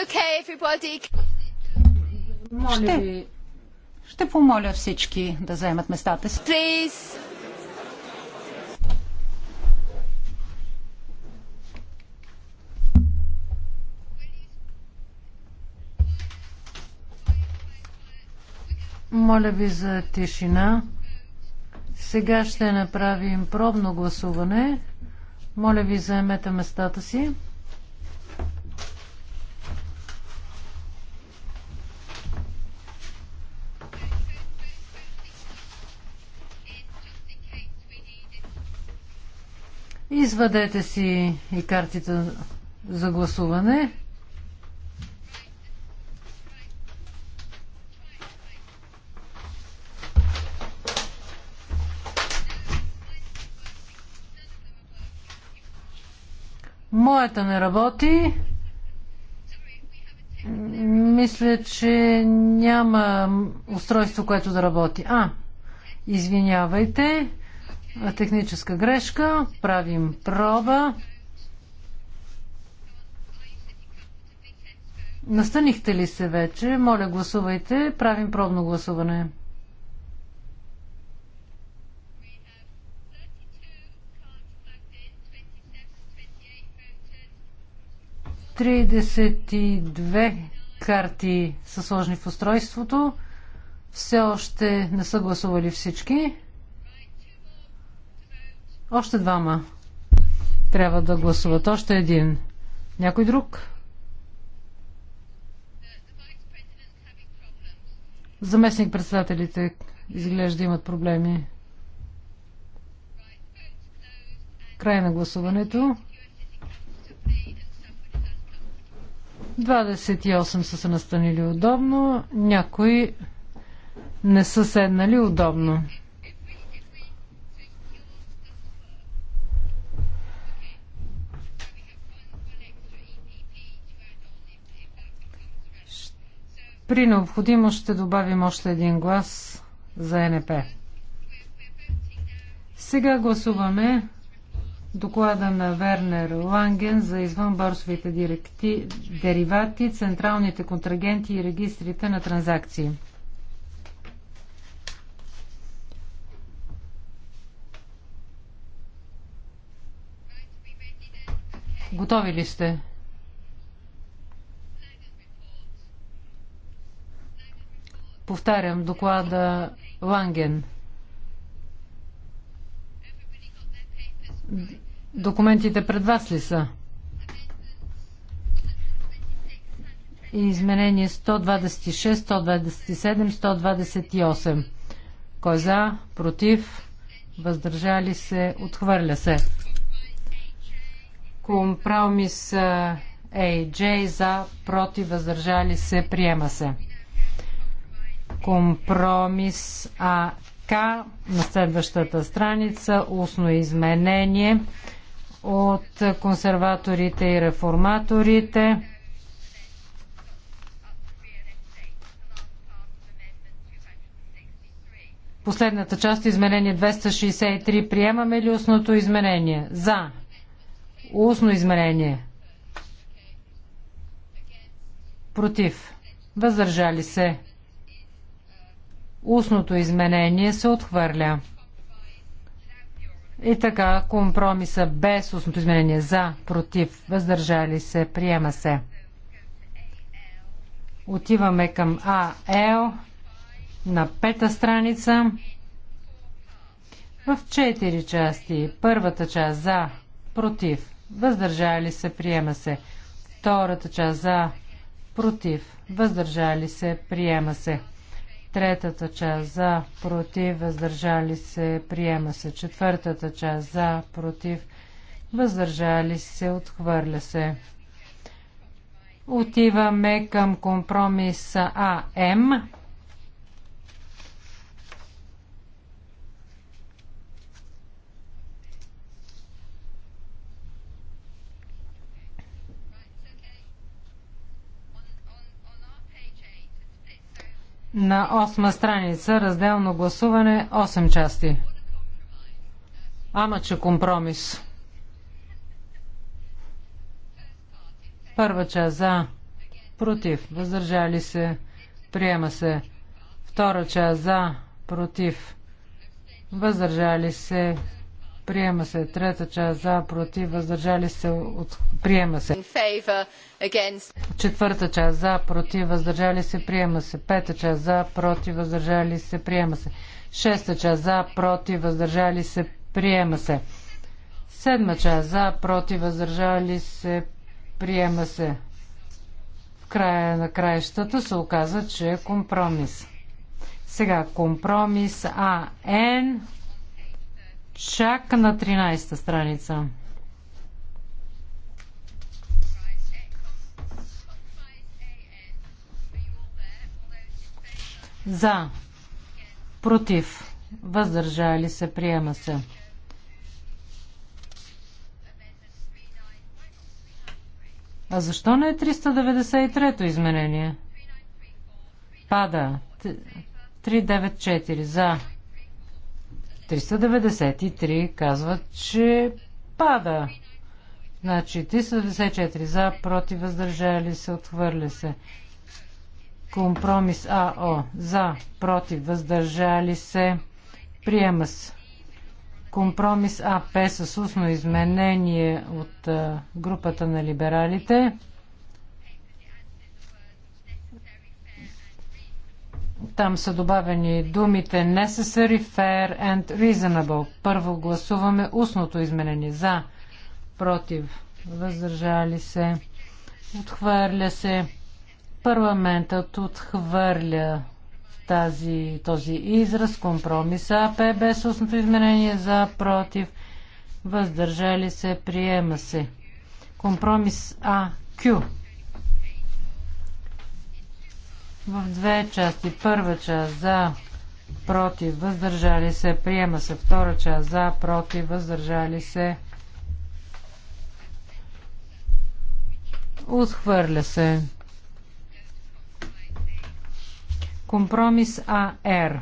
Okay, everybody. ще помоля всички да заемат местата си. Please. Моля ви за тишина. Сега ще направим пробно гласуване. Моля ви, заемете местата си. Извадете си и картите за гласуване. Моята не работи. Мисля, че няма устройство, което да работи. А, извинявайте техническа грешка. Правим проба. Настанихте ли се вече? Моля, гласувайте. Правим пробно гласуване. Тридесет и две карти са сложни в устройството. Все още не са гласували всички. Още двама трябва да гласуват. Още един. Някой друг? Заместник председателите изглежда имат проблеми. Край на гласуването. 28 са се настанили удобно, някои не са седнали удобно. При необходимост ще добавим още един глас за НП. Сега гласуваме доклада на Вернер Ланген за извънбърсовите директи, деривати, централните контрагенти и регистрите на транзакции. Готови ли сте? Повтарям доклада Ланген. Документите пред вас ли са? Изменение 126, 127, 128. Кой за? Против? Въздържали се? Отхвърля се. Компромис AJ за, против, въздържали се, приема се компромис АК на следващата страница, устно изменение от консерваторите и реформаторите. Последната част, изменение 263. Приемаме ли устното изменение? За. Устно изменение. Против. Въздържали се. Устното изменение се отхвърля. И така, компромиса без устното изменение за, против, въздържали се, приема се. Отиваме към АЛ на пета страница в четири части. Първата част за, против, въздържали се, приема се. Втората част за, против, въздържали се, приема се. Третата част за, против, въздържали се, приема се. Четвъртата част за, против, въздържали се, отхвърля се. Отиваме към компромиса АМ. на осма страница, разделно гласуване, 8 части. Ама че компромис. Първа част за, против, въздържали се, приема се. Втора част за, против, въздържали се, Приема се. Трета част за, против, въздържали се. От... Приема се. Четвърта част за, против, въздържали се. Приема се. Пета част за, против, въздържали се. Приема се. Шеста част за, против, въздържали се. Приема се. Седма част за, против, въздържали се. Приема се. В края на краищата се оказа, че е компромис. Сега компромис АН Чак на 13-та страница. За. Против. Въздържали се. Приема се. А защо не е 393-то изменение? Пада. 394 за. 393 казват, че пада. Значи 394 за, против, въздържали се, отхвърля се. Компромис АО за, против, въздържали се, приема се. Компромис АП с устно изменение от групата на либералите. Там са добавени думите necessary, fair and reasonable. Първо гласуваме устното изменение. За, против, въздържали се, отхвърля се. Парламентът отхвърля тази, този израз, компромиса АП без устното изменение за, против, въздържали се, приема се. Компромис АК в две части. Първа част за против, въздържали се, приема се. Втора част за против, въздържали се, отхвърля се. Компромис АР.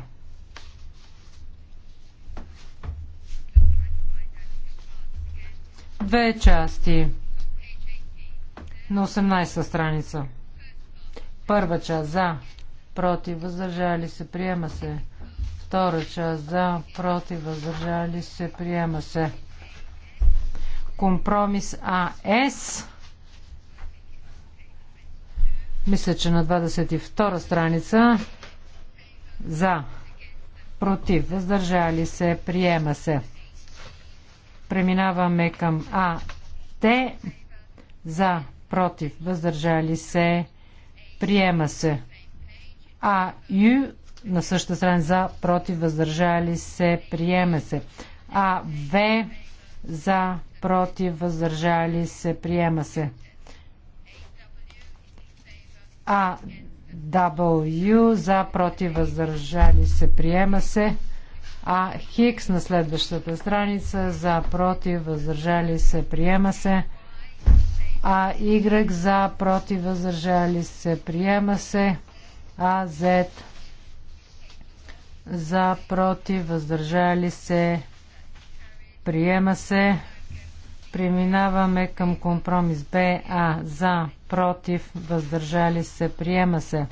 Две части на 18 страница. Първа част за, против, въздържали се, приема се. Втора част за, против, въздържали се, приема се. Компромис АС. Мисля, че на 22 страница за, против, въздържали се, приема се. Преминаваме към А. за, против, въздържали се, приема се Приема се. А Ю на същата страна за, против, въздържали се, приеме се. А В за, против, въздържали се, приема се. А W за, против, въздържали се, приема се. А Хикс на следващата страница за, против, въздържали се, приема се. А Y за, против, въздържали се, приема се. А Z за, против, въздържали се, приема се. Преминаваме към компромис БА за, против, въздържали се, приема се.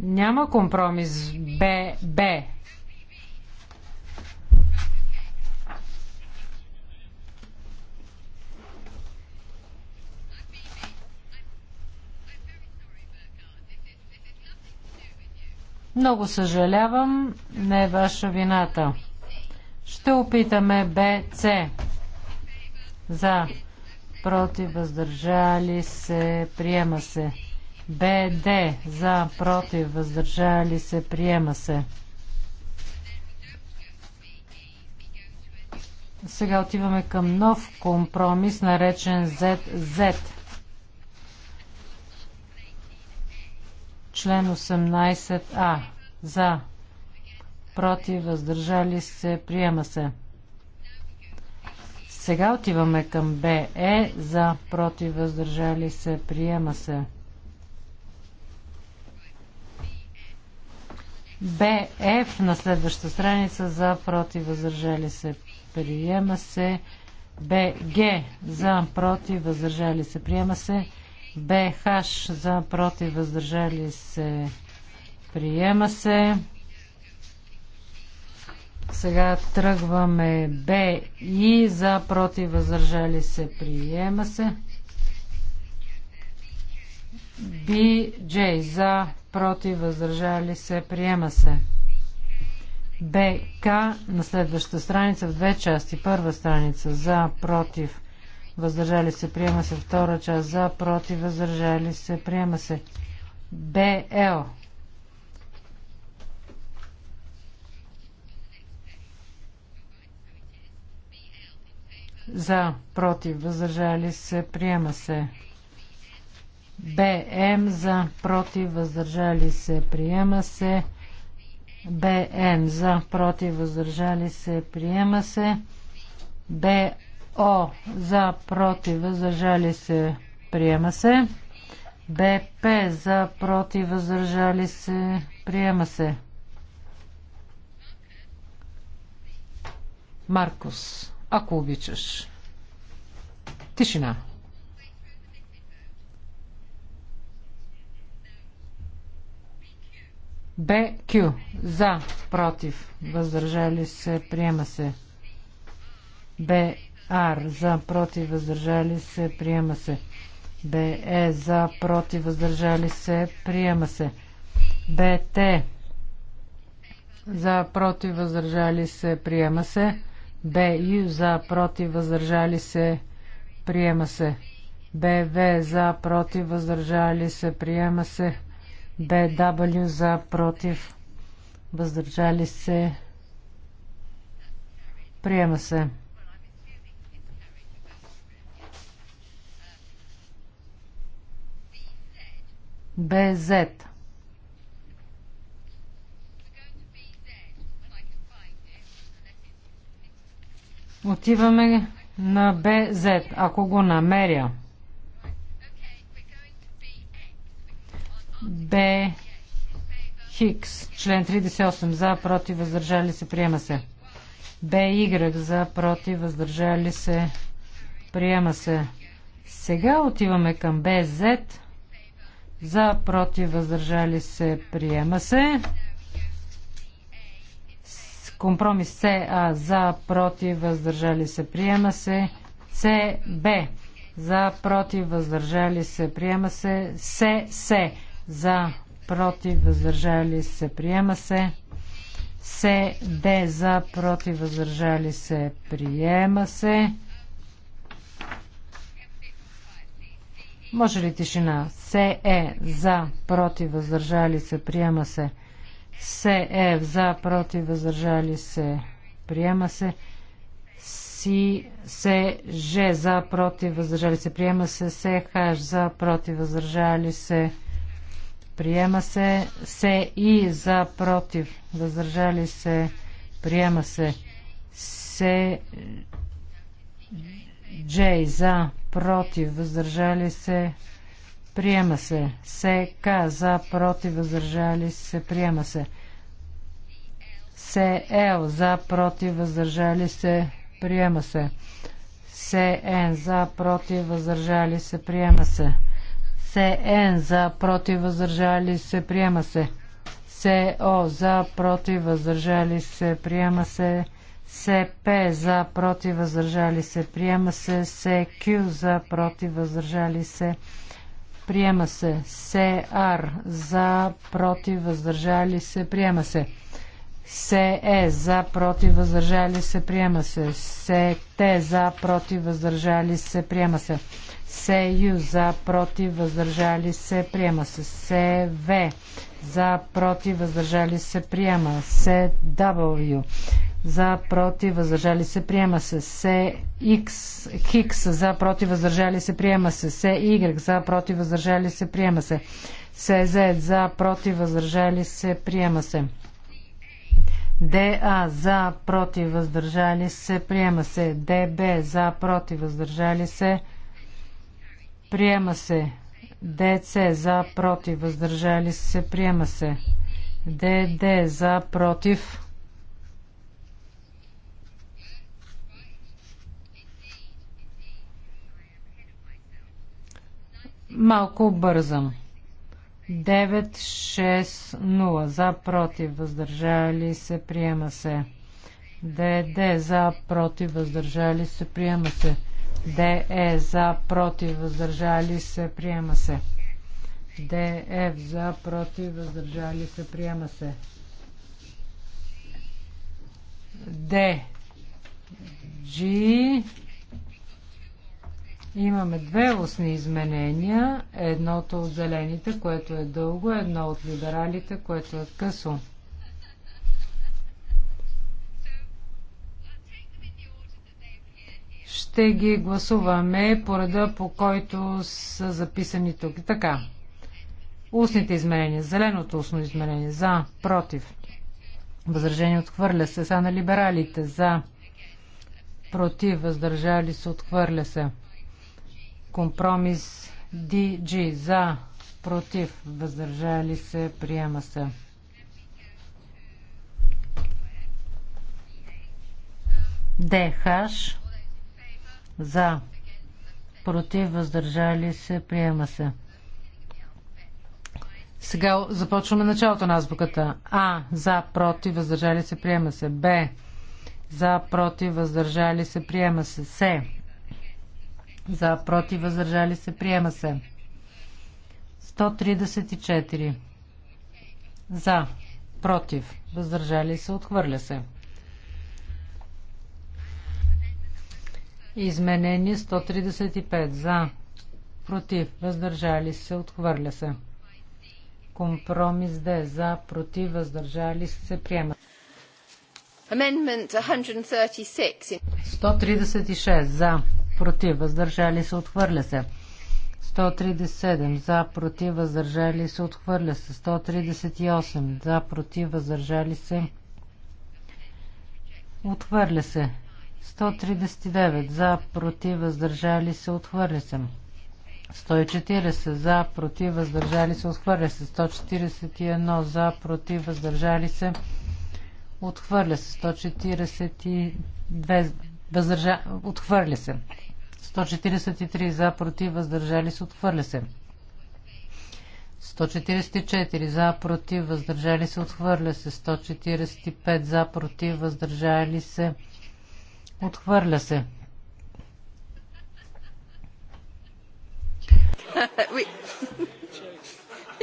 Няма компромис Б, Б Много съжалявам, не е ваша вината. Ще опитаме БЦ. За. Против. Въздържали се. Приема се. БД. За. Против. Въздържали се. Приема се. Сега отиваме към нов компромис, наречен ЗЗ. Член 18а. За. Против. Въздържали се. Приема се. Сега отиваме към БЕ. За. Против. Въздържали се. Приема се. БФ е. на следващата страница за против въздържали се приема се БГ за против въздържали се приема се БХ за против въздържали се приема се. Сега тръгваме Б и за против въздържали се приема се. BJ за против въздържали се приема се. БК на следващата страница в две части. Първа страница за против въздържали се, приема се. Втора част за, против, въздържали се, приема се. БЛ. За, против, въздържали се, приема се. БМ за, против, въздържали се, приема се. БН за, против, въздържали се, приема се. БМ. О за против, въздържали се, приема се. БП за против, въздържали се, приема се. Маркус, ако обичаш. Тишина. БК за против, въздържали се, приема се. БР R за против въздържали се приема се. БЕ за против въздържали се приема се. БТ за против въздържали се приема се. БЮ за против въздържали се приема се. БВ за против въздържали се приема се. W за против въздържали се приема се. БЗ. Отиваме на BZ, ако го намеря. Б. Хикс, член 38, за, против, въздържали се, приема се. Б. Y, за, против, въздържали се, приема се. Сега отиваме към БЗ. За, против, въздържали се, приема се. Компромис СА за, против, въздържали се, приема се. СБ за, против, въздържали се, приема се. СС за, против, въздържали се, приема се. СД за, против, въздържали се, приема се. Може ли тишина? Се е за, против, въздържали се, приема се. Се е за, против, въздържали се, приема се. Си, се, же, за, против, въздържали се, приема се. Се, хаш, за, против, въздържали се, приема се. Се и за, против, въздържали се, приема се. Се, Джей за, против, въздържали се, приема се. СК за, против, въздържали се, приема се. СЛ за, против, въздържали се, приема се. СН за, против, въздържали се, приема се. СН за, против, въздържали се, приема се. СО за, против, въздържали се, приема се. СП за против въздържали се. Приема се СК за против въздържали се. Приема се СР за против въздържали се. Приема се. СЕ за против въздържали се. Приема се. СТ за против въздържали се. Приема се. СЮ за против въздържали се. Приема се. СВ за против въздържали се. Приема се. W за против въздържали се приема се се X Хикс за против въздържали се приема се се Y за против въздържали се приема се се Z за против въздържали се приема се ДА за против въздържали се приема се ДБ за против въздържали се приема се ДЦ за против въздържали се приема се ДД за против Малко бързам. 9-6-0. За, против, въздържали се, приема се. ДД за, против, въздържали се, приема се. ДЕ за, против, въздържали се, приема се. ДФ за, против, въздържали се, приема се. Д. Имаме две устни изменения. Едното от зелените, което е дълго, едно от либералите, което е късо. Ще ги гласуваме по реда, по който са записани тук. Така. Устните изменения. Зеленото устно изменение. За. Против. Възражение отхвърля се. Са на либералите. За. Против. Въздържали се. Отхвърля се. Компромис DG за, против, въздържали се, приема се. DH за, против, въздържали се, приема се. Сега започваме началото на азбуката. А. За, против, въздържали се, приема се. Б. За, против, въздържали се, приема се. С за против въздържали се приема се 134 за против въздържали се отхвърля се Изменение 135 за против въздържали се отхвърля се компромис Д за против въздържали се приема 136 за против, въздържали се, отхвърля се. 137 за, против, въздържали се, отхвърля се. 138 за, против, въздържали се, отхвърля се. 139 за, против, въздържали се, отхвърля се. 140 за, против, въздържали се, отхвърля се. 141 за, против, въздържали се, отхвърля се. 142 въздържа... отхвърля се. 143 за, против, въздържали се, отхвърля се. 144 за, против, въздържали се, отхвърля се. 145 за, против, въздържали се, отхвърля се.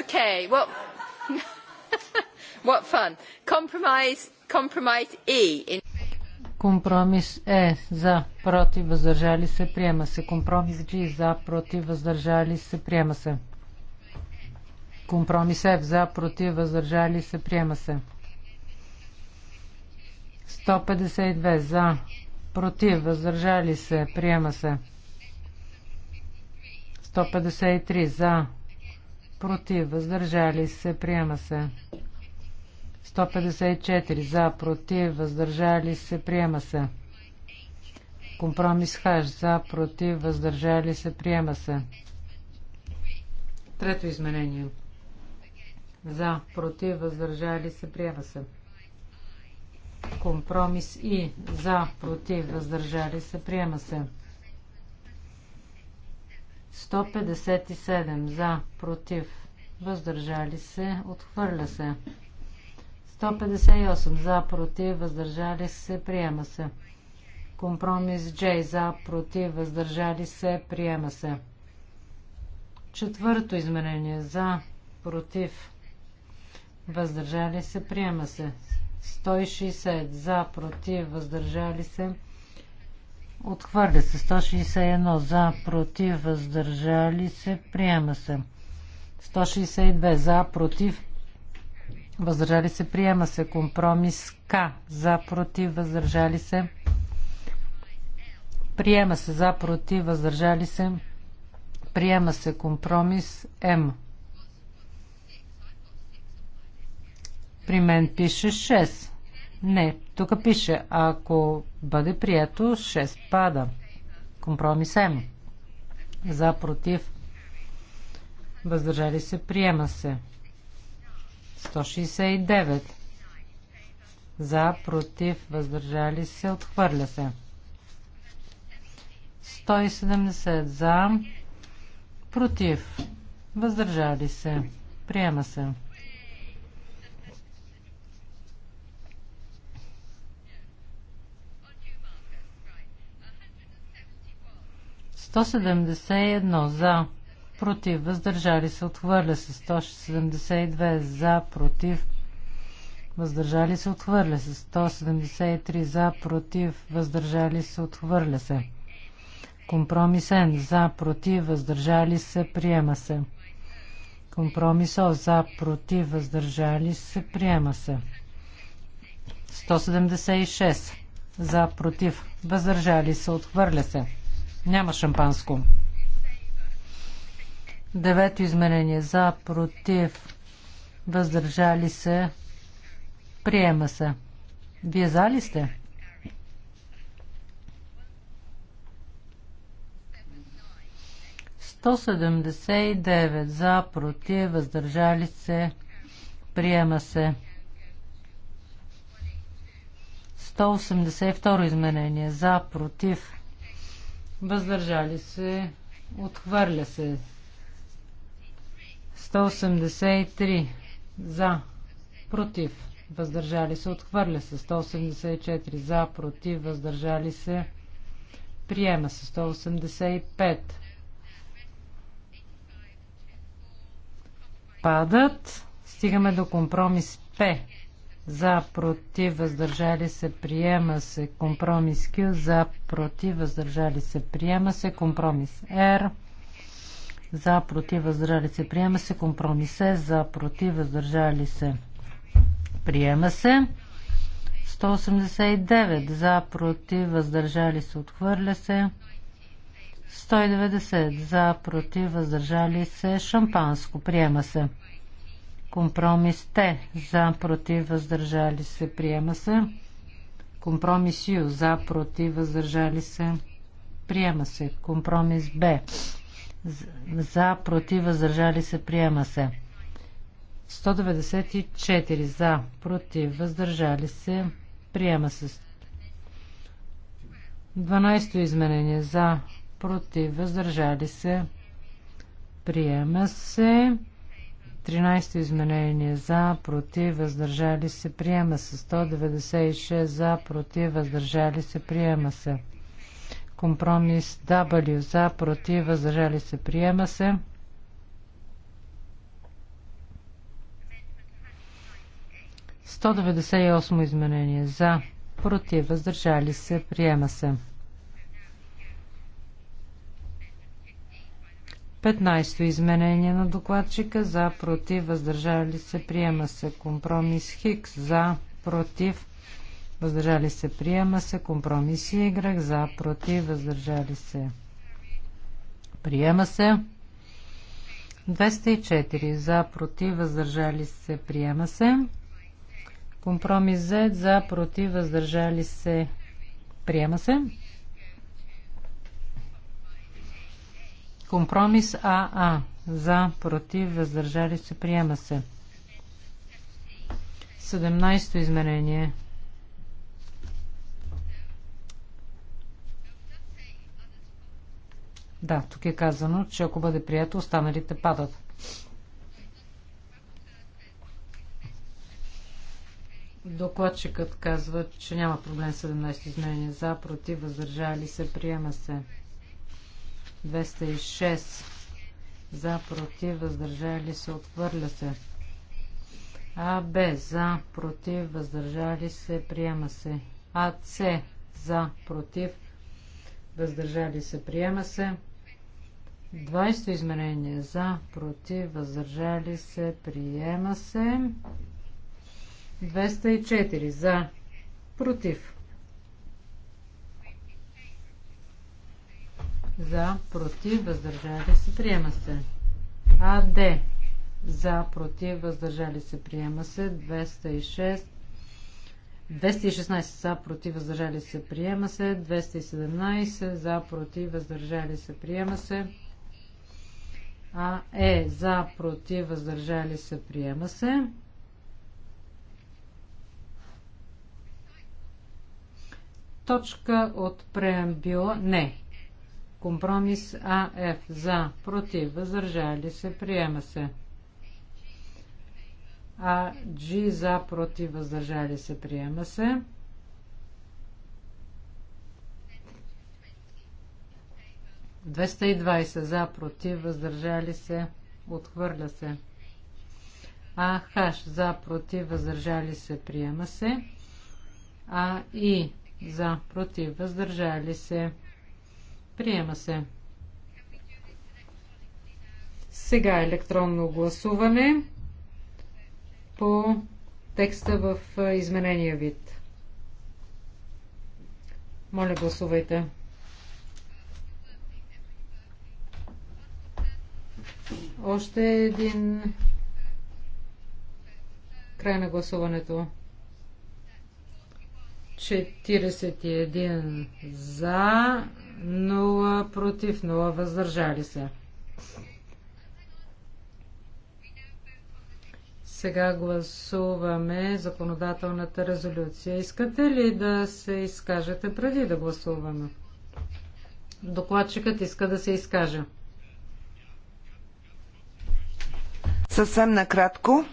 okay, what, what fun. Compromise, compromise E. In... Компромис Е за против въздържали се приема се. Компромис G за против въздържали се приема се. Компромис F за против въздържали се приема се. 152 за против въздържали се приема се. 153 за против въздържали се приема се. 154 за, против, въздържали се, приема се. Компромис хаш за, против, въздържали се, приема се. Трето изменение. За, против, въздържали се, приема се. Компромис и за, против, въздържали се, приема се. 157 за, против, въздържали се, отхвърля се. 158 за, против, въздържали се, приема се. Компромис J за, против, въздържали се, приема се. Четвърто изменение за, против, въздържали се, приема се. 160 за, против, въздържали се. Отхвърля се 161 за, против, въздържали се, приема се. 162 за, против, Въздържали се. Приема се. Компромис К. За. Против. Въздържали се. Приема се. За. Против. Въздържали се. Приема се. Компромис М. При мен пише 6. Не, тук пише, ако бъде прието, 6 пада. Компромис М. За, против, въздържали се, приема се. 169. За, против, въздържали се, отхвърля се. 170 за, против, въздържали се, приема се. Сто седемдесет едно за, против, въздържали се, отхвърля се 172 за, против, въздържали се, отхвърля се 173 за, против, въздържали се, отхвърля се. Компромисен за, против, въздържали се, приема се. Компромисо за, против, въздържали се, приема се. 176 за, против, въздържали се, отхвърля се. Няма шампанско. Девето измерение за, против, въздържали се, приема се. Вие за ли сте? Сто за, против, въздържали се, приема се. второ изменение за, против, въздържали се, отхвърля се 183 за, против, въздържали се, отхвърля се 184 за, против, въздържали се, приема се 185. Падат. Стигаме до компромис П. За, против, въздържали се, приема се. Компромис Q. За, против, въздържали се, приема се. Компромис R за против въздържали се. Приема се компромисе за против въздържали се. Приема се. 189 за против въздържали се. Отхвърля се. 190 за против въздържали се. Шампанско. Приема се. Компромис Т за против въздържали се. Приема се. Компромис Ю за против въздържали се. Приема се. Компромис Б за, против, въздържали се, приема се. 194 за, против, въздържали се, приема се. 12 изменение за, против, въздържали се, приема се. 13 изменение за, против, въздържали се, приема се. 196 за, против, въздържали се, приема се. Компромис W за, против, въздържали се, приема се. Сто изменение за, против, въздържали се, приема се. 15-то изменение на докладчика за, против, въздържали се, приема се. Компромис Хикс за, против, въздържали се, приема се. Компромис Y за, против, въздържали се, приема се. 204 за, против, въздържали се, приема се. Компромис Z за, против, въздържали се, приема се. Компромис АА за, против, въздържали се, приема се. 17 изменение Да, тук е казано, че ако бъде прието, останалите падат. Докладчикът казва, че няма проблем 17 изменения за, против, въздържали се, приема се. 206 за, против, въздържали се, отвърля се. А, Б, за, против, въздържали се, приема се. А, С, за, против, въздържали се, приема се. 20 изменение за, против, въздържали се, приема се. 204 за, против. За, против, въздържали се, приема се. АД за, против, въздържали се, приема се. 206 216 за, против, въздържали се, приема се. 217 за, против, въздържали се, приема се. А е за, против, въздържали се, приема се. Точка от преамбила не. Компромис АФ за, против, въздържали се, приема се. А G за, против, въздържали се, приема се. 220 за, против, въздържали се, отхвърля се. А, Х за, против, въздържали се, приема се. А, и, за, против, въздържали се, приема се. Сега електронно гласуване по текста в изменения вид. Моля, гласувайте. Още един край на гласуването. 41 за, 0 против, 0 въздържали се. Сега гласуваме законодателната резолюция. Искате ли да се изкажете преди да гласуваме? Докладчикът иска да се изкаже. Съвсем накратко.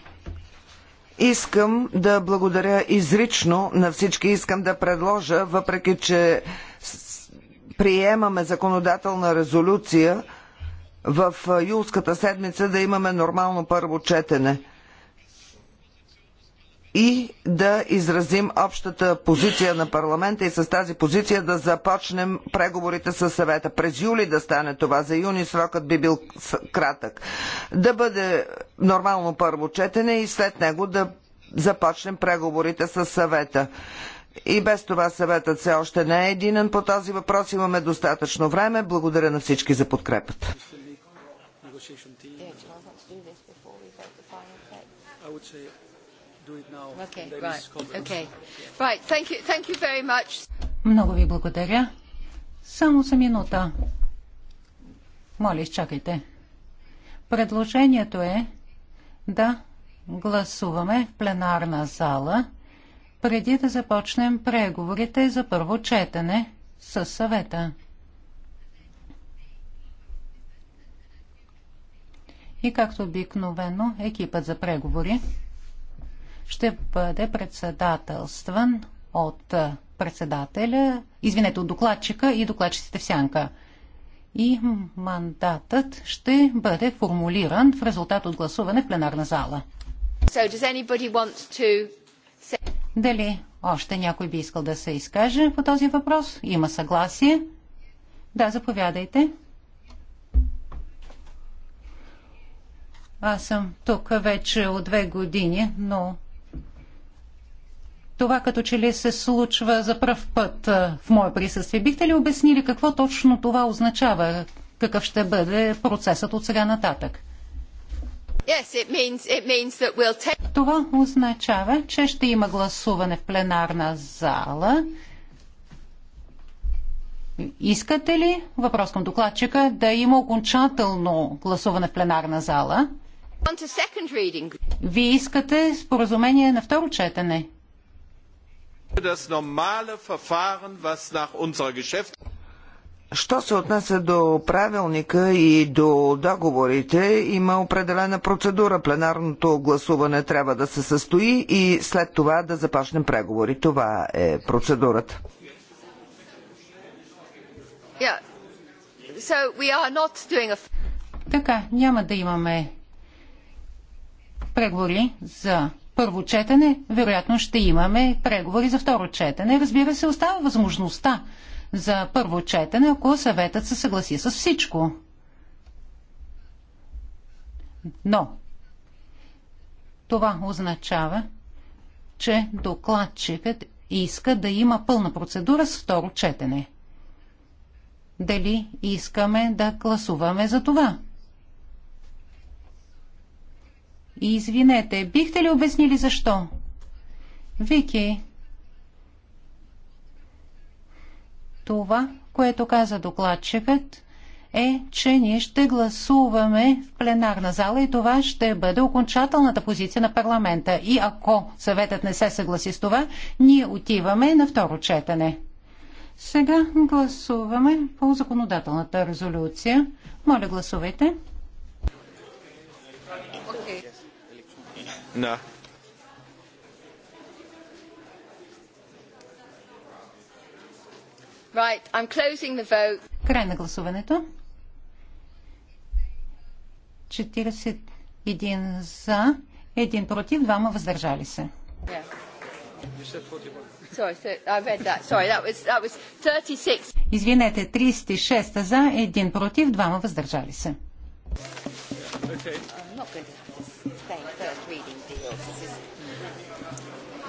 Искам да благодаря изрично на всички. Искам да предложа, въпреки че приемаме законодателна резолюция, в юлската седмица да имаме нормално първо четене и да изразим общата позиция на парламента и с тази позиция да започнем преговорите с съвета. През юли да стане това, за юни срокът би бил кратък. Да бъде нормално първо четене и след него да започнем преговорите с съвета. И без това съветът все още не е единен по този въпрос. Имаме достатъчно време. Благодаря на всички за подкрепата. Много ви благодаря. Само за минута. Моля, изчакайте. Предложението е да гласуваме в пленарна зала преди да започнем преговорите за първо четене с съвета. И както обикновено, екипът за преговори ще бъде председателстван от председателя, извинете, от докладчика и докладчиците в сянка. И мандатът ще бъде формулиран в резултат от гласуване в пленарна зала. So Дали още някой би искал да се изкаже по този въпрос? Има съгласие? Да, заповядайте. Аз съм тук вече от две години, но това като че ли се случва за пръв път в мое присъствие. Бихте ли обяснили какво точно това означава? Какъв ще бъде процесът от сега нататък? Yes, it means, it means we'll take... Това означава, че ще има гласуване в пленарна зала. Искате ли, въпрос към докладчика, да има окончателно гласуване в пленарна зала? Вие искате споразумение на второ четене? Das normale Verfahren, was nach unserer Geschäft... Що се отнася до правилника и до договорите, има определена процедура. Пленарното гласуване трябва да се състои и след това да започнем преговори. Това е процедурата. Yeah. So a... Така, няма да имаме преговори за първо четене, вероятно ще имаме преговори за второ четене. Разбира се, остава възможността за първо четене, ако съветът се съгласи с всичко. Но това означава, че докладчикът иска да има пълна процедура с второ четене. Дали искаме да гласуваме за това? И извинете, бихте ли обяснили защо? Вики, това, което каза докладчикът, е, че ние ще гласуваме в пленарна зала и това ще бъде окончателната позиция на парламента. И ако съветът не се съгласи с това, ние отиваме на второ четене. Сега гласуваме по законодателната резолюция. Моля, гласувайте. No. Right, I'm closing the vote. Край на гласуването. 41 за, 1 против, 2 ма въздържали се. Извинете, 36 за, 1 против, 2 ма въздържали се. Okay.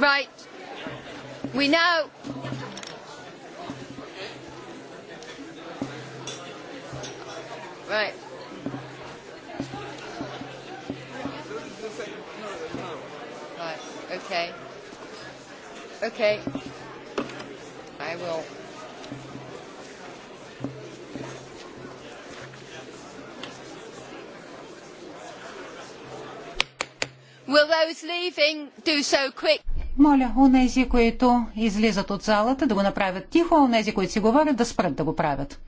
Right. We now. Right. Right. Okay. Okay. I will. Will those leaving do so quickly? Моля, онези, които излизат от залата, да го направят тихо, а онези, които си говорят, да спрат да го правят.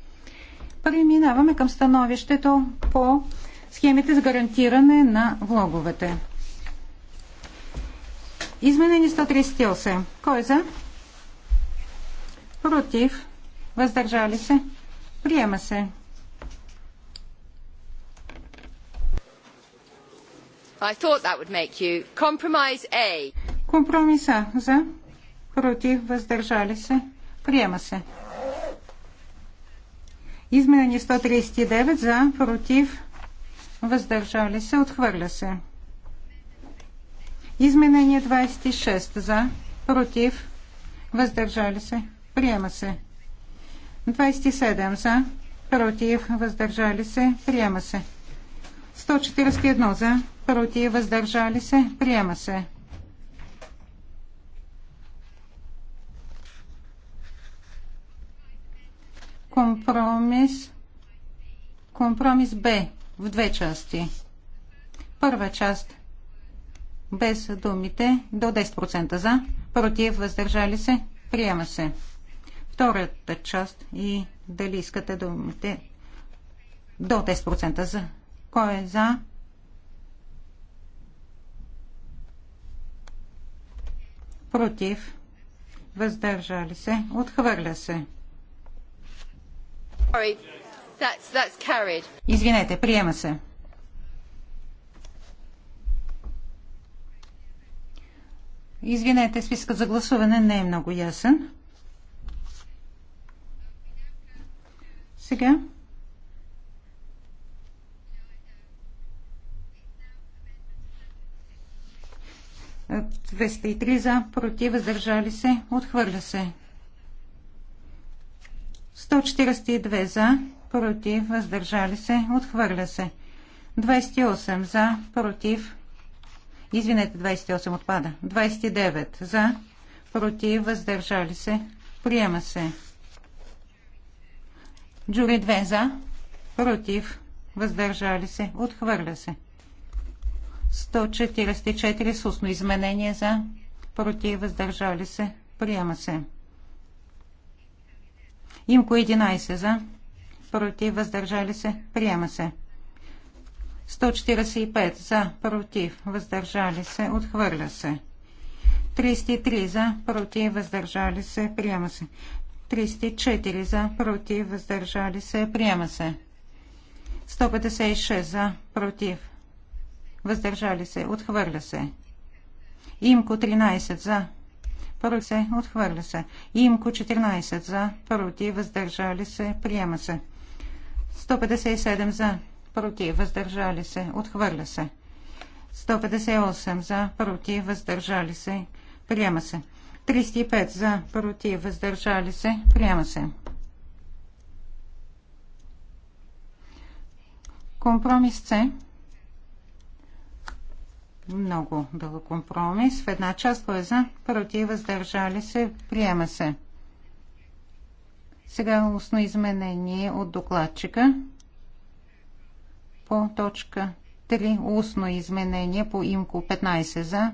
Преминаваме към становището по схемите за гарантиране на влоговете. Изменени 138. Кой е за? Против. Въздържали се. Приема се. I thought that would make you compromise A. Компромиса за, против, въздържали се, приема се. Изменени 139 за, против, въздържали се, отхвърля се. Изменение 26 за, против, въздържали се, приема се. 27 за, против, въздържали се, приема се. 141 за, против, въздържали се, приема се. Компромис. Компромис Б в две части. Първа част без думите до 10% за, против, въздържали се, приема се. Втората част и дали искате думите до 10% за. Кой е за? Против, въздържали се, отхвърля се. Извинете, приема се. Извинете, списъкът за гласуване не е много ясен. Сега. Двеста и три за, против, въздържали се, отхвърля се. 142 за, против, въздържали се, отхвърля се. 28 за, против, извинете, 28 отпада. 29 за, против, въздържали се, приема се. Джури 2 за, против, въздържали се, отхвърля се. 144 с устно изменение за, против, въздържали се, приема се. Имко 11 за, против, въздържали се, приема се. 145 за, против, въздържали се, отхвърля се. 33 за, против, въздържали се, приема се. 34 за, против, въздържали се, приема се. 156 за, против, въздържали се, отхвърля се. Имко 13 за, първо се, отхвърля се. Имко 14 за, против, въздържали се, приема се. 157 за, против, въздържали се, отхвърля се. 158 за, против, въздържали се, приема се. 305 за, против, въздържали се, приема се. Компромис С много дълъг компромис. В една част кой е за, против, въздържали се, приема се. Сега устно изменение от докладчика по точка 3. Устно изменение по имко 15 за,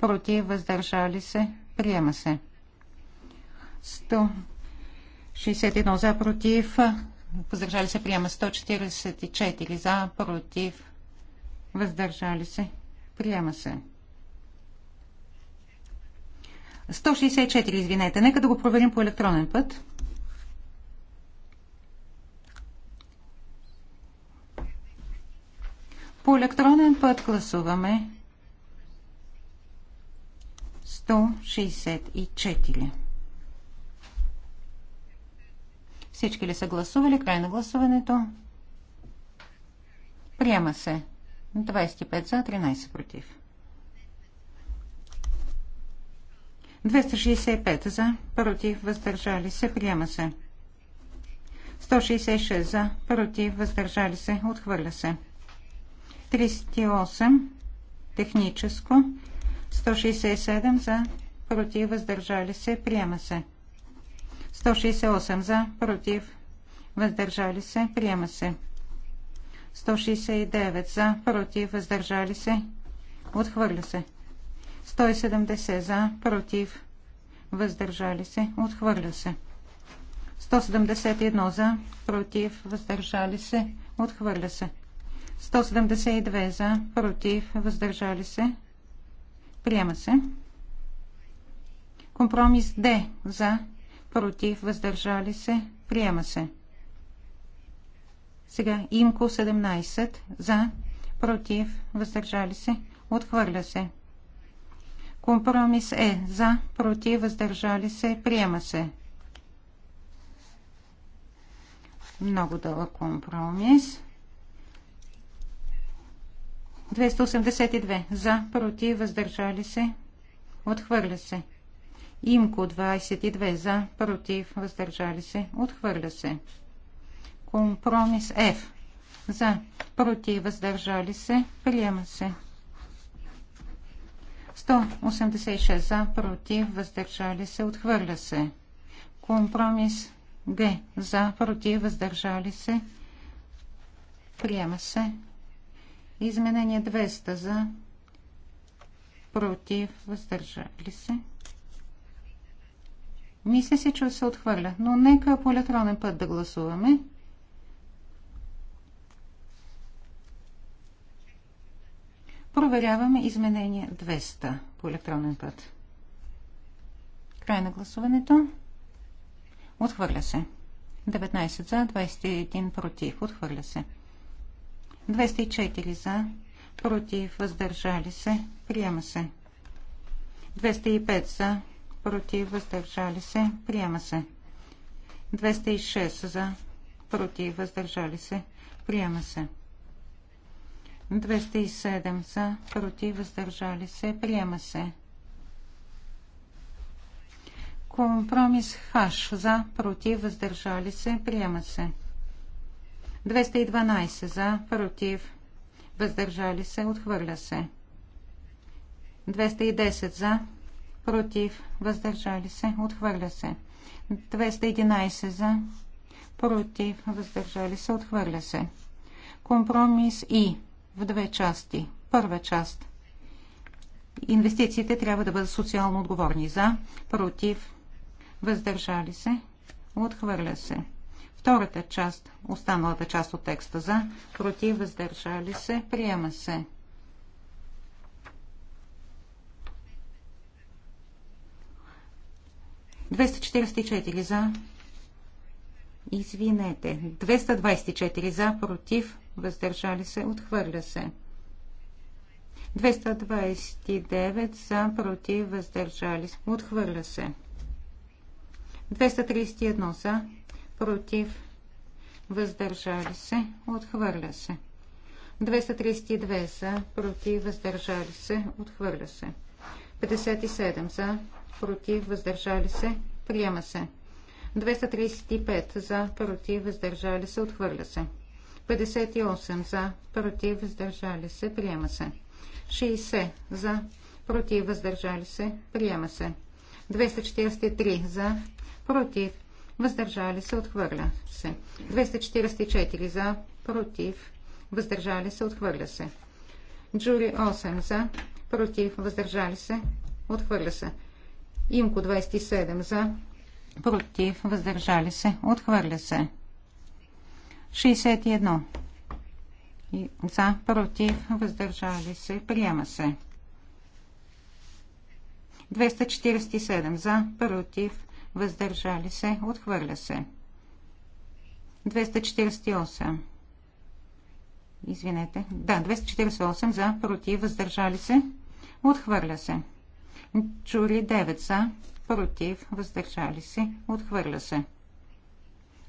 против, въздържали се, приема се. 161 за, против, въздържали се, приема 144 за, против, въздържали се, Приема 164, извинете. Нека да го проверим по електронен път. По електронен път гласуваме 164. Всички ли са гласували? Край на гласуването. Приема се. 25 за, 13 против. 265 за, против, въздържали се, приема се. 166 за, против, въздържали се, отхвърля се. 38 техническо, 167 за, против, въздържали се, приема се. 168 за, против, въздържали се, приема се. 169 за, против, въздържали се, отхвърля се. 170 за, против, въздържали се, отхвърля се. 171 за, против, въздържали се, отхвърля се. 172 за, против, въздържали се, приема се. Компромис Д за, против, въздържали се, приема се. Сега имко 17 за, против, въздържали се, отхвърля се. Компромис е за, против, въздържали се, приема се. Много дълъг компромис. 282 за, против, въздържали се, отхвърля се. Имко 22 за, против, въздържали се, отхвърля се. Компромис F. За. Против. Въздържали се. Приема се. 186 за. Против. Въздържали се. Отхвърля се. Компромис Г. За. Против. Въздържали се. Приема се. Изменение 200 за. Против. Въздържали се. Мисля си, че се отхвърля, но нека по електронен път да гласуваме. Проверяваме изменение 200 по електронен път. Край на гласуването. Отхвърля се. 19 за, 21 против. Отхвърля се. 204 за, против, въздържали се. Приема се. 205 за, против, въздържали се. Приема се. 206 за, против, въздържали се. Приема се. 207 за, против, въздържали се, приема се. Компромис Хаш за, против, въздържали се, приема се. 212 за, против, въздържали се, отхвърля се. 210 за, против, въздържали се, отхвърля се. 211 за, против, въздържали се, отхвърля се. Компромис И в две части. Първа част. Инвестициите трябва да бъдат социално отговорни. За, против, въздържали се, отхвърля се. Втората част, останалата част от текста за, против, въздържали се, приема се. Двеста за, Извинете. 224 за, против, въздържали се, отхвърля се. 229 за, против, въздържали се, отхвърля се. 231 за, против, въздържали се, отхвърля се. 232 за, против, въздържали се, отхвърля се. 57 за, против, въздържали се, приема се. 235 за, против, въздържали се, отхвърля се. 58 за, против, въздържали се, приема се. 60 за, против, въздържали се, приема се. 243 за, против, въздържали се, отхвърля се. 244 за, против, въздържали се, отхвърля се. Джури 8 за, против, въздържали се, отхвърля се. Имко 27 за, против, въздържали се, отхвърля се. 61. За, против, въздържали се, приема се. 247. За, против, въздържали се, отхвърля се. 248. Извинете. Да, 248 за, против, въздържали се, отхвърля се. Чури 9 за, против, въздържали се, отхвърля се.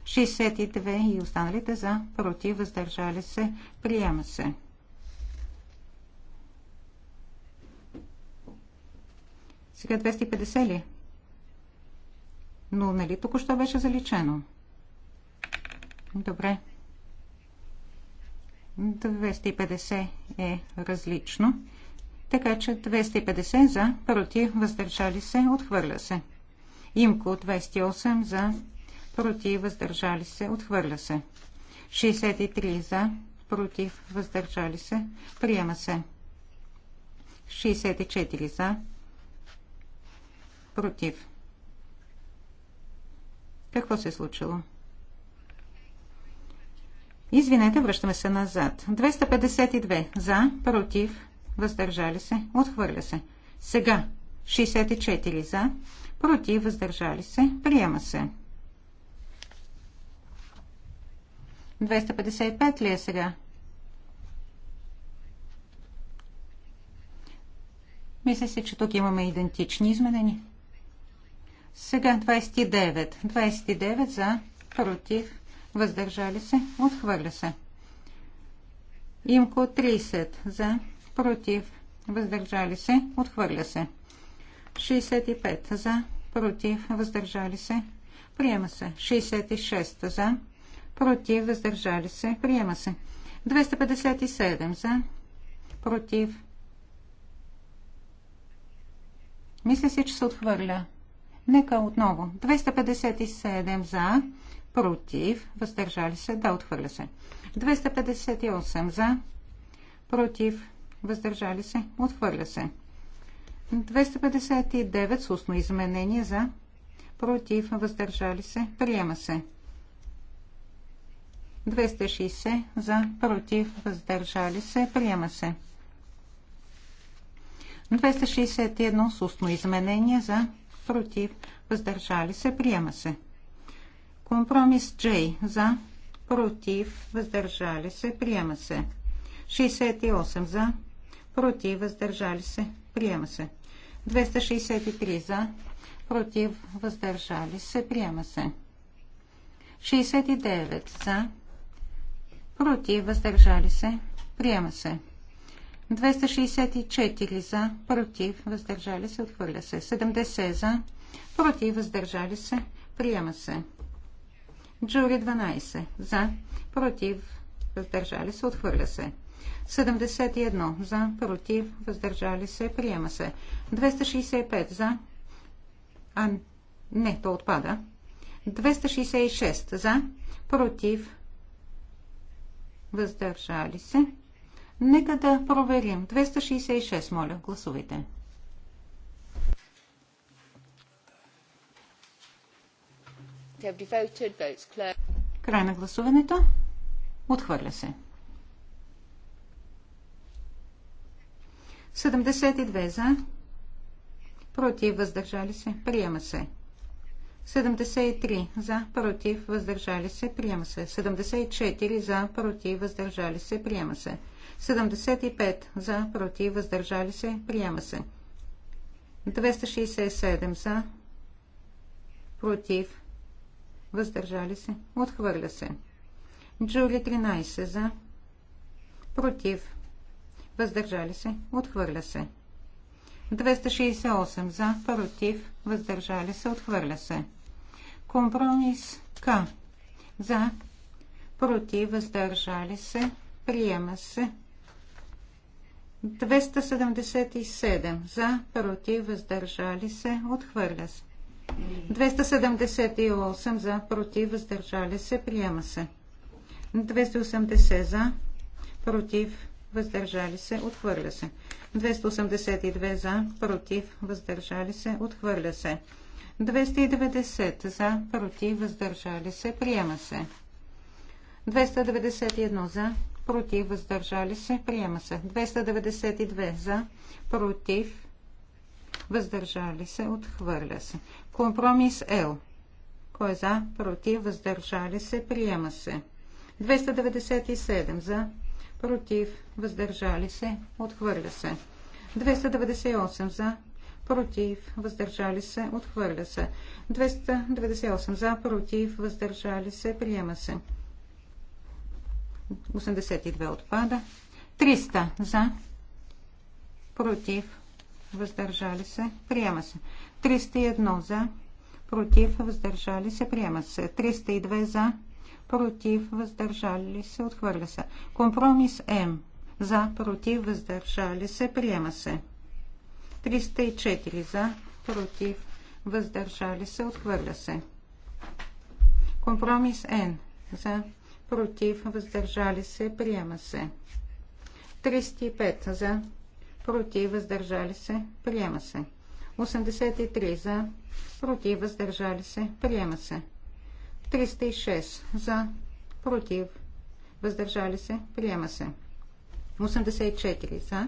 62 и останалите за, против, въздържали се, приема се. Сега 250 ли? Но нали току-що беше заличено? Добре. 250 е различно. Така че 250 за, против, въздържали се, отхвърля се. Имко 28 за, против, въздържали се, отхвърля се. 63 за, против, въздържали се, приема се. 64 за, против. Какво се е случило? Извинете, връщаме се назад. 252 за, против, въздържали се, отхвърля се. Сега 64 за, против, въздържали се, приема се. 255 ли е сега? Мисля се, че тук имаме идентични изменения. Сега 29. 29 за, против, въздържали се, отхвърля се. Имко 30 за, против, въздържали се, отхвърля се. 65 за, против, въздържали се, приема се. 66 за, против, въздържали се, приема се. 257 за, против. Мисля си, че се отхвърля. Нека отново. 257 за, против, въздържали се, да, отхвърля се. 258 за, против, въздържали се, отхвърля се. 259 с устно изменение за, против, въздържали се, приема се. 260 за, против, въздържали се, приема се. 261 с устно изменение за, против, въздържали се, приема се. Компромис J за, против, въздържали се, приема се. 68 за, против, въздържали се, приема се. 263 за, против, въздържали се, приема се. 69 за, против, въздържали се, приема се. 264 за, против, въздържали се, отхвърля се. 70 за, против, въздържали се, приема се. Джури 12 за, против, въздържали се, отхвърля се. 71 за, против, въздържали се, приема се. 265 за, а не, то отпада. 266 за, против, въздържали се. Нека да проверим. 266, моля, гласувайте. Край на гласуването. Отхвърля се. 72 за. Против. Въздържали се. Приема се. 73 за. Против. Въздържали се. Приема се. 74 за. Против. Въздържали се. Приема се. 75 за. Против. Въздържали се. Приема се. 267 за. Против. Въздържали се. Отхвърля се. Джули 13 за. Против въздържали се, отхвърля се. 268 за, против, въздържали се, отхвърля се. Компромис К. За, против, въздържали се, приема се. 277 за, против, въздържали се, отхвърля се. 278 за, против, въздържали се, приема се. 280 за, против, въздържали се, отхвърля се. 282 за, против, въздържали се, отхвърля се. 290 за, против, въздържали се, приема се. 291 за, против, въздържали се, приема се. 292 за, против, въздържали се, отхвърля се. Компромис Л. Кой е за, против, въздържали се, приема се. 297 за, против, въздържали се, отхвърля се. 298 за, против, въздържали се, отхвърля се. 298 за, против, въздържали се, приема се. 82 отпада. 300 за, против, въздържали се, приема се. 301 за, против, въздържали се, приема се. 302 за, против, въздържали се, отхвърля се. Компромис М. За, против, въздържали се, приема се. 304 за, против, въздържали се, отхвърля се. Компромис Н. За, против, въздържали се, приема се. 305 за, против, въздържали се, приема се. 83 за, против, въздържали се, приема се. 306 за, против, въздържали се, приема се. 84 за,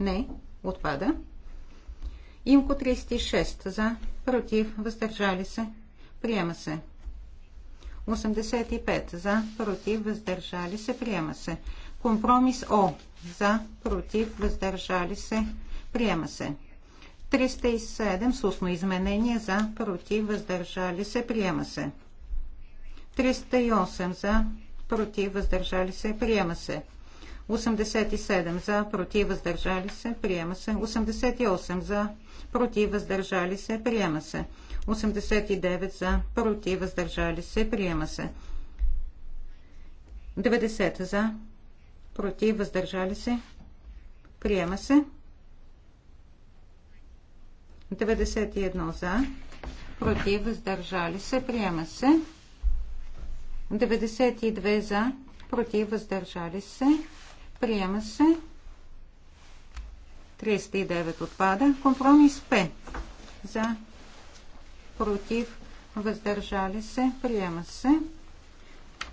не, отпада. Имко 36 за, против, въздържали се, приема се. 85 за, против, въздържали се, приема се. Компромис О за, против, въздържали се, приема се. 307 с устно изменение за, против, въздържали се, приема се. 308 за, против, въздържали се, приема се. 87 за, против, въздържали се, приема се. 88 за, против, въздържали се, приема се. 89 за, против, въздържали се, приема се. 90 за, против, въздържали се, приема се. 91 за, против, въздържали се, приема се. 92 за, против, въздържали се. Приема се. 309 отпада. Компромис П. За, против, въздържали се. Приема се.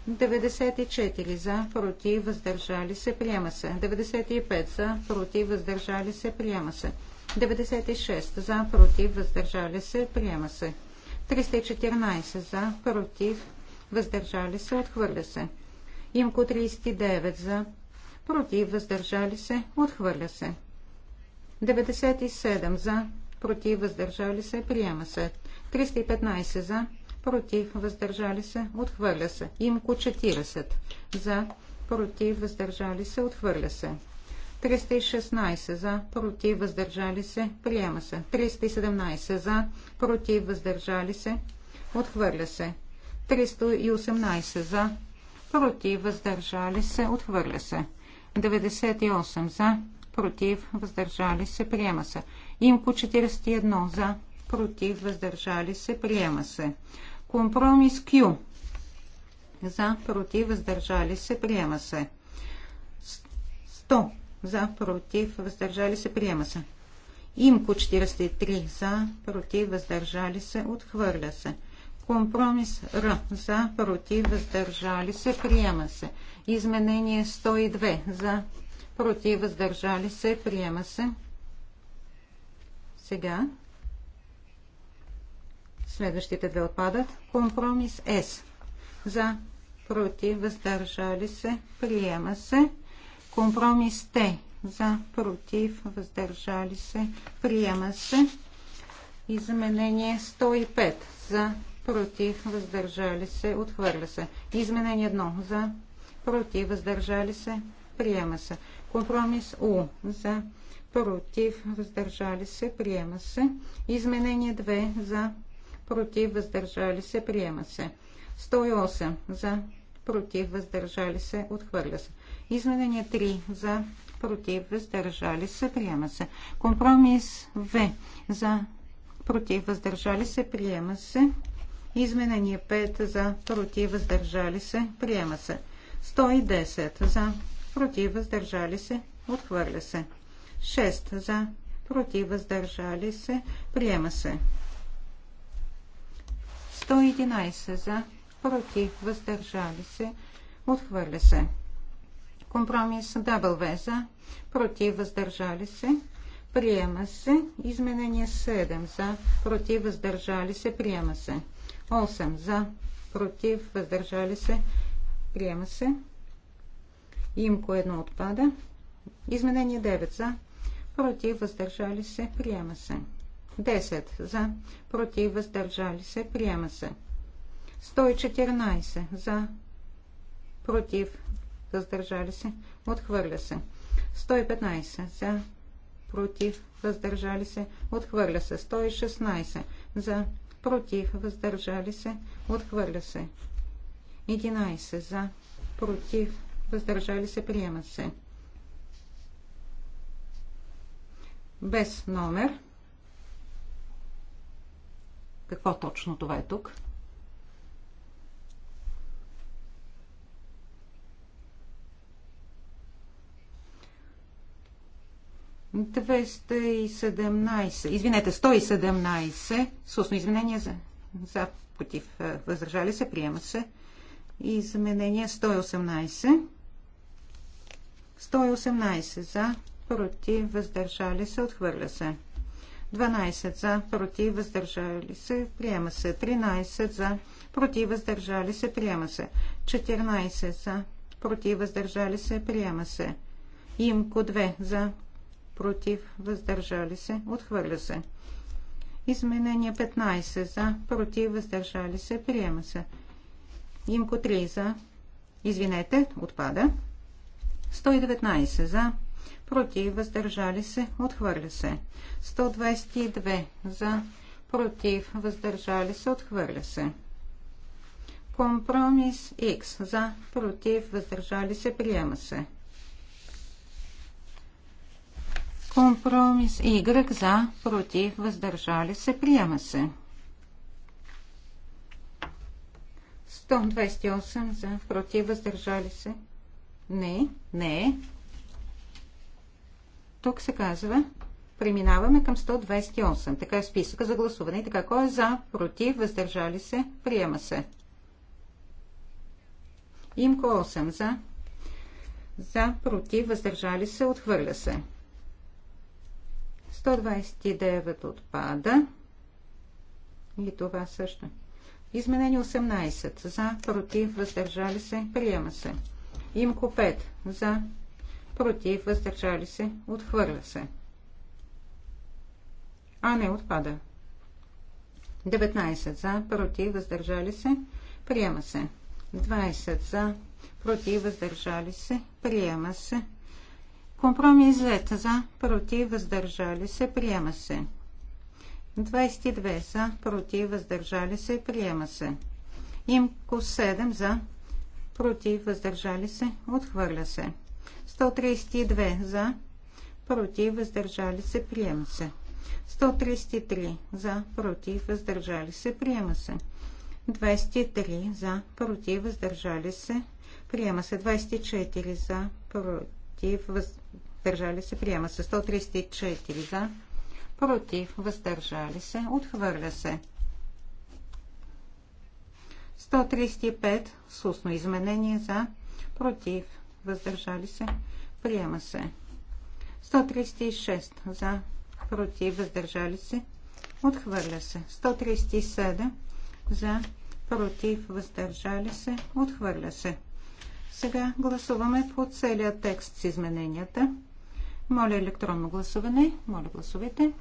94 за, против, въздържали се. Приема се. 95 за, против, въздържали се. Приема се. 96 за, против, въздържали се. Приема се. 314 за, против, въздържали се, отхвърля се. Имко 39 за, против, въздържали се, отхвърля се. 97 за, против, въздържали се, приема се. 315 за, против, въздържали се, отхвърля се. Имко 40 за, против, въздържали се, отхвърля се. 316 за, против, въздържали се, приема се. 317 за, против, въздържали се, отхвърля се. 318 за, против, въздържали се, отхвърля се. 98 за, против, въздържали се, приема се. Имко 41 за, против, въздържали се, приема се. Компромис Q за, против, въздържали се, приема се. 100 за, против, въздържали се, приема се. Имко 43 за, против, въздържали се, отхвърля се. Компромис Р. За, против, въздържали се, приема се. Изменение 102. За, против, въздържали се, приема се. Сега. Следващите две отпадат. Компромис С. За, против, въздържали се, приема се. Компромис Т. За, против, въздържали се, приема се. Изменение 105. За, против, въздържали се, отхвърля се. Изменение 1 за, против, въздържали се, приема се. Компромис У за, против, въздържали се, приема се. Изменение 2 за, против, въздържали се, приема се. 108 за, против, въздържали се, отхвърля се. Изменение 3 за, против, въздържали се, приема се. Компромис В за, против, въздържали се, приема се. Изменение 5 за, против, въздържали се, приема се. 110 за, против, въздържали се, отхвърля се. 6 за, против, въздържали се, приема се. 111 за, против, въздържали се, отхвърля се. Компромис W за, против, въздържали се, приема се. Изменение 7 за, против, въздържали се, приема се. 8 за, против, въздържали се, приема се. Имко 1 отпада. Изменение 9 за, против, въздържали се, приема се. 10 за, против, въздържали се, приема се. 114 за, против, въздържали се, отхвърля се. 115 за, против, въздържали се, отхвърля се. 116 за, против, въздържали се, отхвърля се. 11 за, против, въздържали се, приема се. Без номер. Какво точно това е тук? 217, извинете, 117, Сусно, устно е, изменение за, за против, въздържали се, приема се. Изменение 118. 118 за, против, въздържали се, отхвърля се. 12 за, против, въздържали се, приема се. 13 за, против, въздържали се, приема се. 14 за, против, въздържали се, приема се. Имко 2 за, против, въздържали се, отхвърля се. Изменение 15 за, против, въздържали се, приема се. Имко 3 за, извинете, отпада. 119 за, против, въздържали се, отхвърля се. 122 за, против, въздържали се, отхвърля се. Компромис X за, против, въздържали се, приема се. Компромис Y за, против, въздържали се, приема се. 128 за, против, въздържали се. Не, не. Тук се казва, преминаваме към 128. Така е списъка за гласуване. така, кой е за, против, въздържали се, приема се. Имко 8 за, за, против, въздържали се, отхвърля се. 129 отпада. И това също. Изменение 18. За, против, въздържали се, приема се. Имко 5. За, против, въздържали се, отхвърля се. А не отпада. 19 за, против, въздържали се, приема се. 20 за, против, въздържали се, приема се. Компромис взет за, против, въздържали се, приема се. 22 за, против, въздържали се, приема се. Имко 7 за, против, въздържали се, отхвърля се. 132 за, против, въздържали се, приема се. 133 за, против, въздържали се, приема се. 23 за, против, въздържали се, приема се. 24 за, против, се въздържали се, приема се. 134 за, против, въздържали се, отхвърля се. 135 с устно изменение за, против, въздържали се, приема се. 136 за, против, въздържали се, отхвърля се. 137 за, против, въздържали се, отхвърля се. Сега гласуваме по целия текст с измененията. Моля електронно гласуване. Моля гласувайте.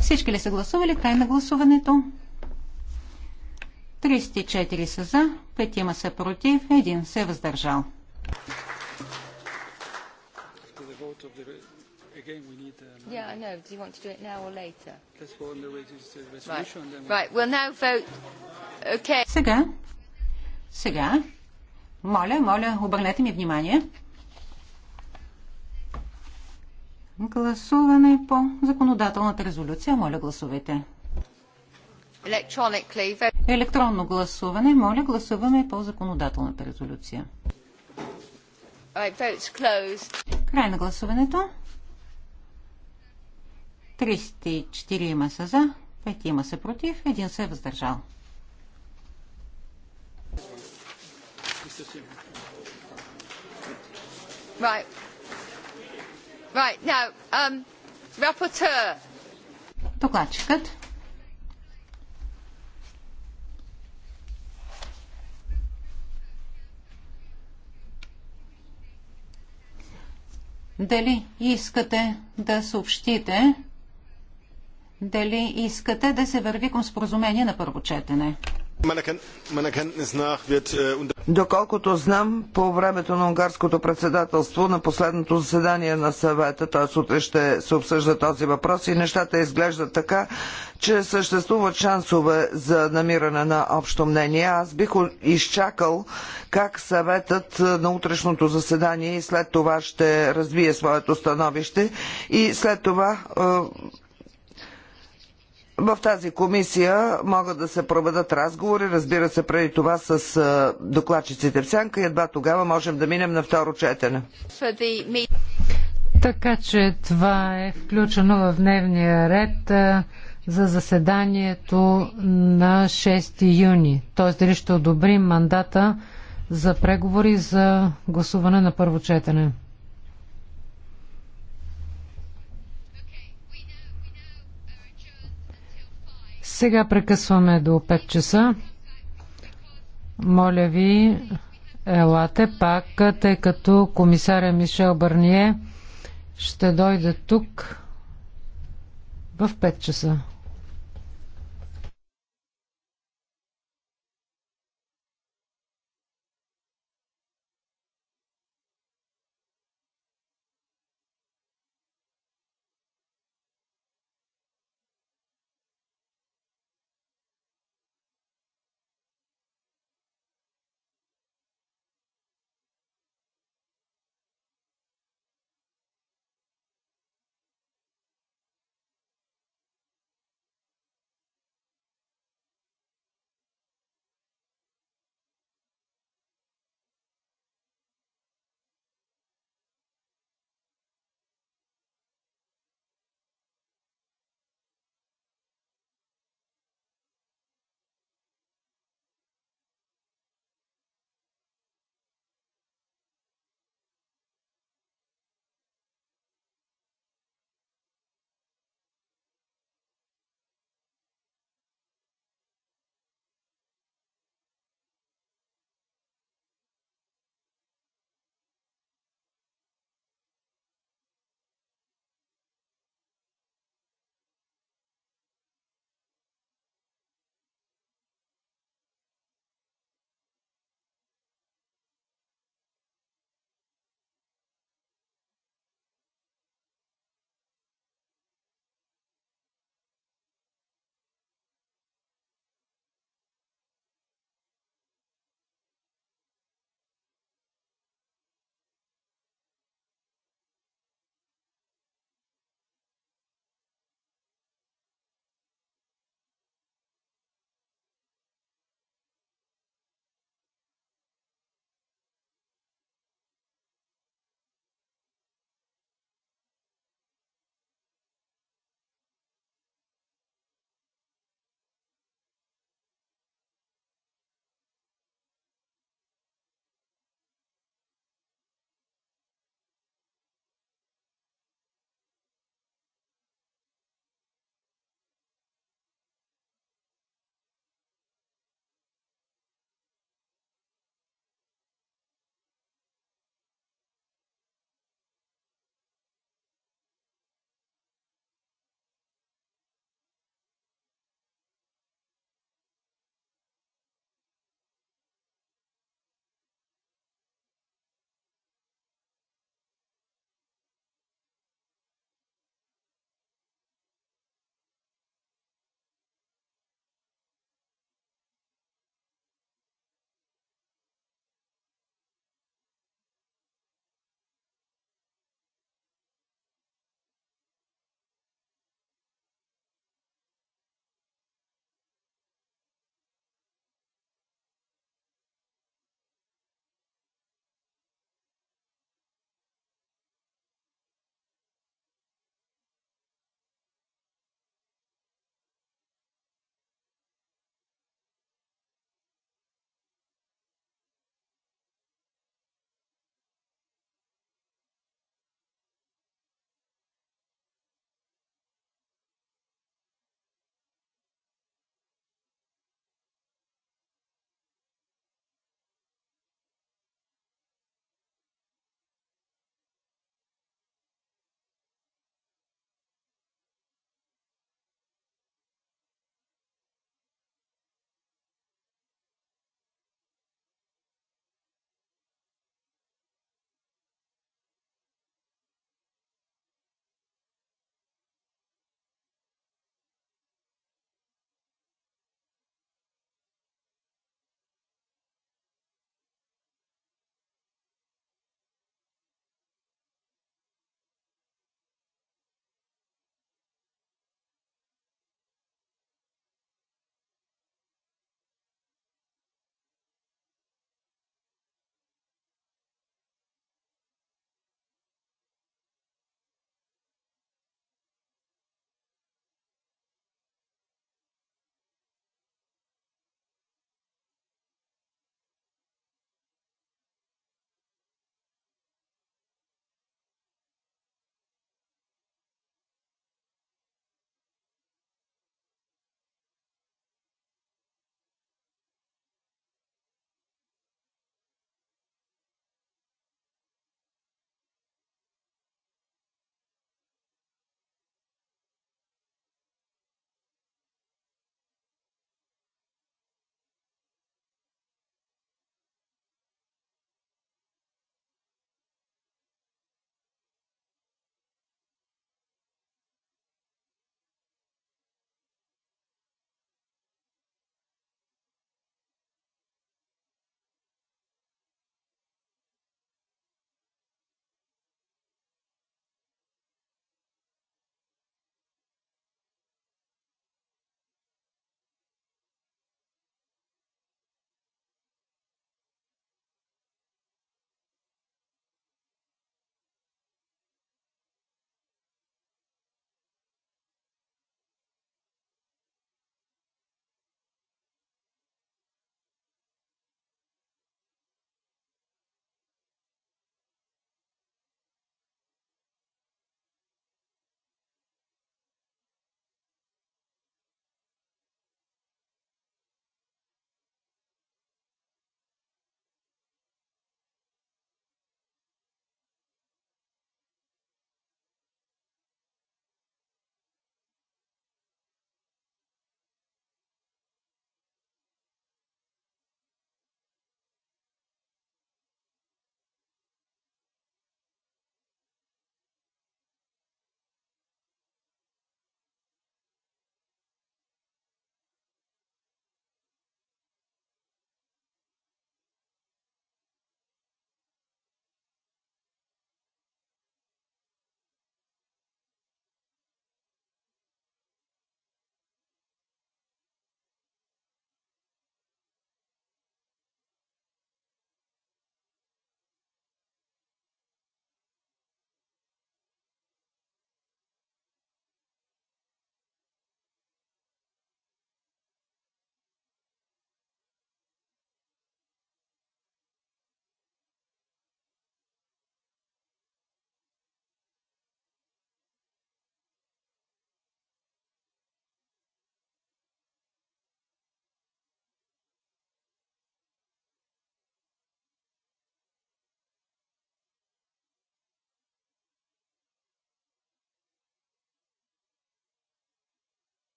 Всички ли са гласували? Край на гласуването. 34 са за, 5 има са против, 1 се е въздържал. Сега. Сега моля, моля, обърнете ми внимание. Гласуване по законодателната резолюция. Моля, гласувайте. Електронно гласуване. Моля, гласуваме по законодателната резолюция. Край на гласуването. 304 има са за, 5 има са против, 1 се е въздържал. Right. Right, now, um, rapporteur. Докладчикът. Дали искате да съобщите, дали искате да се върви към споразумение на първо четене? Meiner Доколкото знам, по времето на унгарското председателство на последното заседание на съвета, т.е. утре ще се обсъжда този въпрос и нещата изглеждат така, че съществуват шансове за намиране на общо мнение. Аз бих изчакал как съветът на утрешното заседание и след това ще развие своето становище и след това е, в тази комисия могат да се проведат разговори, разбира се, преди това с докладчиците в сянка и едва тогава можем да минем на второ четене. Така че това е включено в дневния ред за заседанието на 6 юни. Т.е. дали ще одобрим мандата за преговори за гласуване на първо четене. Сега прекъсваме до 5 часа. Моля ви, елате пак, тъй като комисаря Мишел Барние ще дойде тук в 5 часа.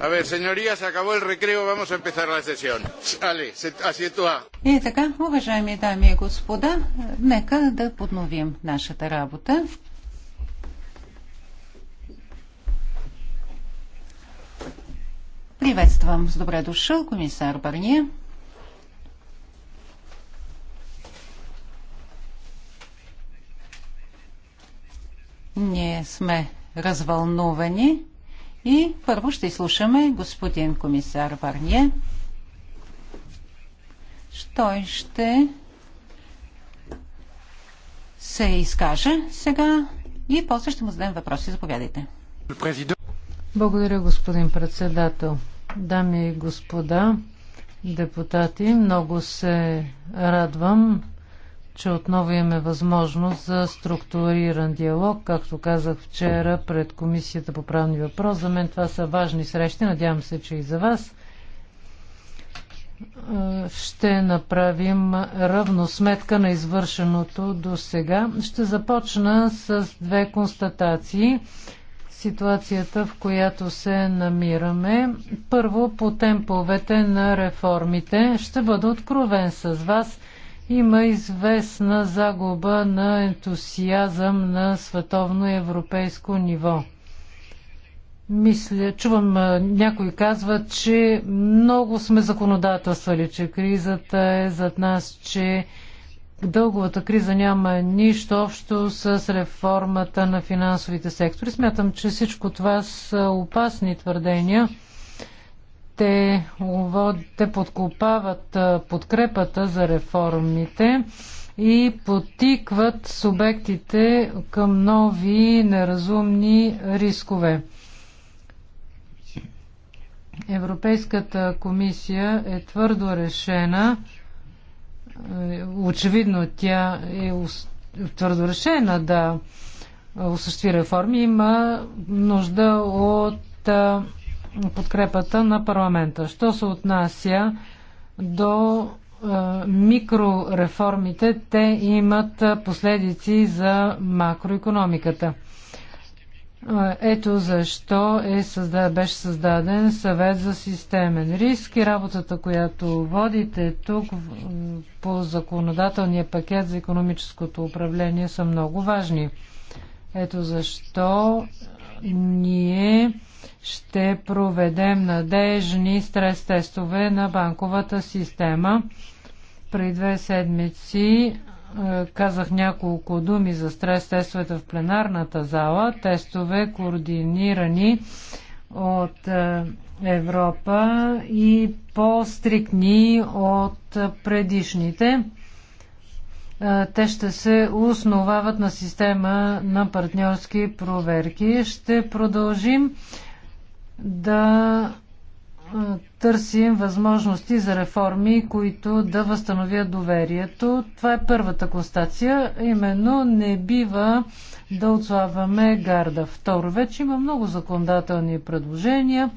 A ver, señorías, acabó el recreo, vamos a empezar la sesión. Але, асиетуа. И така, уважаеми дами и господа, нека да подновим нашата работа. Приветствам с добре дошъл комисар Барния. Ние сме развълнувани и първо ще изслушаме господин комисар Варние. Той ще се изкаже сега и после ще му зададем въпроси. Заповядайте. Благодаря, господин председател. Дами и господа, депутати, много се радвам че отново имаме възможност за структуриран диалог, както казах вчера пред Комисията по правни въпрос. За мен това са важни срещи, надявам се, че и за вас. Е, ще направим равносметка на извършеното до сега. Ще започна с две констатации ситуацията, в която се намираме. Първо, по темповете на реформите. Ще бъда откровен с вас има известна загуба на ентусиазъм на световно и европейско ниво. Мисля, чувам, някой казва, че много сме законодателствали, че кризата е зад нас, че дълговата криза няма нищо общо с реформата на финансовите сектори. Смятам, че всичко това са опасни твърдения те, те подкопават подкрепата за реформите и потикват субектите към нови неразумни рискове. Европейската комисия е твърдо решена. Очевидно тя е твърдо решена да осъществи реформи. Има нужда от подкрепата на парламента. Що се отнася до е, микрореформите, те имат последици за макроекономиката. Е, ето защо е създад, беше създаден съвет за системен риск и работата, която водите тук по законодателния пакет за економическото управление са много важни. Ето защо ние ще проведем надежни стрес тестове на банковата система. Преди две седмици е, казах няколко думи за стрес тестовете в пленарната зала. Тестове координирани от е, Европа и по-стрикни от предишните. Е, те ще се основават на система на партньорски проверки. Ще продължим да търсим възможности за реформи, които да възстановят доверието. Това е първата констация. Именно не бива да отслабваме гарда. Второ, вече има много законодателни предложения.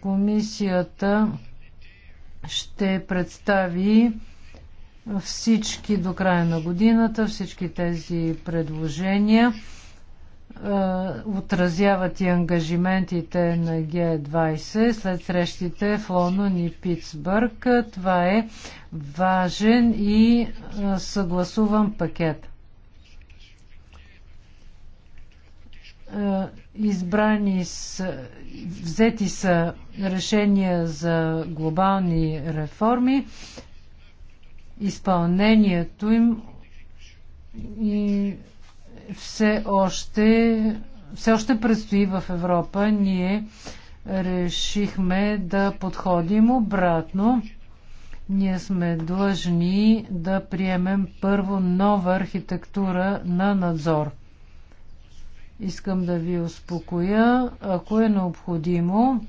Комисията ще представи всички до края на годината, всички тези предложения. Е, отразяват и ангажиментите на Г20 след срещите в Лондон и Питсбърг. Това е важен и е, съгласуван пакет. Е, избрани са, взети са решения за глобални реформи. Изпълнението им и все още, все още предстои в Европа. Ние решихме да подходим обратно. Ние сме длъжни да приемем първо нова архитектура на надзор. Искам да ви успокоя, ако е необходимо.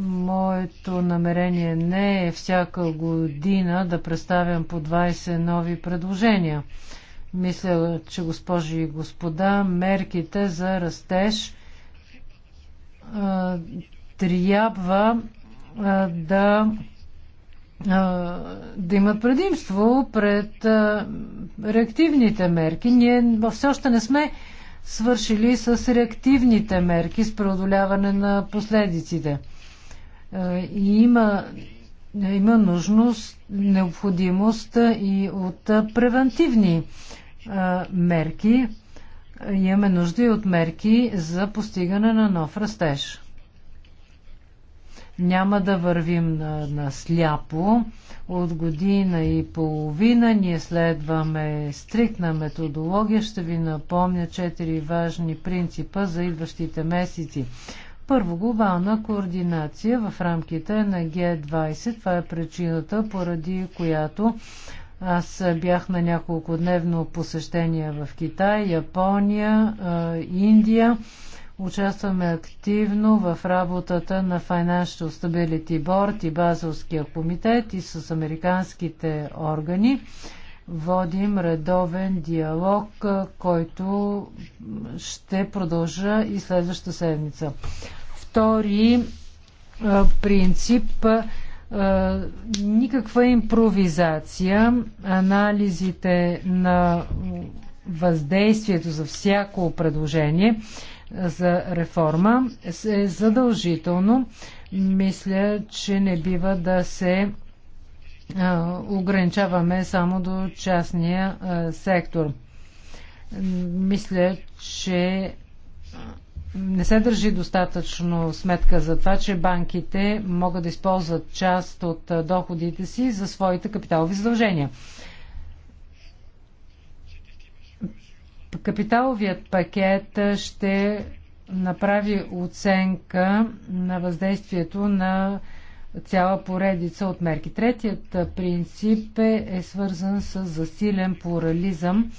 Моето намерение не е всяка година да представям по 20 нови предложения. Мисля, че госпожи и господа, мерките за растеж трябва да да имат предимство пред реактивните мерки. Ние все още не сме свършили с реактивните мерки с преодоляване на последиците. И има има нужност, необходимост и от превентивни мерки. Имаме нужда и от мерки за постигане на нов растеж. Няма да вървим на, на сляпо. От година и половина ние следваме стриктна методология. Ще ви напомня четири важни принципа за идващите месеци. Първо, глобална координация в рамките на g 20 Това е причината, поради която аз бях на няколко дневно посещение в Китай, Япония, Индия. Участваме активно в работата на Financial Stability Board и Базовския комитет и с американските органи. Водим редовен диалог, който ще продължа и следващата седмица втори принцип никаква импровизация. Анализите на въздействието за всяко предложение за реформа е задължително. Мисля, че не бива да се ограничаваме само до частния сектор. Мисля, че не се държи достатъчно сметка за това, че банките могат да използват част от доходите си за своите капиталови задължения. Капиталовият пакет ще направи оценка на въздействието на цяла поредица от мерки. Третият принцип е, е свързан с засилен плурализъм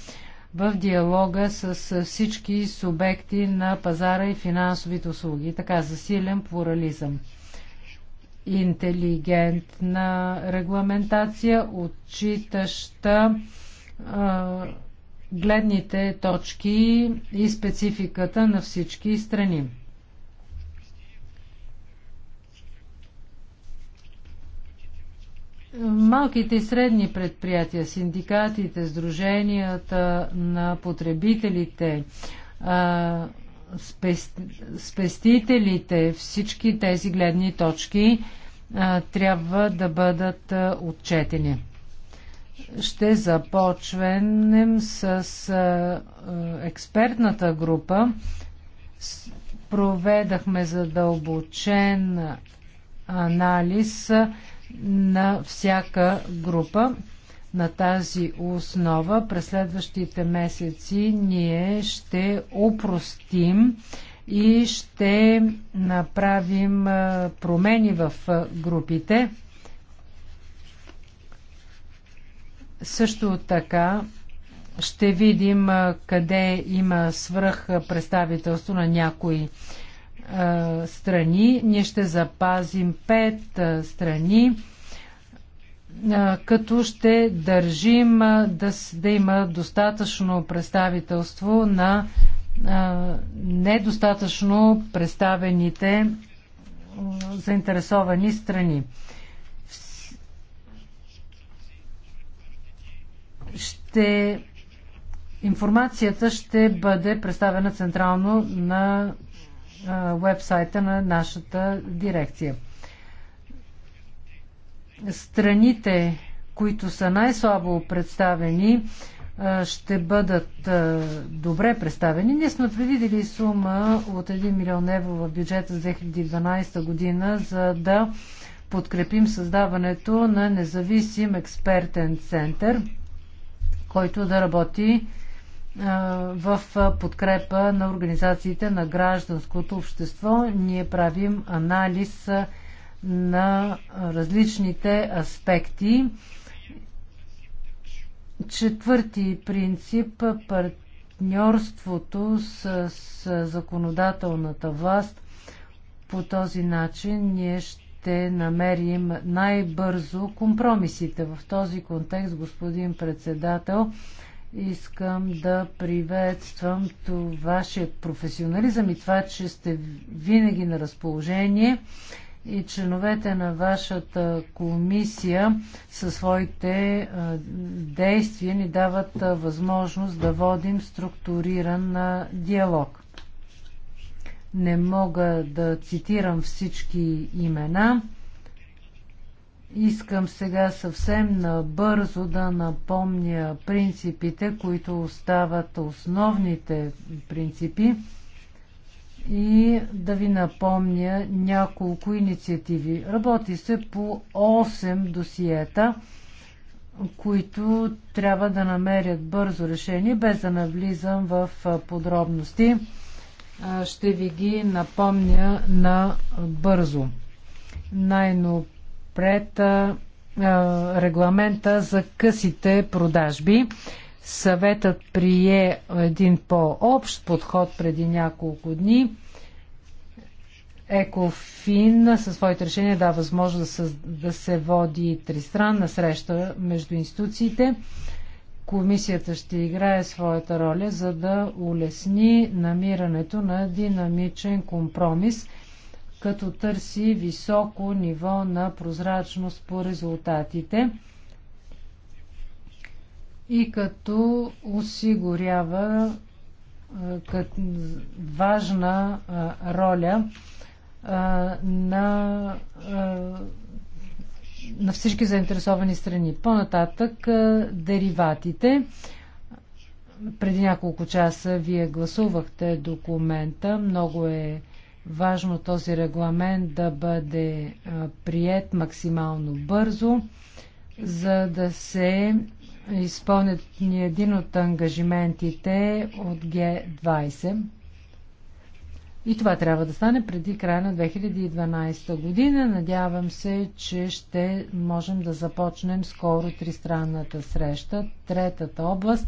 в диалога с всички субекти на пазара и финансовите услуги. Така засилен плурализъм. Интелигентна регламентация, отчитаща гледните точки и спецификата на всички страни. малките и средни предприятия, синдикатите, сдруженията на потребителите, спестителите, всички тези гледни точки трябва да бъдат отчетени. Ще започнем с експертната група. Проведахме задълбочен анализ на всяка група. На тази основа през следващите месеци ние ще упростим и ще направим промени в групите. Също така ще видим къде има свръх представителство на някои страни. Ние ще запазим пет страни, като ще държим да, да има достатъчно представителство на недостатъчно представените заинтересовани страни. Ще, информацията ще бъде представена централно на вебсайта на нашата дирекция. Страните, които са най-слабо представени, ще бъдат добре представени. Ние сме предвидели сума от 1 милион евро в бюджета за 2012 година, за да подкрепим създаването на независим експертен център, който да работи в подкрепа на организациите на гражданското общество. Ние правим анализ на различните аспекти. Четвърти принцип партньорството с, с законодателната власт. По този начин ние ще намерим най-бързо компромисите. В този контекст, господин председател, Искам да приветствам вашия е професионализъм и това, че сте винаги на разположение и членовете на вашата комисия със своите действия ни дават възможност да водим структуриран диалог. Не мога да цитирам всички имена. Искам сега съвсем набързо да напомня принципите, които остават основните принципи и да ви напомня няколко инициативи. Работи се по 8 досиета, които трябва да намерят бързо решение, без да навлизам в подробности. Ще ви ги напомня на бързо. Най-но пред регламента за късите продажби. Съветът прие един по-общ подход преди няколко дни. Екофин със своите решения дава възможност да се, да се води тристранна среща между институциите. Комисията ще играе своята роля, за да улесни намирането на динамичен компромис – като търси високо ниво на прозрачност по резултатите и като осигурява като важна роля на, на всички заинтересовани страни. По-нататък дериватите. Преди няколко часа вие гласувахте документа. Много е Важно този регламент да бъде прият максимално бързо, за да се изпълнят ни един от ангажиментите от Г20. И това трябва да стане преди края на 2012 година. Надявам се, че ще можем да започнем скоро тристранната среща. Третата област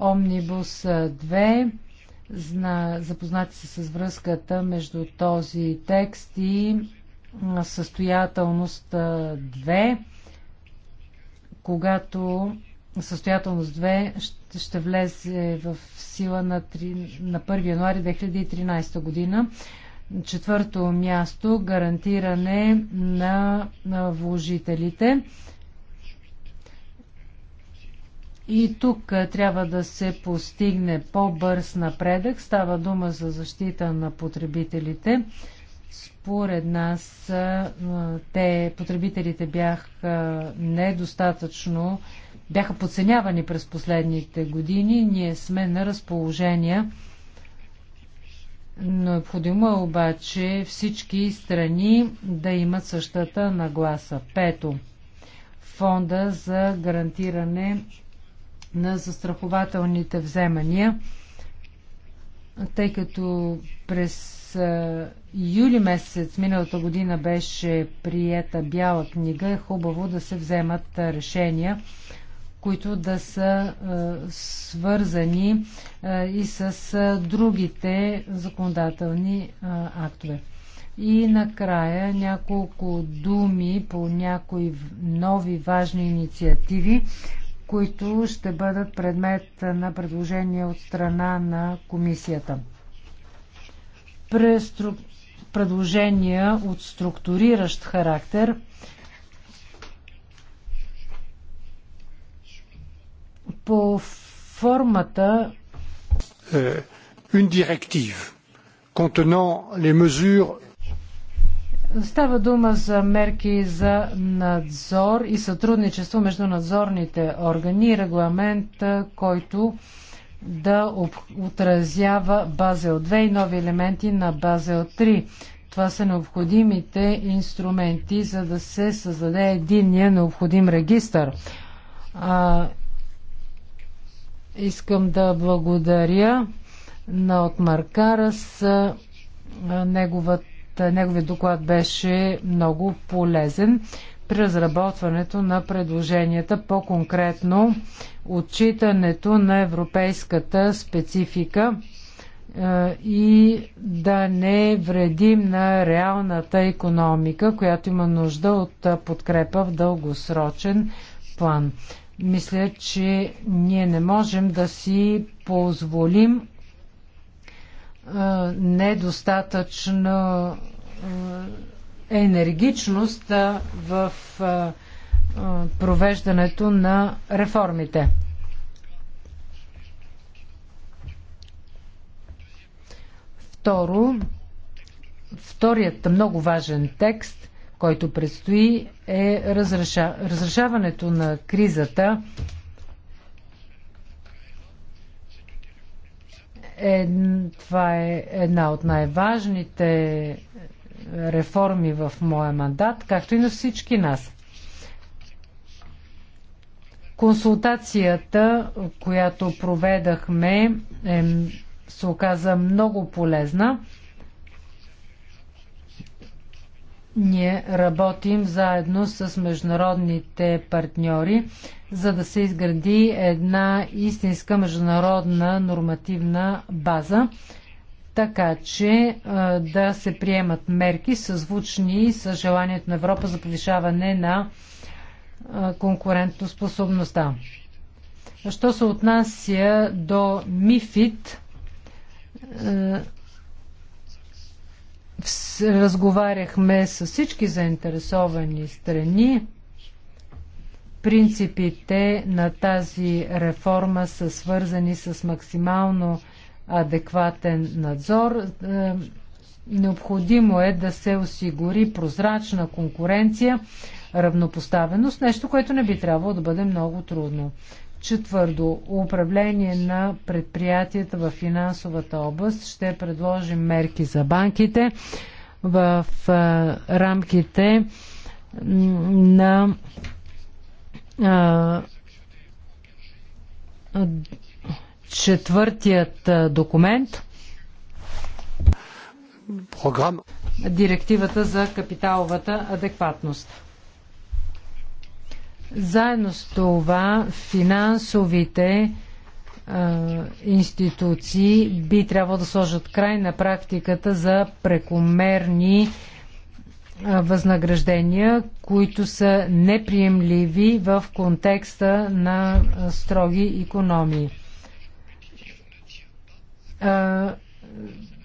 Омнибус 2 Зна, запознати са с връзката между този текст и състоятелност 2, когато състоятелност 2 ще, ще влезе в сила на, 3, на 1 януари 2013 година. Четвърто място гарантиране на, на вложителите. И тук трябва да се постигне по-бърз напредък. Става дума за защита на потребителите. Според нас те, потребителите бяха недостатъчно, бяха подценявани през последните години. Ние сме на разположение. Необходимо е обаче всички страни да имат същата нагласа. Пето. Фонда за гарантиране на застрахователните вземания, тъй като през юли месец миналата година беше приета бяла книга, е хубаво да се вземат решения, които да са свързани и с другите законодателни актове. И накрая няколко думи по някои нови важни инициативи, които ще бъдат предмет на предложение от страна на комисията. Престру... Предложения от структуриращ характер по формата е, une directive contenant les mesures Става дума за мерки за надзор и сътрудничество между надзорните органи и регламент, който да отразява Базел 2 и нови елементи на Базел 3. Това са необходимите инструменти, за да се създаде единния необходим регистър. А, искам да благодаря на отмаркара с неговата е, неговият доклад беше много полезен при разработването на предложенията, по-конкретно отчитането на европейската специфика е, и да не вредим на реалната економика, която има нужда от е, подкрепа в дългосрочен план. Мисля, че ние не можем да си позволим недостатъчна енергичност в провеждането на реформите. Второ, вторият много важен текст, който предстои е разреша, разрешаването на кризата Е, това е една от най-важните реформи в моя мандат, както и на всички нас. Консултацията, която проведахме, е, се оказа много полезна. Ние работим заедно с международните партньори, за да се изгради една истинска международна нормативна база, така че да се приемат мерки съзвучни с желанието на Европа за повишаване на конкурентоспособността. Що се отнася до МИФИТ, разговаряхме с всички заинтересовани страни. Принципите на тази реформа са свързани с максимално адекватен надзор. Е, необходимо е да се осигури прозрачна конкуренция, равнопоставеност, нещо, което не би трябвало да бъде много трудно. Четвърдо, управление на предприятията в финансовата област. Ще предложим мерки за банките в рамките на четвъртият документ. Програма. Директивата за капиталовата адекватност. Заедно с това финансовите институции би трябвало да сложат край на практиката за прекомерни възнаграждения, които са неприемливи в контекста на строги економии.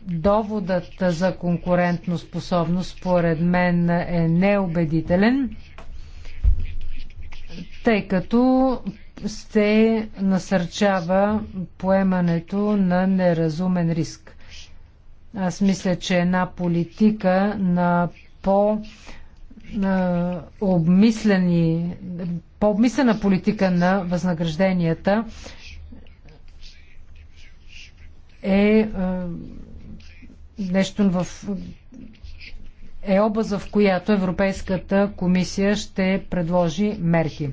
Доводът за конкурентно способност, според мен, е неубедителен тъй като се насърчава поемането на неразумен риск. Аз мисля, че една политика на по обмислени, по-обмислена политика на възнагражденията е, е нещо в е област, в която Европейската комисия ще предложи мерки.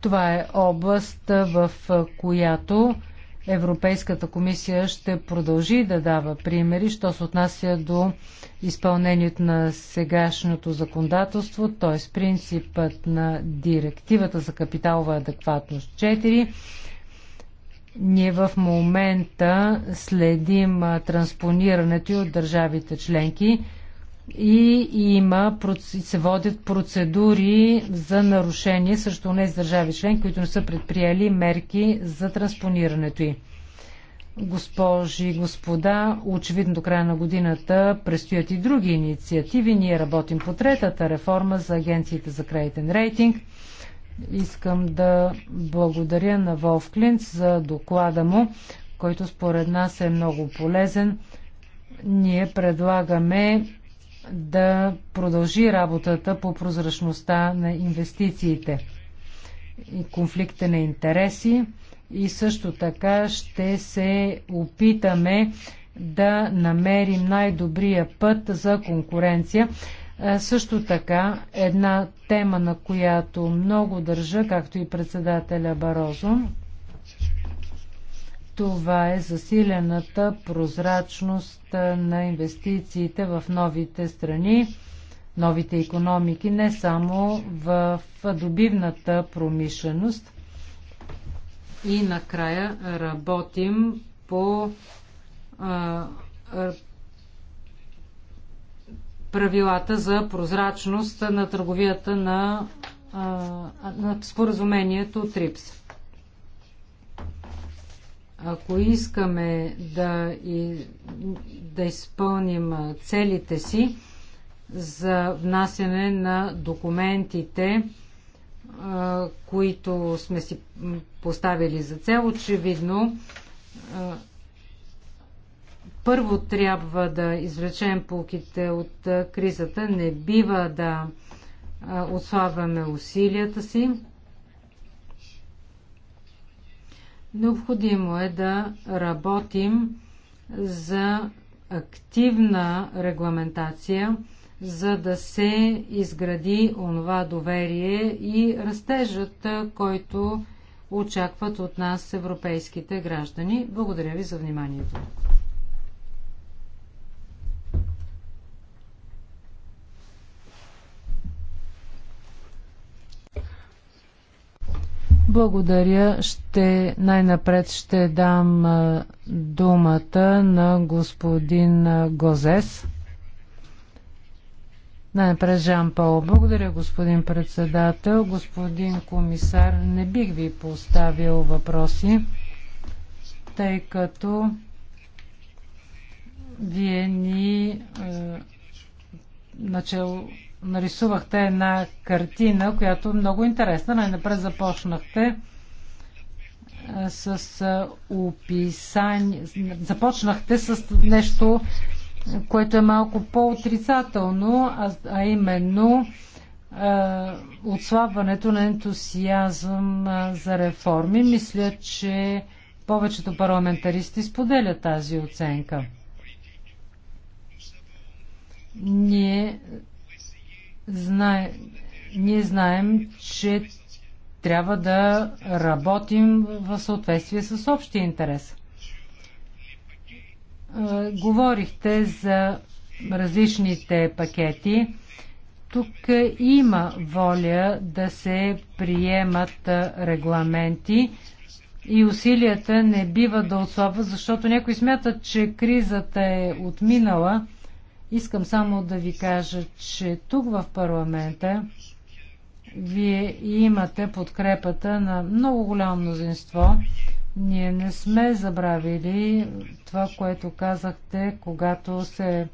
Това е област, в която Европейската комисия ще продължи да дава примери, що се отнася до изпълнението на сегашното законодателство, т.е. принципът на директивата за капиталова адекватност 4 ние в момента следим транспонирането и от държавите членки и има, се водят процедури за нарушение срещу тези държави членки, които не са предприели мерки за транспонирането й. Госпожи и господа, очевидно до края на годината предстоят и други инициативи. Ние работим по третата реформа за агенциите за кредитен рейтинг – Искам да благодаря на Волф Клинц за доклада му, който според нас е много полезен. Ние предлагаме да продължи работата по прозрачността на инвестициите и конфликта на интереси и също така ще се опитаме да намерим най-добрия път за конкуренция е, също така, една тема, на която много държа, както и председателя Барозо, това е засилената прозрачност на инвестициите в новите страни, новите економики, не само в добивната промишленост. И накрая работим по правилата за прозрачност на търговията на, на споразумението ТРИПС. Ако искаме да, и, да изпълним целите си за внасяне на документите, които сме си поставили за цел, очевидно първо трябва да извлечем полките от кризата. Не бива да отслабваме усилията си. Необходимо е да работим за активна регламентация, за да се изгради онова доверие и растежът, който очакват от нас европейските граждани. Благодаря ви за вниманието. Благодаря. Ще, най-напред ще дам думата на господин Гозес. Най-напред Жан Пол. Благодаря, господин председател. Господин комисар, не бих ви поставил въпроси, тъй като вие ни е, начало нарисувахте една картина, която е много интересна. Най-напред започнахте е, с е, описание. Започнахте с нещо, което е малко по-отрицателно, а, именно е, отслабването на ентусиазъм за реформи. Мисля, че повечето парламентаристи споделят тази оценка. Ние знае, ние знаем, че трябва да работим в съответствие с общия интерес. Говорихте за различните пакети. Тук има воля да се приемат регламенти и усилията не бива да отслабват, защото някои смятат, че кризата е отминала Искам само да ви кажа, че тук в парламента вие имате подкрепата на много голямо мнозинство. Ние не сме забравили това, което казахте, когато се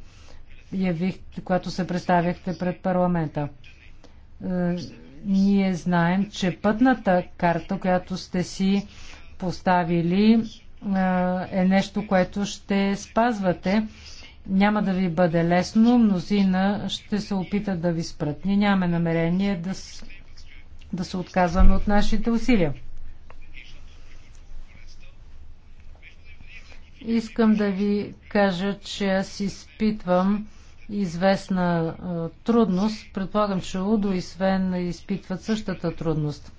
явих, когато се представяхте пред парламента. Е, ние знаем, че пътната карта, която сте си поставили, е, е нещо, което ще спазвате няма да ви бъде лесно, мнозина ще се опитат да ви спрат. Ние нямаме намерение да, да се отказваме от нашите усилия. Искам да ви кажа, че аз изпитвам известна трудност. Предполагам, че Удо и Свен изпитват същата трудност.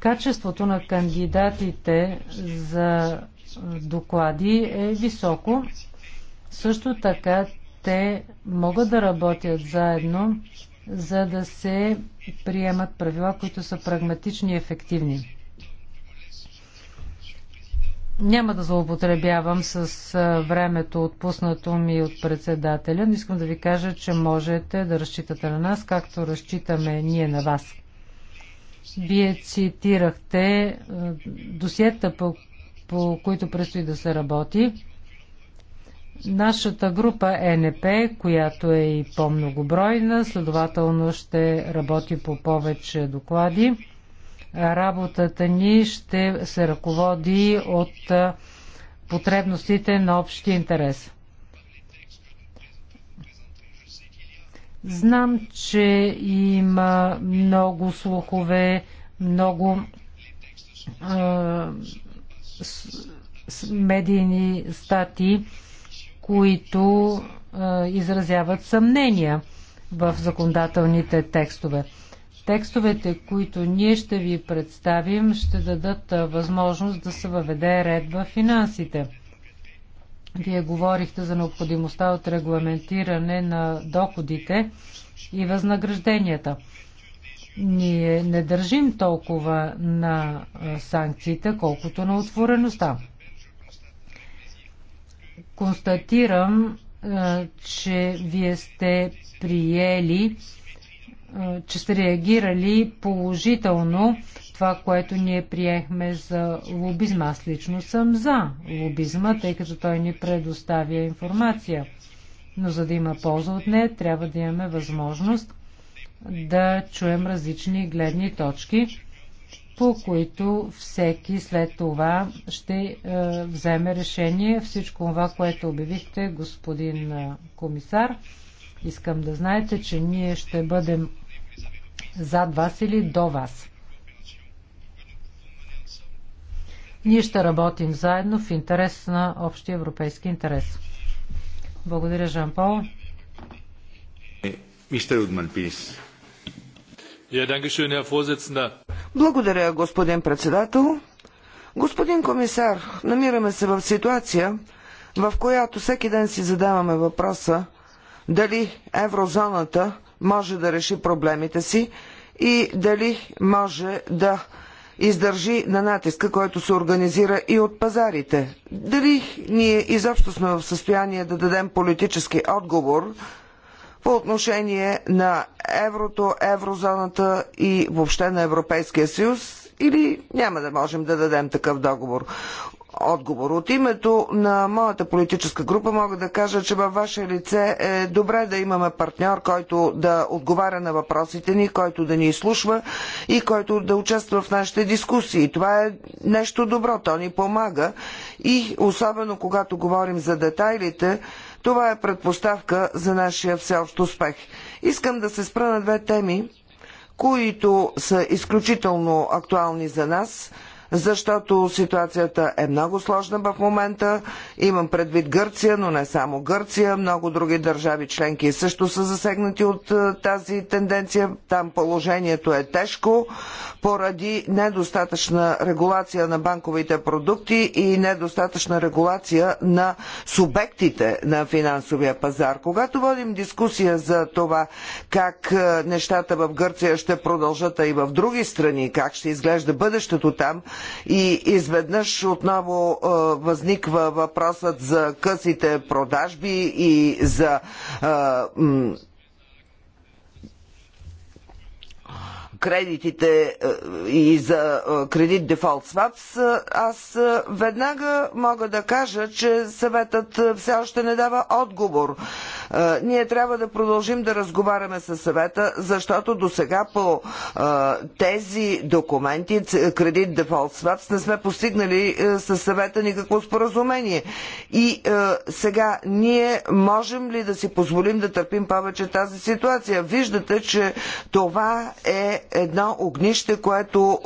Качеството на кандидатите за доклади е високо. Също така те могат да работят заедно, за да се приемат правила, които са прагматични и ефективни. Няма да злоупотребявам с времето отпуснато ми от председателя, но искам да ви кажа, че можете да разчитате на нас, както разчитаме ние на вас. Вие цитирахте досиета, по по които предстои да се работи. Нашата група е НП, която е и по-многобройна, следователно ще работи по повече доклади. Работата ни ще се ръководи от потребностите на общия интерес. Знам, че има много слухове, много медийни статии, които изразяват съмнения в законодателните текстове. Текстовете, които ние ще ви представим, ще дадат възможност да се въведе ред в финансите. Вие говорихте за необходимостта от регламентиране на доходите и възнагражденията. Ние не държим толкова на е, санкциите, колкото на отвореността. Констатирам, е, че вие сте приели, е, че сте реагирали положително това, което ние приехме за лобизма. Аз лично съм за лобизма, тъй като той ни предоставя информация. Но за да има полза от нея, трябва да имаме възможност да чуем различни гледни точки, по които всеки след това ще е, вземе решение. Всичко това, което обявихте, господин е, комисар, искам да знаете, че ние ще бъдем зад вас или до вас. Ние ще работим заедно в интерес на общия европейски интерес. Благодаря, Жан Пол. Е, мистер Удман, благодаря, господин председател. Господин комисар, намираме се в ситуация, в която всеки ден си задаваме въпроса дали еврозоната може да реши проблемите си и дали може да издържи на натиска, който се организира и от пазарите. Дали ние изобщо сме в състояние да дадем политически отговор по отношение на еврото, еврозоната и въобще на Европейския съюз или няма да можем да дадем такъв договор отговор. От името на моята политическа група мога да кажа, че във ваше лице е добре да имаме партньор, който да отговаря на въпросите ни, който да ни изслушва и който да участва в нашите дискусии. Това е нещо добро, то ни помага и особено когато говорим за детайлите, това е предпоставка за нашия всеобщ успех. Искам да се спра на две теми, които са изключително актуални за нас – защото ситуацията е много сложна в момента. Имам предвид Гърция, но не само Гърция. Много други държави членки също са засегнати от е, тази тенденция. Там положението е тежко поради недостатъчна регулация на банковите продукти и недостатъчна регулация на субектите на финансовия пазар. Когато водим дискусия за това как е, нещата в Гърция ще продължат, а и в други страни, как ще изглежда бъдещето там, и изведнъж отново възниква въпросът за късите продажби и за кредитите и за кредит дефолт свапс, аз веднага мога да кажа, че съветът все още не дава отговор. Ние трябва да продължим да разговаряме със съвета, защото до сега по тези документи, кредит дефолт свапс, не сме постигнали със съвета никакво споразумение. И сега ние можем ли да си позволим да търпим повече тази ситуация? Виждате, че това е едно огнище, което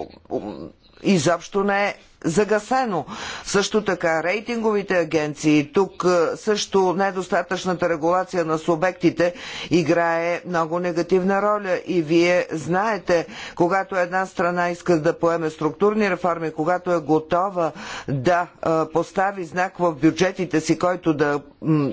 изобщо не е загасено. Също така рейтинговите агенции, тук също недостатъчната регулация на субектите играе много негативна роля и вие знаете, когато една страна иска да поеме структурни реформи, когато е готова да постави знак в бюджетите си, който да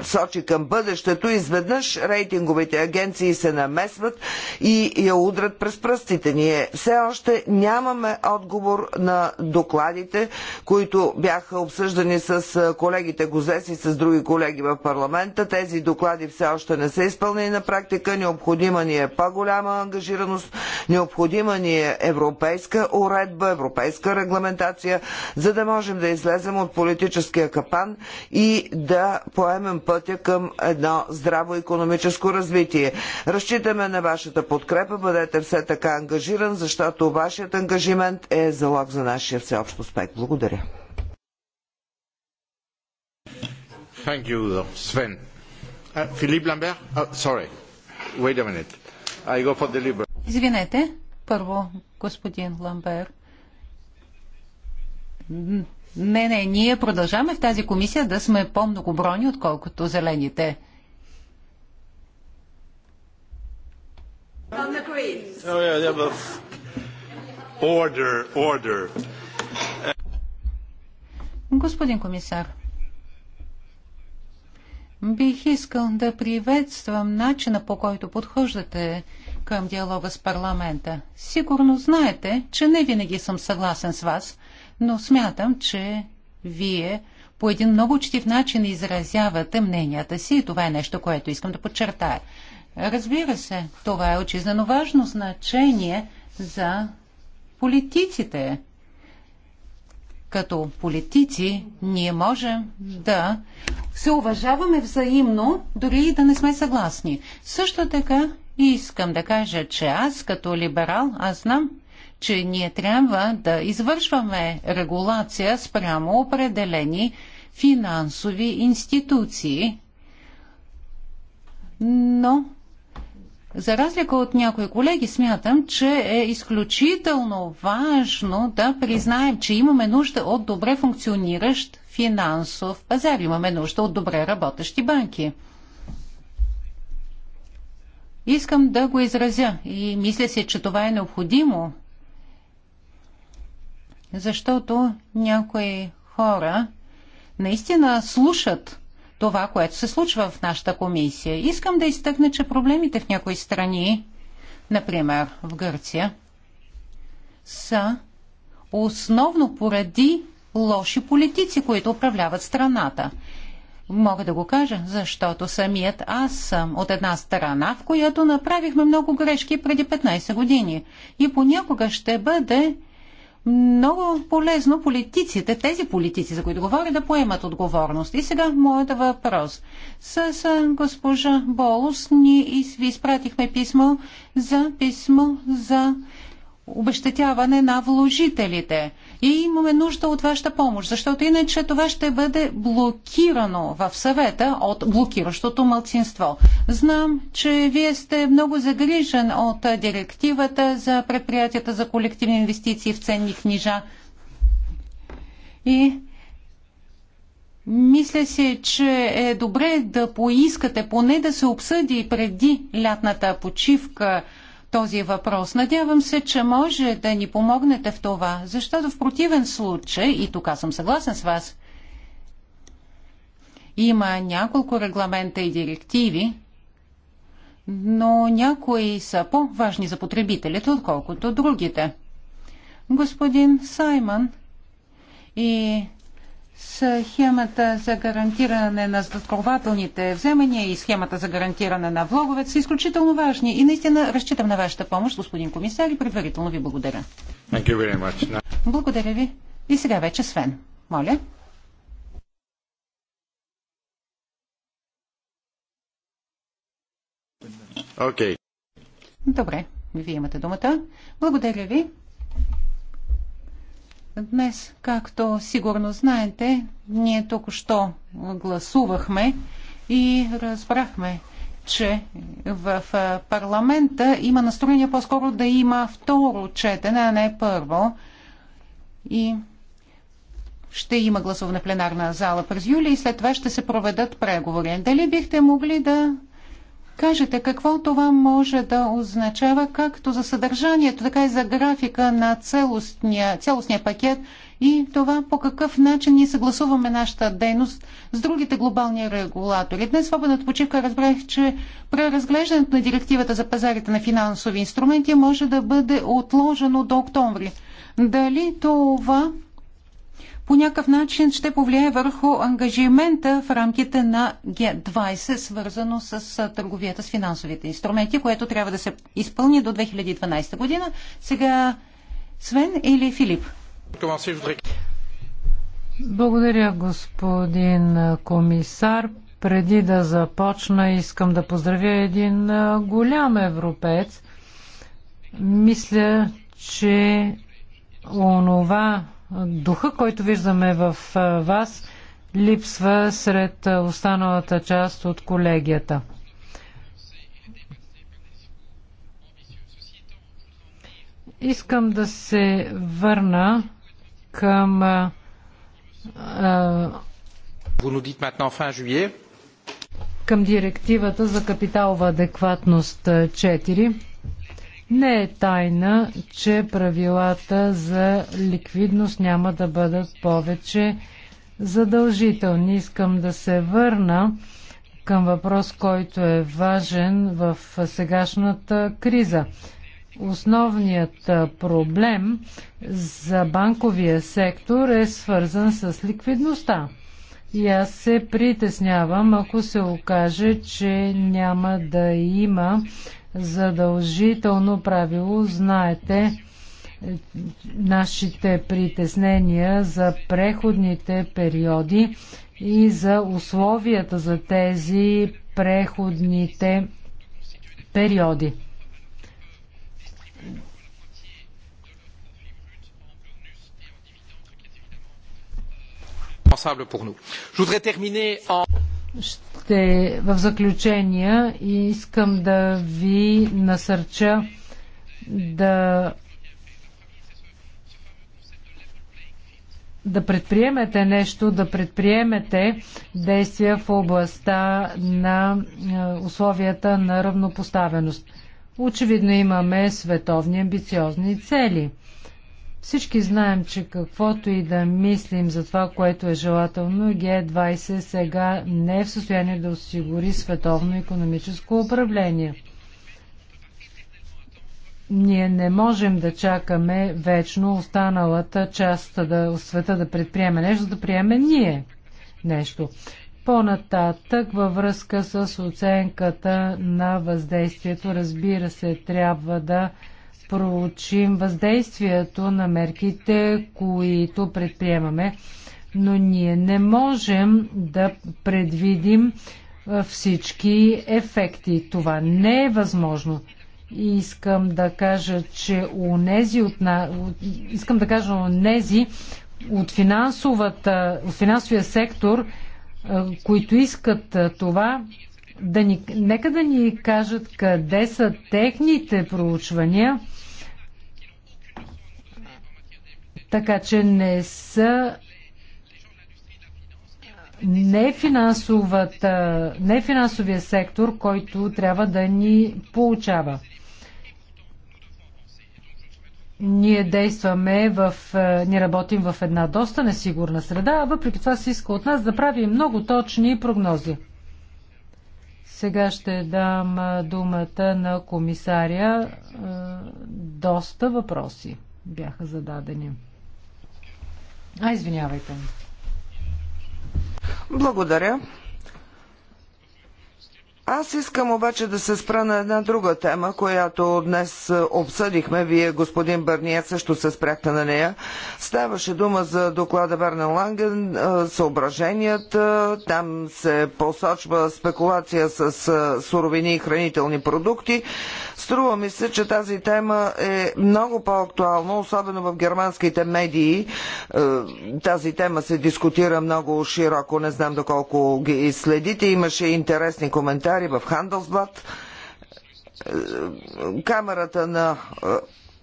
сочи към бъдещето, изведнъж рейтинговите агенции се намесват и я удрят през пръстите. Ние все още нямаме отговор на докладите въпросите, които бяха обсъждани с колегите Гозес и с други колеги в парламента. Тези доклади все още не са изпълнени на практика. Необходима ни е по-голяма ангажираност, необходима ни е европейска уредба, европейска регламентация, за да можем да излезем от политическия капан и да поемем пътя към едно здраво економическо развитие. Разчитаме на вашата подкрепа, бъдете все така ангажиран, защото вашият ангажимент е залог за нашия всеобщ успех бюджет. Благодаря. Thank you, Sven. Uh, oh, sorry. Wait a minute. I go for the liberal. Извинете, първо, господин Ламбер. Не, не, ние продължаваме в тази комисия да сме по брони, отколкото зелените. Oh, order, order. Господин комисар, бих искал да приветствам начина по който подхождате към диалога с парламента. Сигурно знаете, че не винаги съм съгласен с вас, но смятам, че вие по един много учтив начин изразявате мненията си и това е нещо, което искам да подчертая. Разбира се, това е очизнено важно значение за политиците, като политици ние можем да се уважаваме взаимно, дори и да не сме съгласни. Също така искам да кажа, че аз като либерал, аз знам, че ние трябва да извършваме регулация спрямо определени финансови институции. Но за разлика от някои колеги, смятам, че е изключително важно да признаем, че имаме нужда от добре функциониращ финансов пазар. Имаме нужда от добре работещи банки. Искам да го изразя и мисля си, че това е необходимо, защото някои хора наистина слушат това, което се случва в нашата комисия. Искам да изтъкна, че проблемите в някои страни, например в Гърция, са основно поради лоши политици, които управляват страната. Мога да го кажа, защото самият аз съм от една страна, в която направихме много грешки преди 15 години. И понякога ще бъде много полезно политиците, тези политици, за които говоря, да поемат отговорност. И сега моят въпрос. С, госпожа Болус ни ви изпратихме писмо за писмо за обещетяване на вложителите. И имаме нужда от вашата помощ, защото иначе това ще бъде блокирано в съвета от блокиращото мълцинство. Знам, че вие сте много загрижен от директивата за предприятията за колективни инвестиции в ценни книжа. И мисля се, че е добре да поискате поне да се обсъди преди лятната почивка този въпрос. Надявам се, че може да ни помогнете в това, защото в противен случай, и тук съм съгласен с вас, има няколко регламента и директиви, но някои са по-важни за потребителите, отколкото другите. Господин Саймън и схемата за гарантиране на застрахователните вземания и схемата за гарантиране на влоговете са изключително важни. И наистина разчитам на вашата помощ, господин комисар, и предварително ви благодаря. Благодаря ви. И сега вече Свен. Моля. Okay. Добре, вие имате думата. Благодаря ви. Днес, както сигурно знаете, ние току-що гласувахме и разбрахме, че в парламента има настроение по-скоро да има второ четене, а не първо. И ще има гласуване в пленарна зала през юли и след това ще се проведат преговори. Дали бихте могли да кажете какво това може да означава както за съдържанието, така и за графика на целостния целостния пакет и това по какъв начин ние съгласуваме нашата дейност с другите глобални регулатори. Днес свободната почивка разбрах, че преразглеждането на директивата за пазарите на финансови инструменти може да бъде отложено до октомври. Дали това по някакъв начин ще повлияе върху ангажимента в рамките на g 20 свързано с търговията с финансовите инструменти, което трябва да се изпълни до 2012 година. Сега Свен или Филип? Благодаря, господин комисар. Преди да започна, искам да поздравя един голям европеец. Мисля, че онова, духа, който виждаме в вас, липсва сред останалата част от колегията. Искам да се върна към. Към директивата за капиталова адекватност 4. Не е тайна, че правилата за ликвидност няма да бъдат повече задължителни. Искам да се върна към въпрос, който е важен в сегашната криза. Основният проблем за банковия сектор е свързан с ликвидността. И аз се притеснявам, ако се окаже, че няма да има задължително правило. Знаете е, нашите притеснения за преходните периоди и за условията за тези преходните периоди. pour nous. Je voudrais terminer en ще, в заключение искам да ви насърча да да предприемете нещо, да предприемете действия в областта на е, условията на равнопоставеност. Очевидно имаме световни амбициозни цели. Всички знаем, че каквото и да мислим за това, което е желателно, Г20 сега не е в състояние да осигури световно економическо управление. Ние не можем да чакаме вечно останалата част да, света да предприеме нещо, да приеме ние нещо. По-нататък във връзка с оценката на въздействието, разбира се, трябва да проучим въздействието на мерките, които предприемаме, но ние не можем да предвидим всички ефекти. Това не е възможно. Искам да кажа, че унези от на... искам да кажа унези от, финансовата, от финансовия сектор, които искат това, да ни, нека да ни кажат къде са техните проучвания, Така че не са не е финансовата, не е финансовия сектор, който трябва да ни получава. Ние действаме в, е, ние работим в една доста несигурна среда, а въпреки това се иска от нас да правим много точни прогнози. Сега ще дам думата на комисаря. Доста въпроси бяха зададени. А, извинявайте. Благодаря. Аз искам обаче да се спра на една друга тема, която днес обсъдихме. Вие, господин Бърния, също се спряхте на нея. Ставаше дума за доклада Верна Ланген, съображенията. Там се посочва спекулация с суровини и хранителни продукти. Струва ми се, че тази тема е много по-актуална, особено в германските медии. Е, тази тема се дискутира много широко, не знам доколко ги следите. Имаше интересни коментари в Handelsblatt. Е, камерата на е,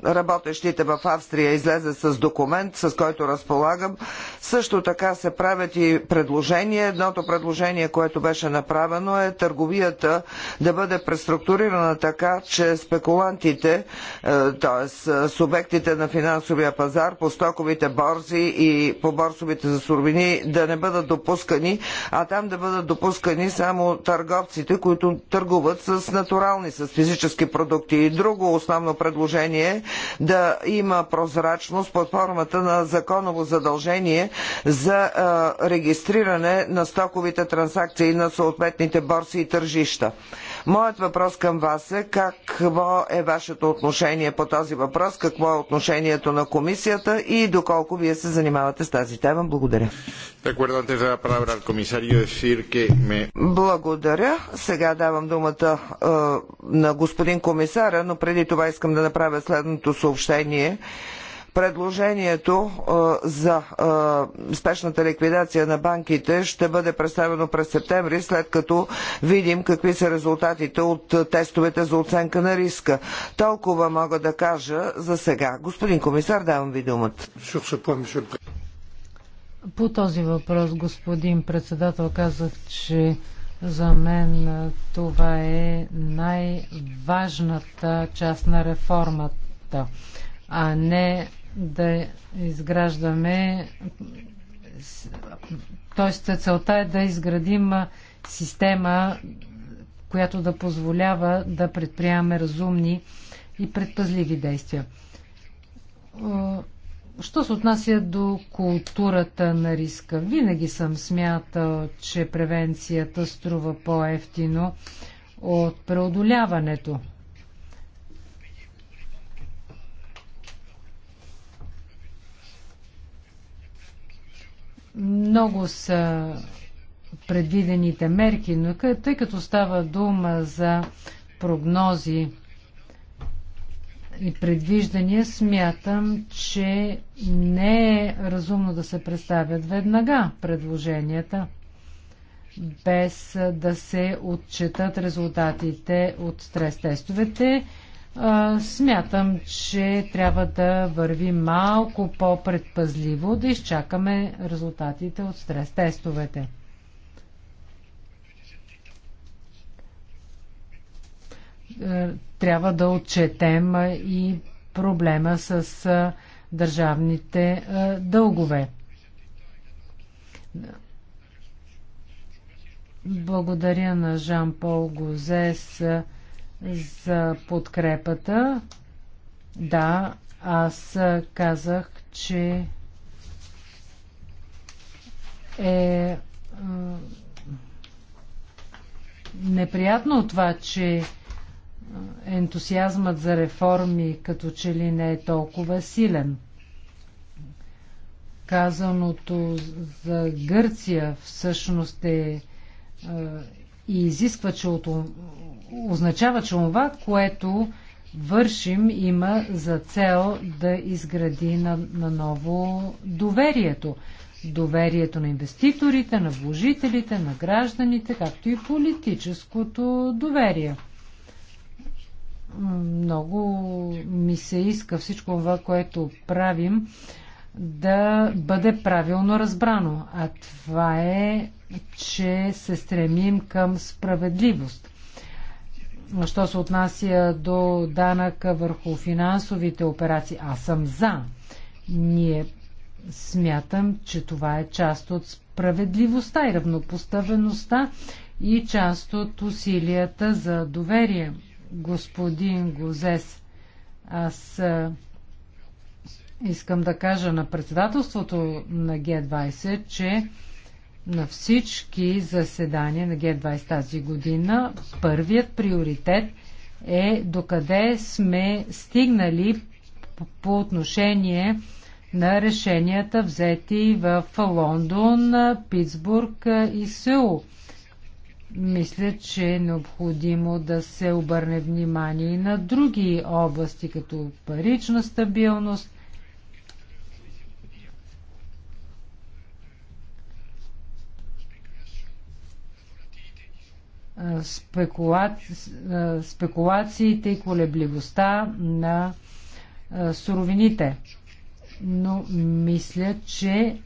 работещите в Австрия излезат с документ, с който разполагам. Също така се правят и предложения. Едното предложение, което беше направено е търговията да бъде преструктурирана така, че спекулантите, т.е. Е, субектите на финансовия пазар по стоковите борзи и по борсовите за суровини да не бъдат допускани, а там да бъдат допускани само търговците, които търгуват с натурални, с физически продукти. И друго основно предложение е да има прозрачност под формата на законово задължение за регистриране на стоковите транзакции на съответните борси и тържища. Моят въпрос към вас е какво е вашето отношение по този въпрос, какво е отношението на комисията и доколко вие се занимавате с тази тема. Благодаря. Благодаря. Сега давам думата е, на господин комисара, но преди това искам да направя следното съобщение. Предложението за спешната ликвидация на банките ще бъде представено през септември, след като видим какви са резултатите от тестовете за оценка на риска. Толкова мога да кажа за сега. Господин комисар, давам ви думата. По този въпрос, господин председател, казах, че за мен това е най-важната част на реформата, а не да изграждаме. Тоест, целта е да изградим система, която да позволява да предприемаме разумни и предпазливи действия. Що се отнася до културата на риска? Винаги съм смятал, че превенцията струва по-ефтино от преодоляването. Много са предвидените мерки, но тъй като става дума за прогнози и предвиждания, смятам, че не е разумно да се представят веднага предложенията, без да се отчетат резултатите от стрес-тестовете смятам, че трябва да върви малко по-предпазливо, да изчакаме резултатите от стрес-тестовете. Трябва да отчетем и проблема с държавните дългове. Благодаря на Жан-Пол Гозес за подкрепата. Да, аз казах, че е, е неприятно от това, че е, ентусиазмът за реформи като че ли не е толкова силен. Казаното за Гърция всъщност е, е и изисква, че от означава, че това, което вършим, има за цел да изгради наново на доверието. Доверието на инвеститорите, на вложителите, на гражданите, както и политическото доверие. Много ми се иска всичко това, което правим, да бъде правилно разбрано. А това е, че се стремим към справедливост – що се отнася до данъка върху финансовите операции, аз съм за. Ние смятам, че това е част от справедливостта и равнопоставеността и част от усилията за доверие. Господин Гозес, аз искам да кажа на председателството на Г20, че на всички заседания на Г20 тази година, първият приоритет е докъде сме стигнали по отношение на решенията взети в Лондон, Питсбург и Сеул. Мисля, че е необходимо да се обърне внимание и на други области, като парична стабилност, спекула... спекулациите и колебливостта на суровините. Но мисля, че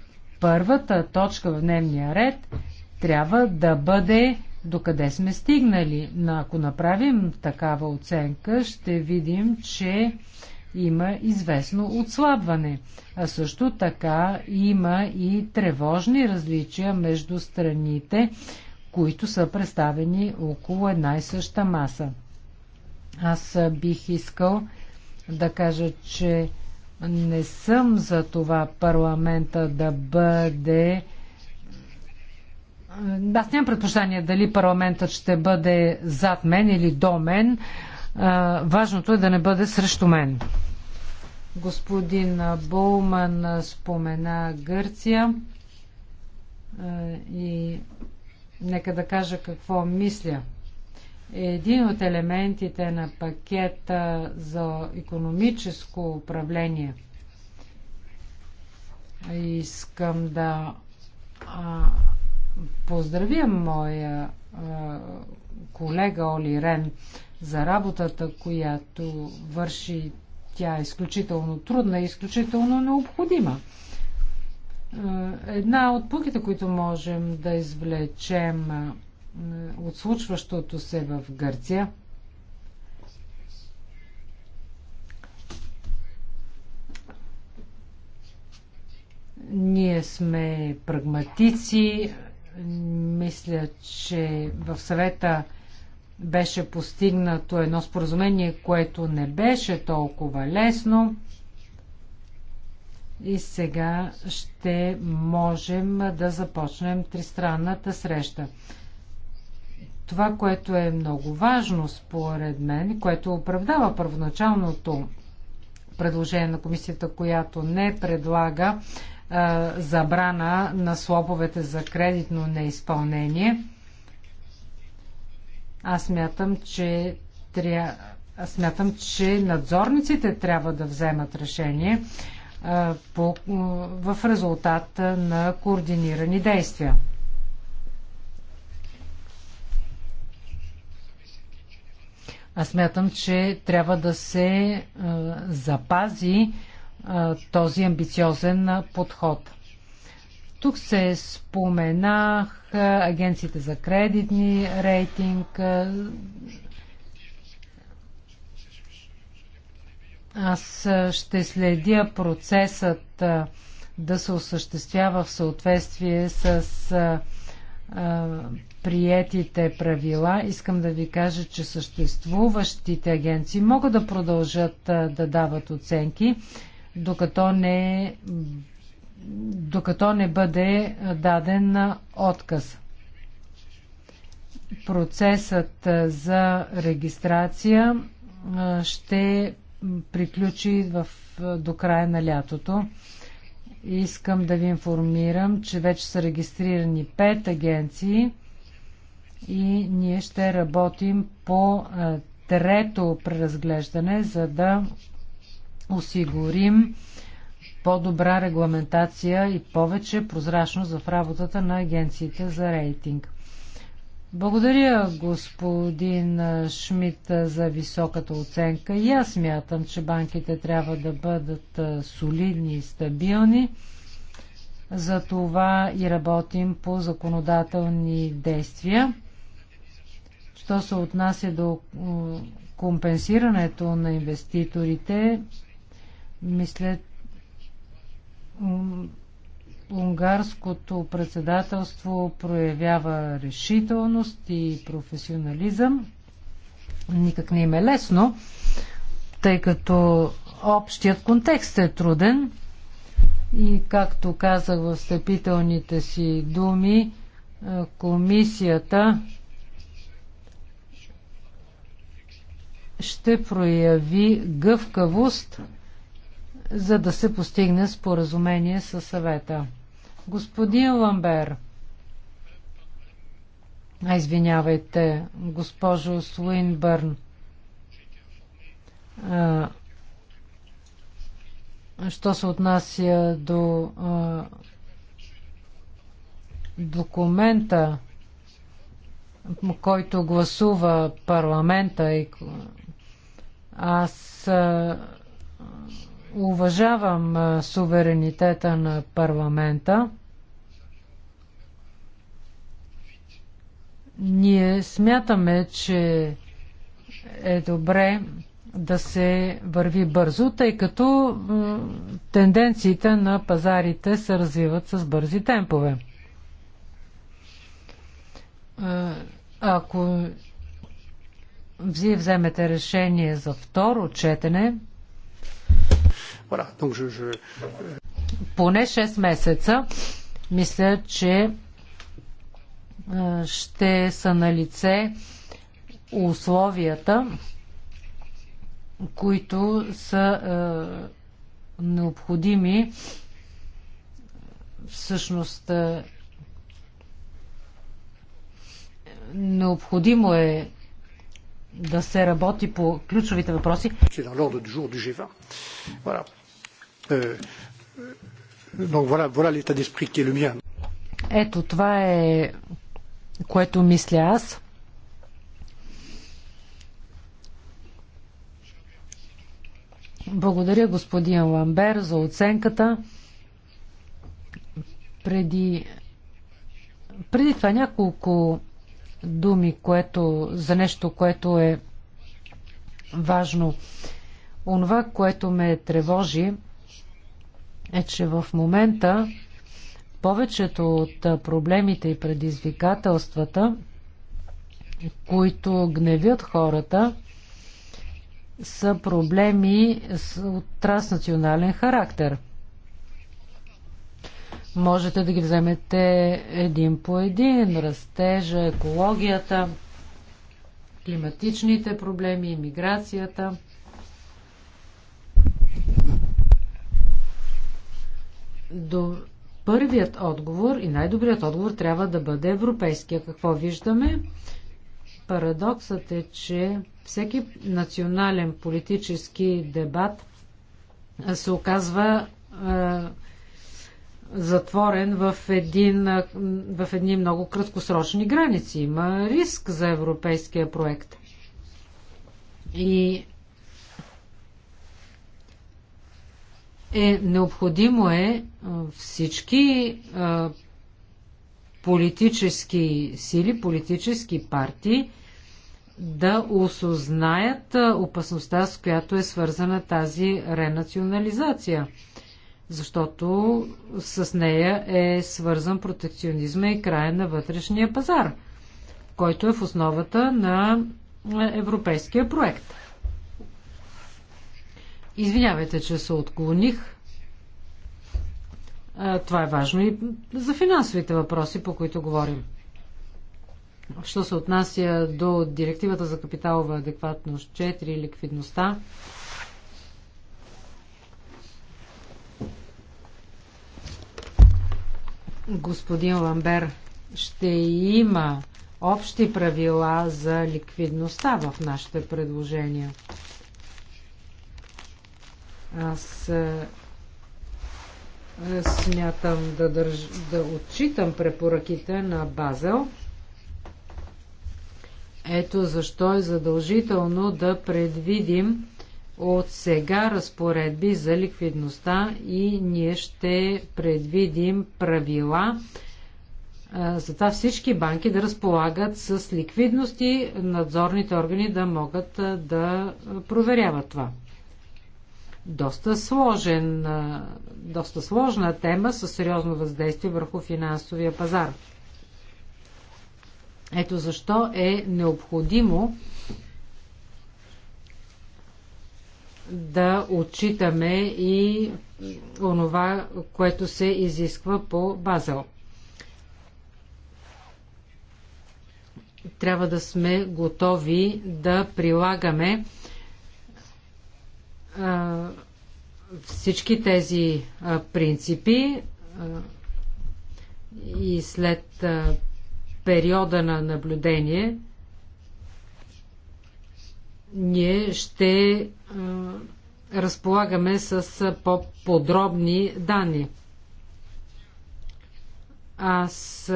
първата точка в дневния ред трябва да бъде докъде сме стигнали. Но ако направим такава оценка, ще видим, че има известно отслабване. А също така има и тревожни различия между страните, които са представени около една и съща маса. Аз бих искал да кажа, че не съм за това парламента да бъде. Аз нямам предпочитание дали парламентът ще бъде зад мен или до мен. Важното е да не бъде срещу мен. Господин Булман спомена Гърция и Нека да кажа какво мисля. Един от елементите на пакета за економическо управление искам да а, поздравя моя а, колега Оли Рен за работата, която върши. Тя е изключително трудна и изключително необходима. Е, една от пуките, които можем да извлечем е, от случващото се в Гърция, Ние сме прагматици. Мисля, че в съвета беше постигнато едно споразумение, което не беше толкова лесно. И сега ще можем да започнем тристранната среща. Това, което е много важно според мен, което оправдава първоначалното предложение на комисията, която не предлага а, забрана на слоповете за кредитно неизпълнение, аз смятам, че тря... аз мятам, че надзорниците трябва да вземат решение по, в резултат на координирани действия. Аз смятам, че трябва да се запази този амбициозен подход. Тук се споменах агенциите за кредитни рейтинг, Аз ще следя процесът да се осъществява в съответствие с приетите правила, искам да ви кажа, че съществуващите агенции могат да продължат да дават оценки, докато не, докато не бъде даден отказ. Процесът за регистрация ще приключи в, до края на лятото. Искам да ви информирам, че вече са регистрирани 5 агенции и ние ще работим по трето преразглеждане, за да осигурим по-добра регламентация и повече прозрачност в работата на агенциите за рейтинг. Благодаря, господин Шмидт, за високата оценка. И аз мятам, че банките трябва да бъдат солидни и стабилни. За това и работим по законодателни действия. Що се отнася до компенсирането на инвеститорите, мисля, унгарското председателство проявява решителност и професионализъм. Никак не им е лесно, тъй като общият контекст е труден и, както казах в степителните си думи, е, комисията ще прояви гъвкавост, за да се постигне споразумение със съвета. Господин Ламбер, а извинявайте, госпожо Суинбърн, що се отнася до а, документа, който гласува парламента и аз а, уважавам е, суверенитета на парламента. Ние смятаме, че е добре да се върви бързо, тъй като е, тенденциите на пазарите се развиват с бързи темпове. Е, ако вие вземете решение за второ четене, Euh, Поне 6 месеца мисля, че ще са на лице условията, които са необходими всъщност необходимо е да се работи по ключовите въпроси. Voilà. Euh, donc voilà, voilà l'état d'esprit qui est le mien. Ето това е което мисля аз. Благодаря господин Ламбер за оценката. Преди, преди това няколко думи което, за нещо, което е важно. Онова, което ме тревожи, е, че в момента повечето от проблемите и предизвикателствата, които гневят хората, са проблеми от транснационален характер. Можете да ги вземете един по един. Растежа, екологията, климатичните проблеми, иммиграцията – До първият отговор и най-добрият отговор трябва да бъде европейския. Какво виждаме? Парадоксът е, че всеки национален политически дебат се оказва затворен в, един, в едни много краткосрочни граници. Има риск за европейския проект. И е необходимо е всички политически сили, политически партии да осознаят опасността, с която е свързана тази ренационализация. Защото с нея е свързан протекционизма и края на вътрешния пазар, който е в основата на европейския проект. Извинявайте, че се отклоних. Това е важно и за финансовите въпроси, по които говорим. Що се отнася до директивата за капиталова адекватност 4 ликвидността, господин Ламбер, ще има общи правила за ликвидността в нашите предложения. Аз е, е, смятам да, държ... да отчитам препоръките на Базел. Ето защо е задължително да предвидим от сега разпоредби за ликвидността и ние ще предвидим правила е, за това всички банки да разполагат с ликвидности, надзорните органи да могат да проверяват това доста, сложен, доста сложна тема с сериозно въздействие върху финансовия пазар. Ето защо е необходимо да отчитаме и онова, което се изисква по Базел. Трябва да сме готови да прилагаме всички тези принципи и след периода на наблюдение ние ще разполагаме с по-подробни данни. Аз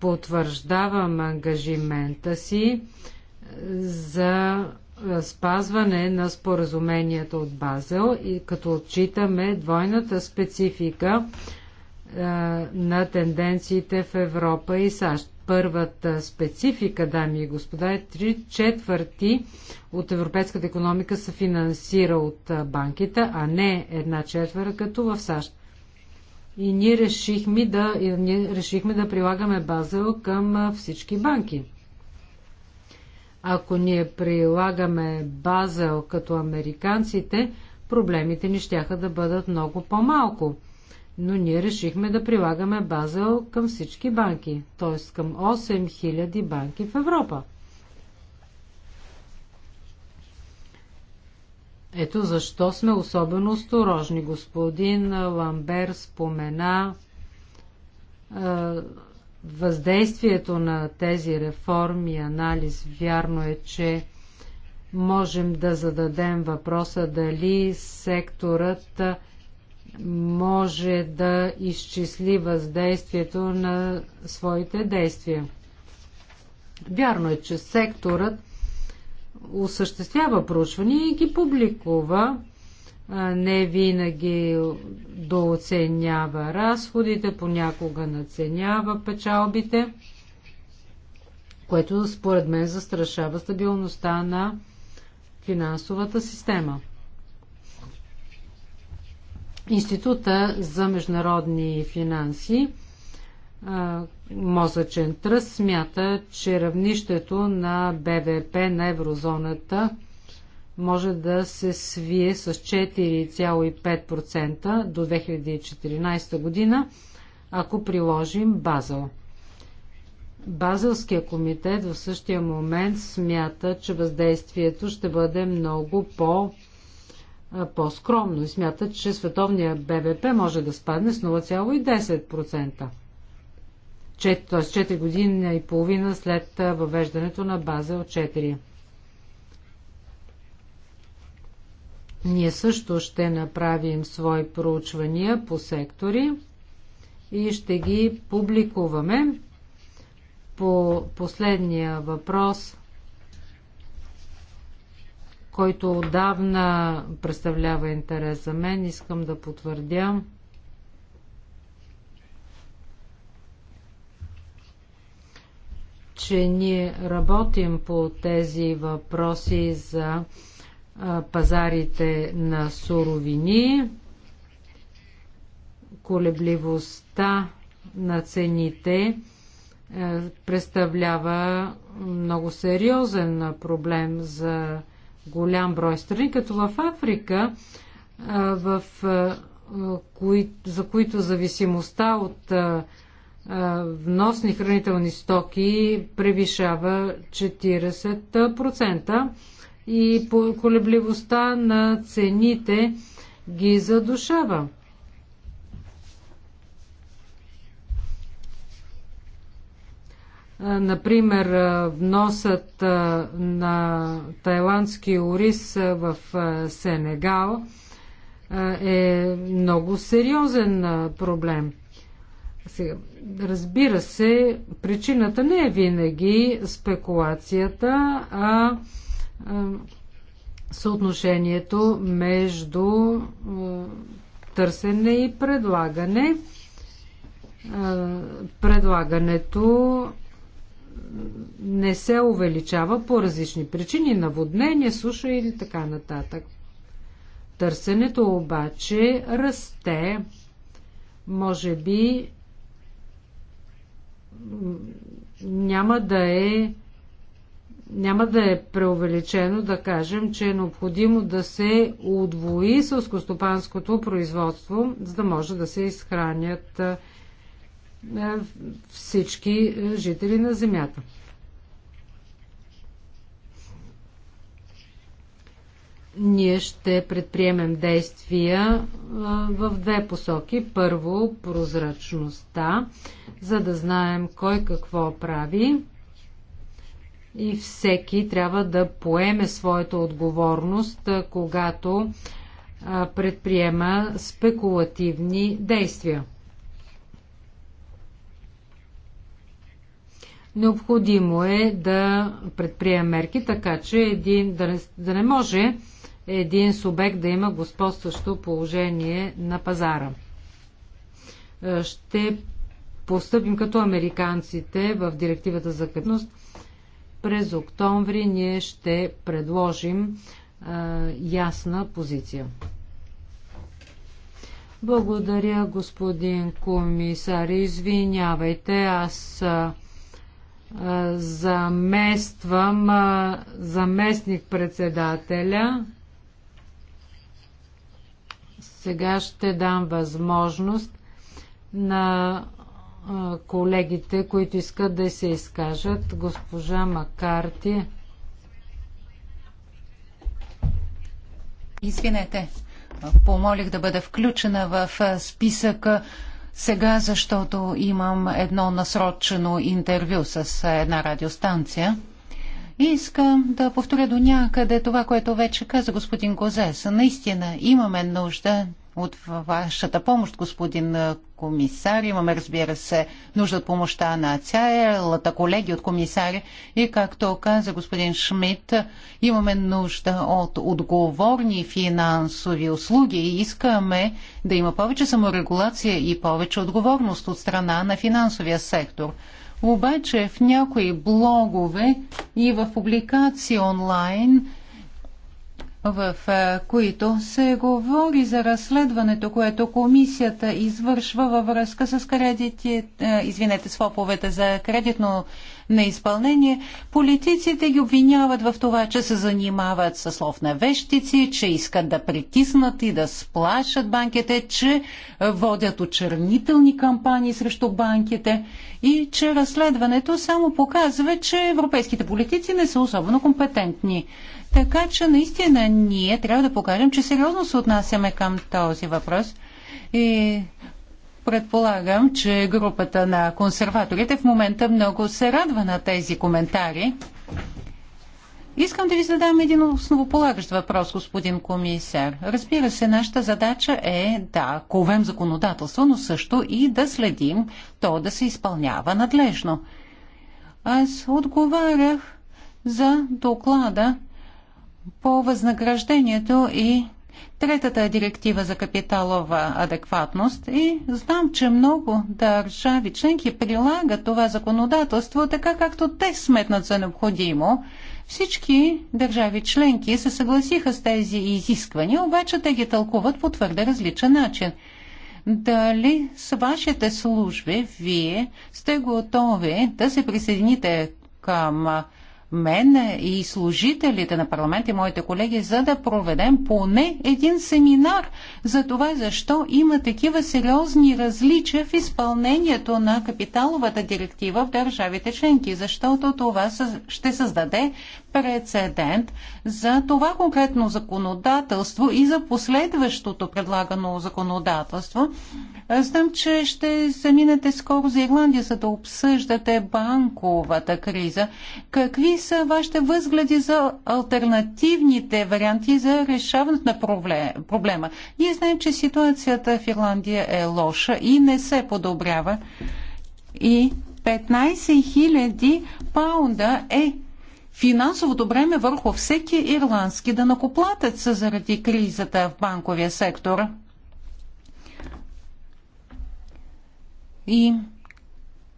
потвърждавам ангажимента си за е, спазване на споразуменията от Базел и като отчитаме двойната специфика е, на тенденциите в Европа и САЩ. Първата специфика, дами и господа, е три четвърти от европейската економика се финансира от е, банките, а не една четвърта като в САЩ. И ние решихме да, ние решихме да прилагаме Базел към е, всички банки ако ние прилагаме Базел като американците, проблемите ни щяха да бъдат много по-малко. Но ние решихме да прилагаме Базел към всички банки, т.е. към 8000 банки в Европа. Ето защо сме особено осторожни. Господин Ламбер спомена въздействието на тези реформи и анализ, вярно е, че можем да зададем въпроса дали секторът може да изчисли въздействието на своите действия. Вярно е, че секторът осъществява проучвания и ги публикува не винаги дооценява разходите, понякога наценява печалбите, което според мен застрашава стабилността на финансовата система. Института за международни финанси мозъчен тръст смята, че равнището на БВП на еврозоната – може да се свие с 4,5% до 2014 година, ако приложим Базел. Базелския комитет в същия момент смята, че въздействието ще бъде много по- по-скромно и смята, че световния БВП може да спадне с 0,10%. Тоест 4 години и половина след въвеждането на от 4. Ние също ще направим свои проучвания по сектори и ще ги публикуваме. По последния въпрос, който отдавна представлява интерес за мен, искам да потвърдя, че ние работим по тези въпроси за пазарите на суровини, колебливостта на цените представлява много сериозен проблем за голям брой страни, като в Африка, в, за които зависимостта от вносни хранителни стоки превишава 40% и колебливостта на цените ги задушава. Например, вносът на тайландски ориз в Сенегал е много сериозен проблем. Сега, разбира се, причината не е винаги спекулацията, а съотношението между търсене и предлагане. Предлагането не се увеличава по различни причини наводнение, суша или така нататък. Търсенето обаче расте. Може би няма да е няма да е преувеличено да кажем, че е необходимо да се удвои сълскостопанското производство, за да може да се изхранят всички жители на земята. Ние ще предприемем действия в две посоки. Първо, прозрачността, за да знаем кой какво прави и всеки трябва да поеме своята отговорност, когато предприема спекулативни действия. Необходимо е да предприема мерки, така че един, да, не, да не може един субект да има господстващо положение на пазара. Ще постъпим като американците в директивата за кътност през октомври ние ще предложим а, ясна позиция. Благодаря, господин комисар. Извинявайте, аз а, замествам а, заместник председателя. Сега ще дам възможност на колегите, които искат да се изкажат. Госпожа Макарти. Извинете, помолих да бъда включена в списъка сега, защото имам едно насрочено интервю с една радиостанция. И искам да повторя до някъде това, което вече каза господин Козес. Наистина имаме нужда от вашата помощ, господин комисар. Имаме, разбира се, нужда от помощта на цялата колеги от комисари. И както каза господин Шмидт, имаме нужда от отговорни финансови услуги и искаме да има повече саморегулация и повече отговорност от страна на финансовия сектор. Обаче в някои блогове и в публикации онлайн – в е, които се говори за разследването, което комисията извършва във връзка с кредити, е, извинете, своповете за кредитно на изпълнение, политиците ги обвиняват в това, че се занимават с лов на вещици, че искат да притиснат и да сплашат банките, че водят очернителни кампании срещу банките и че разследването само показва, че европейските политици не са особено компетентни. Така че наистина ние трябва да покажем, че сериозно се отнасяме към този въпрос. И Предполагам, че групата на консерваторите в момента много се радва на тези коментари. Искам да ви задам един основополагащ въпрос, господин комисар. Разбира се, нашата задача е да ковем законодателство, но също и да следим то да се изпълнява надлежно. Аз отговарях за доклада по възнаграждението и Третата е директива за капиталова адекватност и знам, че много държави членки прилагат това законодателство така, както те сметнат за необходимо. Всички държави членки се съгласиха с тези изисквания, обаче те ги тълкуват по твърде различен начин. Дали с вашите служби вие сте готови да се присъедините към мен и служителите на парламент и моите колеги, за да проведем поне един семинар за това, защо има такива сериозни различия в изпълнението на капиталовата директива в държавите членки, защото това ще създаде прецедент за това конкретно законодателство и за последващото предлагано законодателство, аз знам, че ще заминете скоро за Ирландия, за да обсъждате банковата криза. Какви са вашите възгледи за альтернативните варианти за решаването на проблема? Ние знаем, че ситуацията в Ирландия е лоша и не се подобрява. И 15 000 паунда е финансовото бреме върху всеки ирландски данакоплатец заради кризата в банковия сектор – И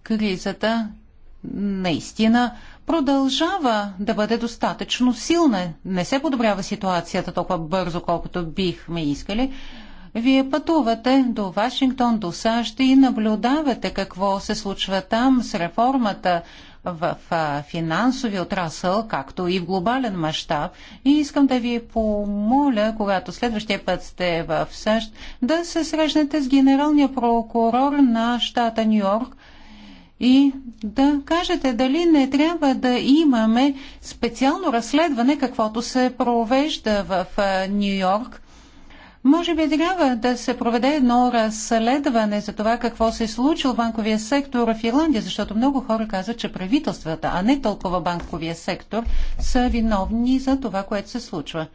кризата наистина продължава да бъде достатъчно силна. Не се подобрява ситуацията толкова бързо, колкото бихме искали. Вие пътувате до Вашингтон, до САЩ и наблюдавате какво се случва там с реформата в финансови отрасъл, както и в глобален мащаб. И искам да ви помоля, когато следващия път сте в САЩ, да се срещнете с генералния прокурор на щата Нью-Йорк, и да кажете дали не трябва да имаме специално разследване, каквото се провежда в Нью Йорк може би трябва да се проведе едно разследване за това какво се е случило в банковия сектор в Ирландия, защото много хора казват, че правителствата, а не толкова банковия сектор, са виновни за това, което се случва.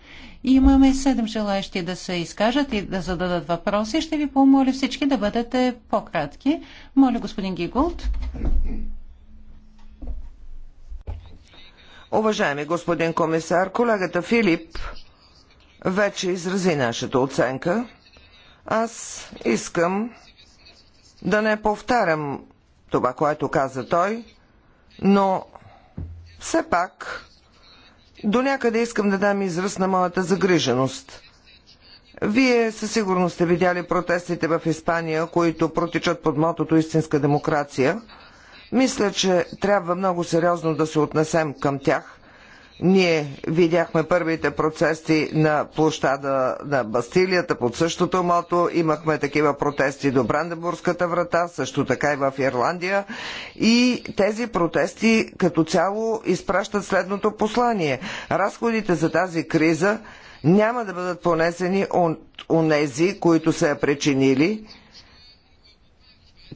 Имаме седем желаящи да се изкажат и да зададат въпроси. Ще ви помоля всички да бъдете по-кратки. Моля, господин Гигулт. Уважаеми господин комисар, колегата Филип вече изрази нашата оценка. Аз искам да не повтарям това, което каза той, но все пак до някъде искам да дам израз на моята загриженост. Вие със сигурност сте видяли протестите в Испания, които протичат под мотото истинска демокрация. Мисля, че трябва много сериозно да се отнесем към тях ние видяхме първите процеси на площада на Бастилията под същото мото. Имахме такива протести до Бранденбургската врата, също така и в Ирландия. И тези протести като цяло изпращат следното послание. Разходите за тази криза няма да бъдат понесени от онези, които са я причинили.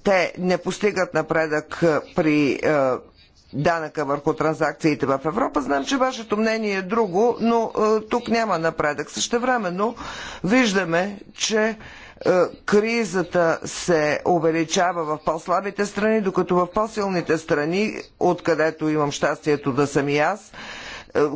Те не постигат напредък при е, данъка върху транзакциите в Европа. Знам, че вашето мнение е друго, но е, тук няма напредък. Същевременно виждаме, че е, кризата се увеличава в по-слабите страни, докато в по-силните страни, откъдето имам щастието да съм и аз,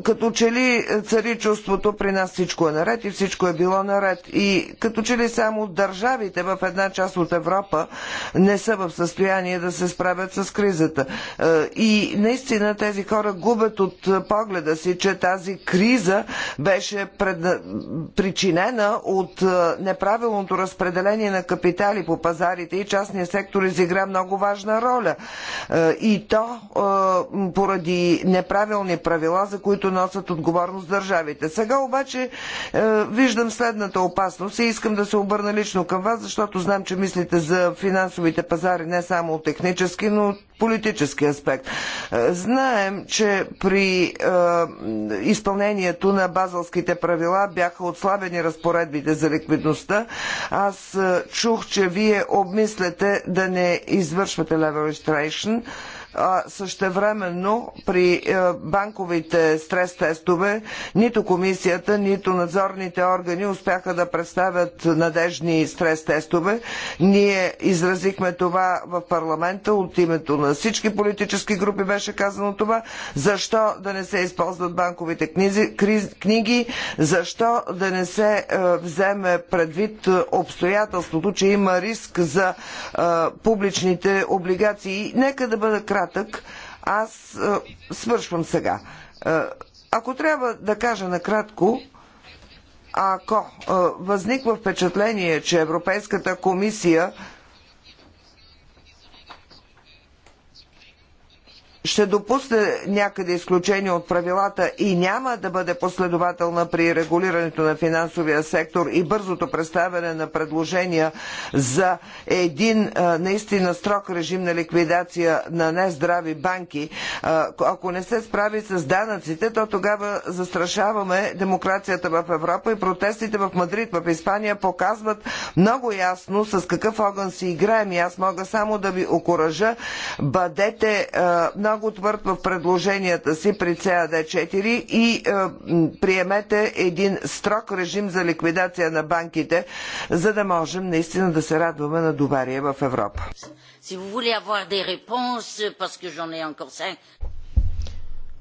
като че ли цари чувството при нас всичко е наред и всичко е било наред. И като че ли само държавите в една част от Европа не са в състояние да се справят с кризата. Е, и наистина тези хора губят от погледа си, че тази криза беше пред... причинена от е, неправилното разпределение на капитали по пазарите и частния сектор изигра много важна роля. Е, и то поради неправилни правила за които носят отговорност държавите. Сега обаче е, виждам следната опасност и искам да се обърна лично към вас, защото знам, че мислите за финансовите пазари не само технически, но политически аспект. Е, знаем, че при е, изпълнението на базалските правила бяха отслабени разпоредбите за ликвидността. Аз чух, че вие обмисляте да не извършвате leverage същевременно при е, банковите стрес-тестове нито комисията, нито надзорните органи успяха да представят надежни стрес-тестове. Ние изразихме това в парламента от името на всички политически групи беше казано това. Защо да не се използват банковите книзи, книги? Защо да не се е, вземе предвид обстоятелството, че има риск за е, публичните облигации? Нека да бъда кратък нататък. Аз е, свършвам сега. Е, ако трябва да кажа накратко, ако е, възниква впечатление, че Европейската комисия ще допусне някъде изключение от правилата и няма да бъде последователна при регулирането на финансовия сектор и бързото представяне на предложения за един наистина строг режим на ликвидация на нездрави банки, ако не се справи с данъците, то тогава застрашаваме демокрацията в Европа и протестите в Мадрид, в Испания показват много ясно с какъв огън си играем. И аз мога само да ви окоръжа, бъдете много много твърд в предложенията си при CAD4 и е, приемете един строг режим за ликвидация на банките, за да можем наистина да се радваме на доверие в Европа.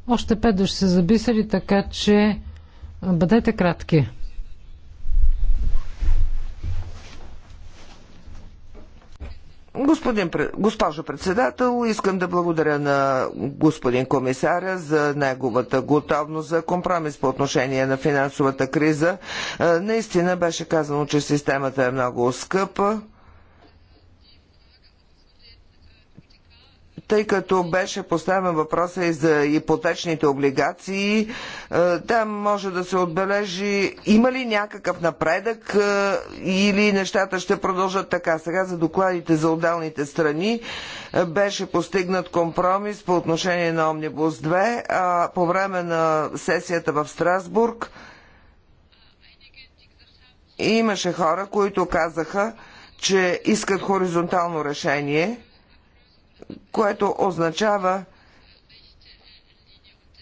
Още пет души се записали, така че бъдете кратки. Господин, госпожо председател, искам да благодаря на господин комисаря за неговата готовност за компромис по отношение на финансовата криза. Е, наистина беше казано, че системата е много скъпа тъй като беше поставен въпроса и за ипотечните облигации. Е, там може да се отбележи има ли някакъв напредък е, или нещата ще продължат така. Сега за докладите за отдалните страни е, беше постигнат компромис по отношение на Омнибус 2, а по време на сесията в Страсбург имаше хора, които казаха, че искат хоризонтално решение което означава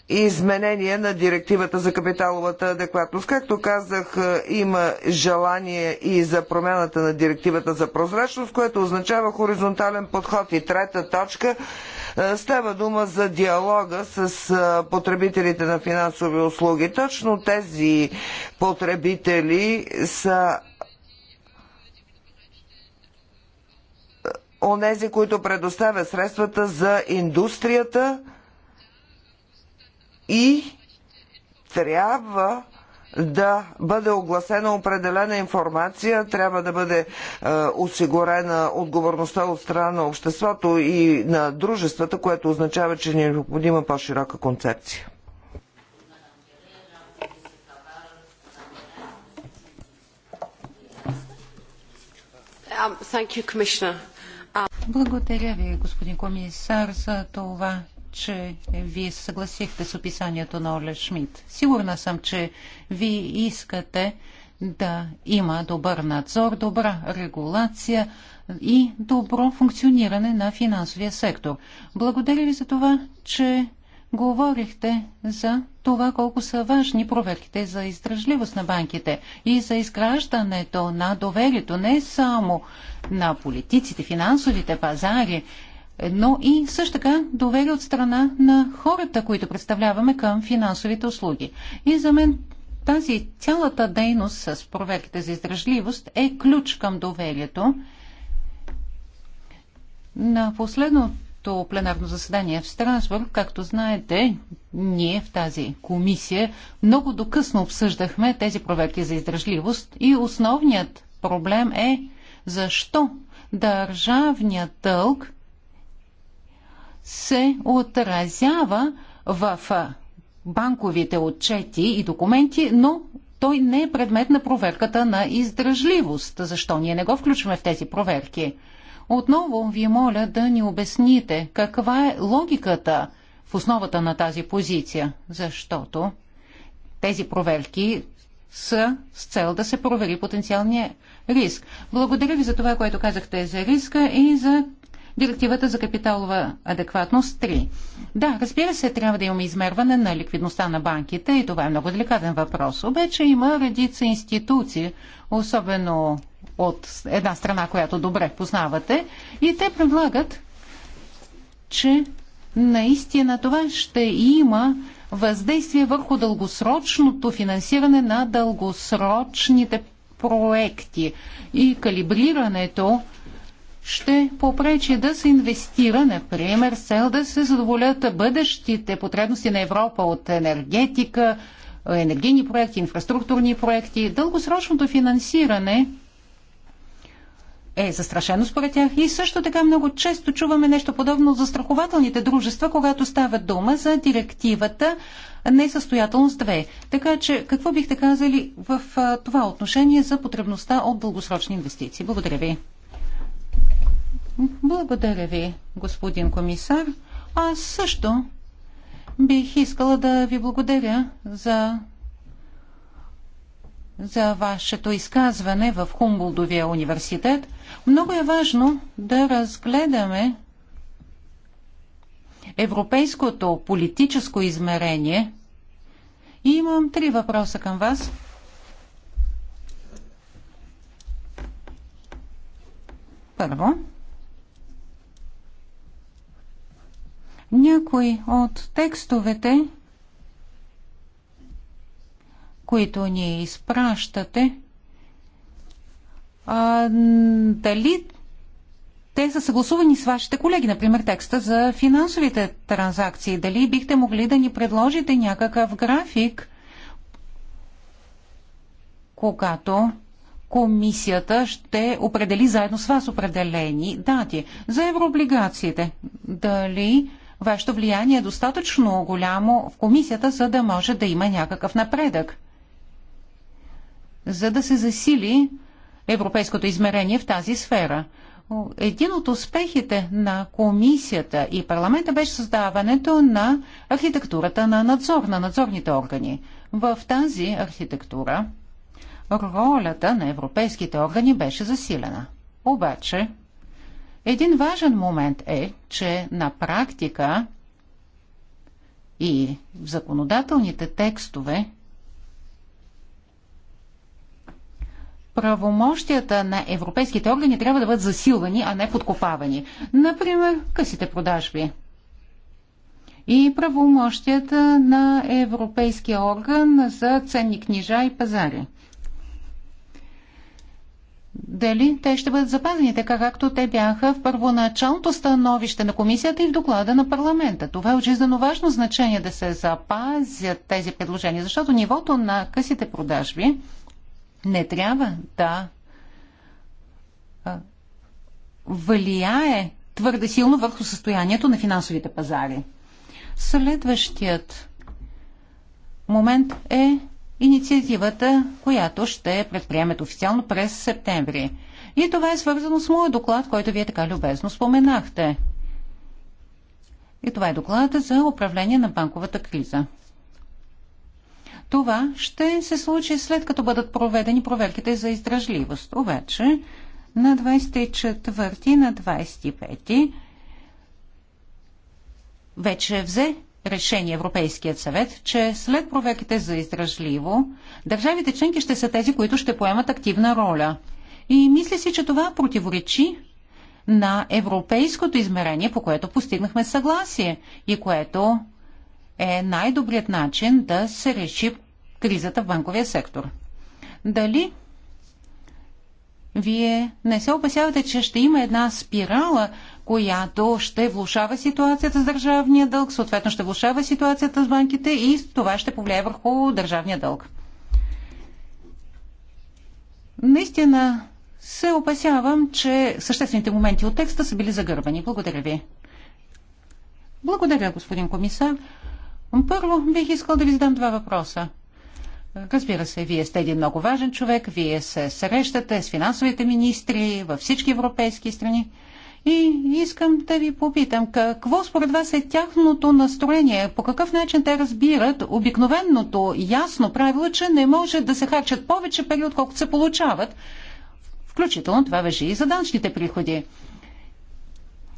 изменение на директивата за капиталовата адекватност. Както казах, е, има желание и за промяната на директивата за прозрачност, което означава хоризонтален подход. И трета точка е, става дума за диалога с е, потребителите на финансови услуги. Точно тези потребители са онези, които предоставят средствата за индустрията и трябва да бъде огласена определена информация, трябва да бъде е, осигурена отговорността от страна на обществото и на дружествата, което означава, че ни е необходима по-широка концепция. Um, thank you, Commissioner. Благодаря ви, господин комисар, за това, че вие съгласихте с описанието на Оле Шмидт. Сигурна съм, че ви искате да има добър надзор, добра регулация и добро функциониране на финансовия сектор. Благодаря ви за това, че говорихте за това колко са важни проверките за издръжливост на банките и за изграждането на доверието не само на политиците, финансовите пазари, но и също така доверие от страна на хората, които представляваме към финансовите услуги. И за мен тази цялата дейност с проверките за издръжливост е ключ към доверието. На последното днешното пленарно заседание в Страсбург. Както знаете, ние в тази комисия много докъсно обсъждахме тези проверки за издръжливост и основният проблем е защо държавният дълг се отразява в банковите отчети и документи, но той не е предмет на проверката на издръжливост. Защо ние не го включваме в тези проверки? Отново ви моля да ни обясните каква е логиката в основата на тази позиция, защото тези проверки са с цел да се провери потенциалния риск. Благодаря ви за това, което казахте за риска и за директивата за капиталова адекватност 3. Да, разбира се, трябва да имаме измерване на ликвидността на банките и това е много деликатен въпрос. Обече има редица институции, особено от една страна, която добре познавате, и те предлагат, че наистина това ще има въздействие върху дългосрочното финансиране на дългосрочните проекти и калибрирането ще попречи да се инвестира, например, с цел да се задоволят бъдещите потребности на Европа от енергетика, енергийни проекти, инфраструктурни проекти. Дългосрочното финансиране – е застрашено според тях. И също така много често чуваме нещо подобно за страхователните дружества, когато става дума за директивата несъстоятелност 2. Така че какво бихте казали в това отношение за потребността от дългосрочни инвестиции? Благодаря ви. Благодаря ви, господин комисар. Аз също бих искала да ви благодаря за за вашето изказване в Хумбулдовия университет. Много е важно да разгледаме европейското политическо измерение. И имам три въпроса към вас. Първо, някои от текстовете които ни изпращате, а, дали те са съгласувани с вашите колеги, например текста за финансовите транзакции. Дали бихте могли да ни предложите някакъв график, когато комисията ще определи заедно с вас определени дати за еврооблигациите. Дали вашето влияние е достатъчно голямо в комисията, за да може да има някакъв напредък? за да се засили европейското измерение в тази сфера. Един от успехите на комисията и парламента беше създаването на архитектурата на надзор, на надзорните органи. В тази архитектура ролята на европейските органи беше засилена. Обаче, един важен момент е, че на практика и в законодателните текстове правомощията на европейските органи трябва да бъдат засилвани, а не подкопавани. Например, късите продажби. И правомощията на Европейския орган за ценни книжа и пазари. Дали те ще бъдат запазени така, както те бяха в първоначалното становище на комисията и в доклада на парламента? Това е от важно значение да се запазят тези предложения, защото нивото на късите продажби не трябва да влияе твърде силно върху състоянието на финансовите пазари. Следващият момент е инициативата, която ще предприемет официално през септември. И това е свързано с моят доклад, който вие така любезно споменахте. И това е доклада за управление на банковата криза. Това ще се случи след като бъдат проведени проверките за издръжливост. Обаче на 24 и на 25 вече взе решение Европейският съвет, че след проверките за издръжливо, държавите членки ще са тези, които ще поемат активна роля. И мисля си, че това противоречи на европейското измерение, по което постигнахме съгласие и което е най-добрият начин да се реши кризата в банковия сектор. Дали вие не се опасявате, че ще има една спирала, която ще влушава ситуацията с държавния дълг, съответно ще влушава ситуацията с банките и това ще повлияе върху държавния дълг. Наистина се опасявам, че съществените моменти от текста са били загърбани. Благодаря ви. Благодаря, господин комисар. Първо, бих искал да ви задам два въпроса. Разбира се, вие сте един много важен човек, вие се срещате с финансовите министри във всички европейски страни. И искам да ви попитам, какво според вас е тяхното настроение? По какъв начин те разбират обикновеното ясно правило, че не може да се харчат повече пари, отколкото се получават? Включително това въжи и за данчните приходи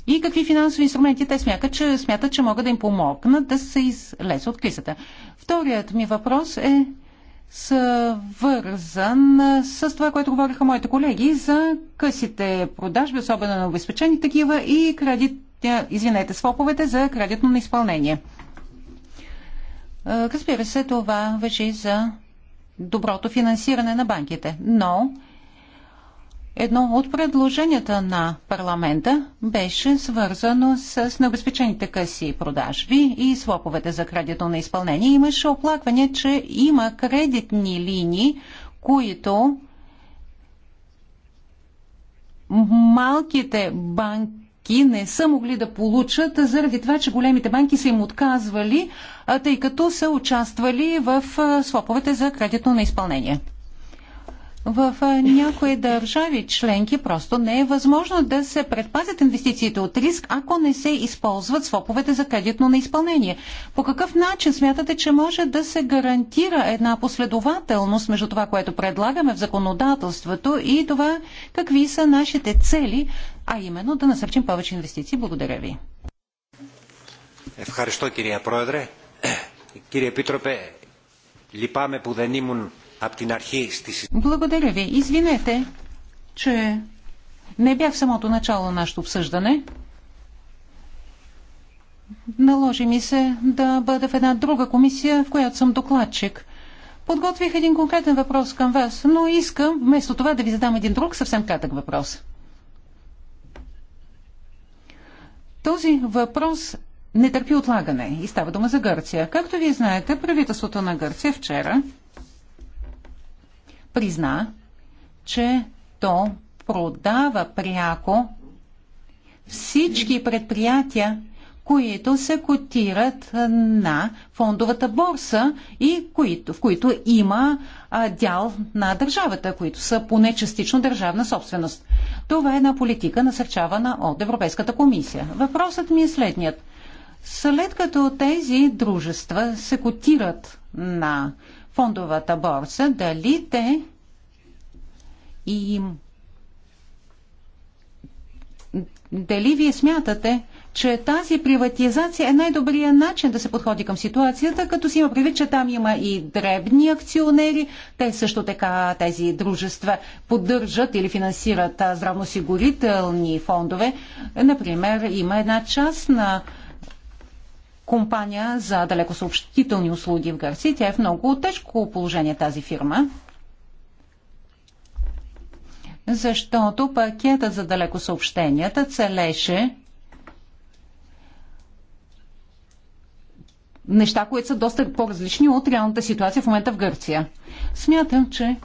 и какви финансови инструменти те смятат, че, смятат, че могат да им помогнат да се излезе от кризата. Вторият ми въпрос е свързан с това, което говориха моите колеги за късите продажби, особено на обезпечени такива и кредит, извинете, своповете за кредитно на изпълнение. Разбира се, това въжи за доброто финансиране на банките, но Едно от предложенията на парламента беше свързано с необезпечените къси продажби и слоповете за кредитно изпълнение. Имаше оплакване, че има кредитни линии, които малките банки не са могли да получат, заради това, че големите банки са им отказвали, тъй като са участвали в слоповете за кредитно на изпълнение. В някои държави членки просто не е възможно да се предпазят инвестициите от риск, ако не се използват своповете за кредитно неизпълнение. По какъв начин смятате, че може да се гарантира една последователност между това, което предлагаме в законодателството и това, какви са нашите цели, а именно да насърчим повече инвестиции? Благодаря ви. Ευχαριστώ κυρία Πρόεδρε. Κύριε Επίτροπε, λυπάμαι που δεν ήμουν благодаря ви. Извинете, че не бях в самото начало на нашето обсъждане. Наложи ми се да бъда в една друга комисия, в която съм докладчик. Подготвих един конкретен въпрос към вас, но искам вместо това да ви задам един друг съвсем кратък въпрос. Този въпрос не търпи отлагане и става дума за Гърция. Както вие знаете, правителството на Гърция вчера призна, че то продава пряко всички предприятия, които се котират на фондовата борса и които, в които има а, дял на държавата, които са поне частично държавна собственост. Това е една политика, насърчавана от Европейската комисия. Въпросът ми е следният. След като тези дружества се котират на фондовата борса, дали те им дали вие смятате, че тази приватизация е най-добрият начин да се подходи към ситуацията, като си има предвид, че там има и дребни акционери. Те също така тези дружества поддържат или финансират здравноосигурителни фондове. Например, има една част на компания за далекосъобщителни услуги в Гърция. Тя е в много тежко положение тази фирма, защото пакетът за далекосъобщенията целеше неща, които са доста по-различни от реалната ситуация в момента в Гърция. Смятам, че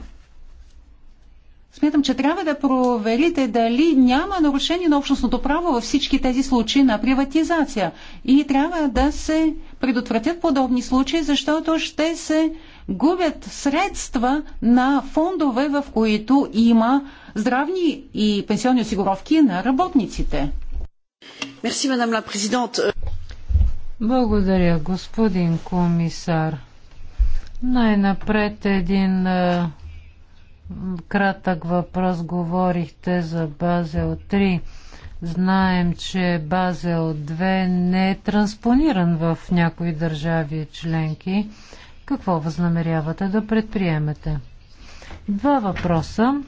Смятам, че трябва да проверите дали няма нарушение на общностното право във всички тези случаи на приватизация. И трябва да се предотвратят подобни случаи, защото ще се губят средства на фондове, в които има здравни и пенсионни осигуровки на работниците. Мерси, мадам Благодаря, господин комисар. Най-напред един кратък въпрос. Говорихте за Базел 3. Знаем, че Базел 2 не е транспониран в някои държави членки. Какво възнамерявате да предприемете? Два въпроса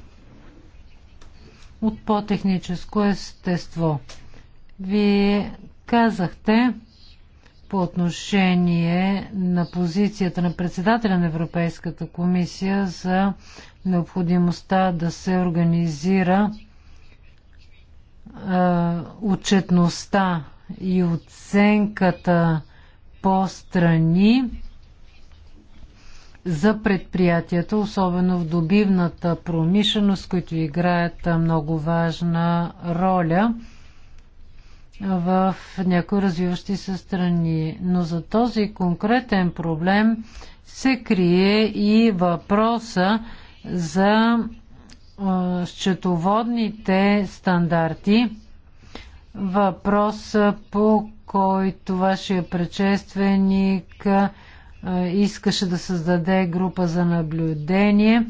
от по-техническо естество. Вие казахте по отношение на позицията на председателя на Европейската комисия за необходимостта да се организира отчетността и оценката по страни за предприятията, особено в добивната промишленост, които играят много важна роля в някои развиващи се страни. Но за този конкретен проблем се крие и въпроса за счетоводните стандарти. Въпрос по който вашия предшественик искаше да създаде група за наблюдение,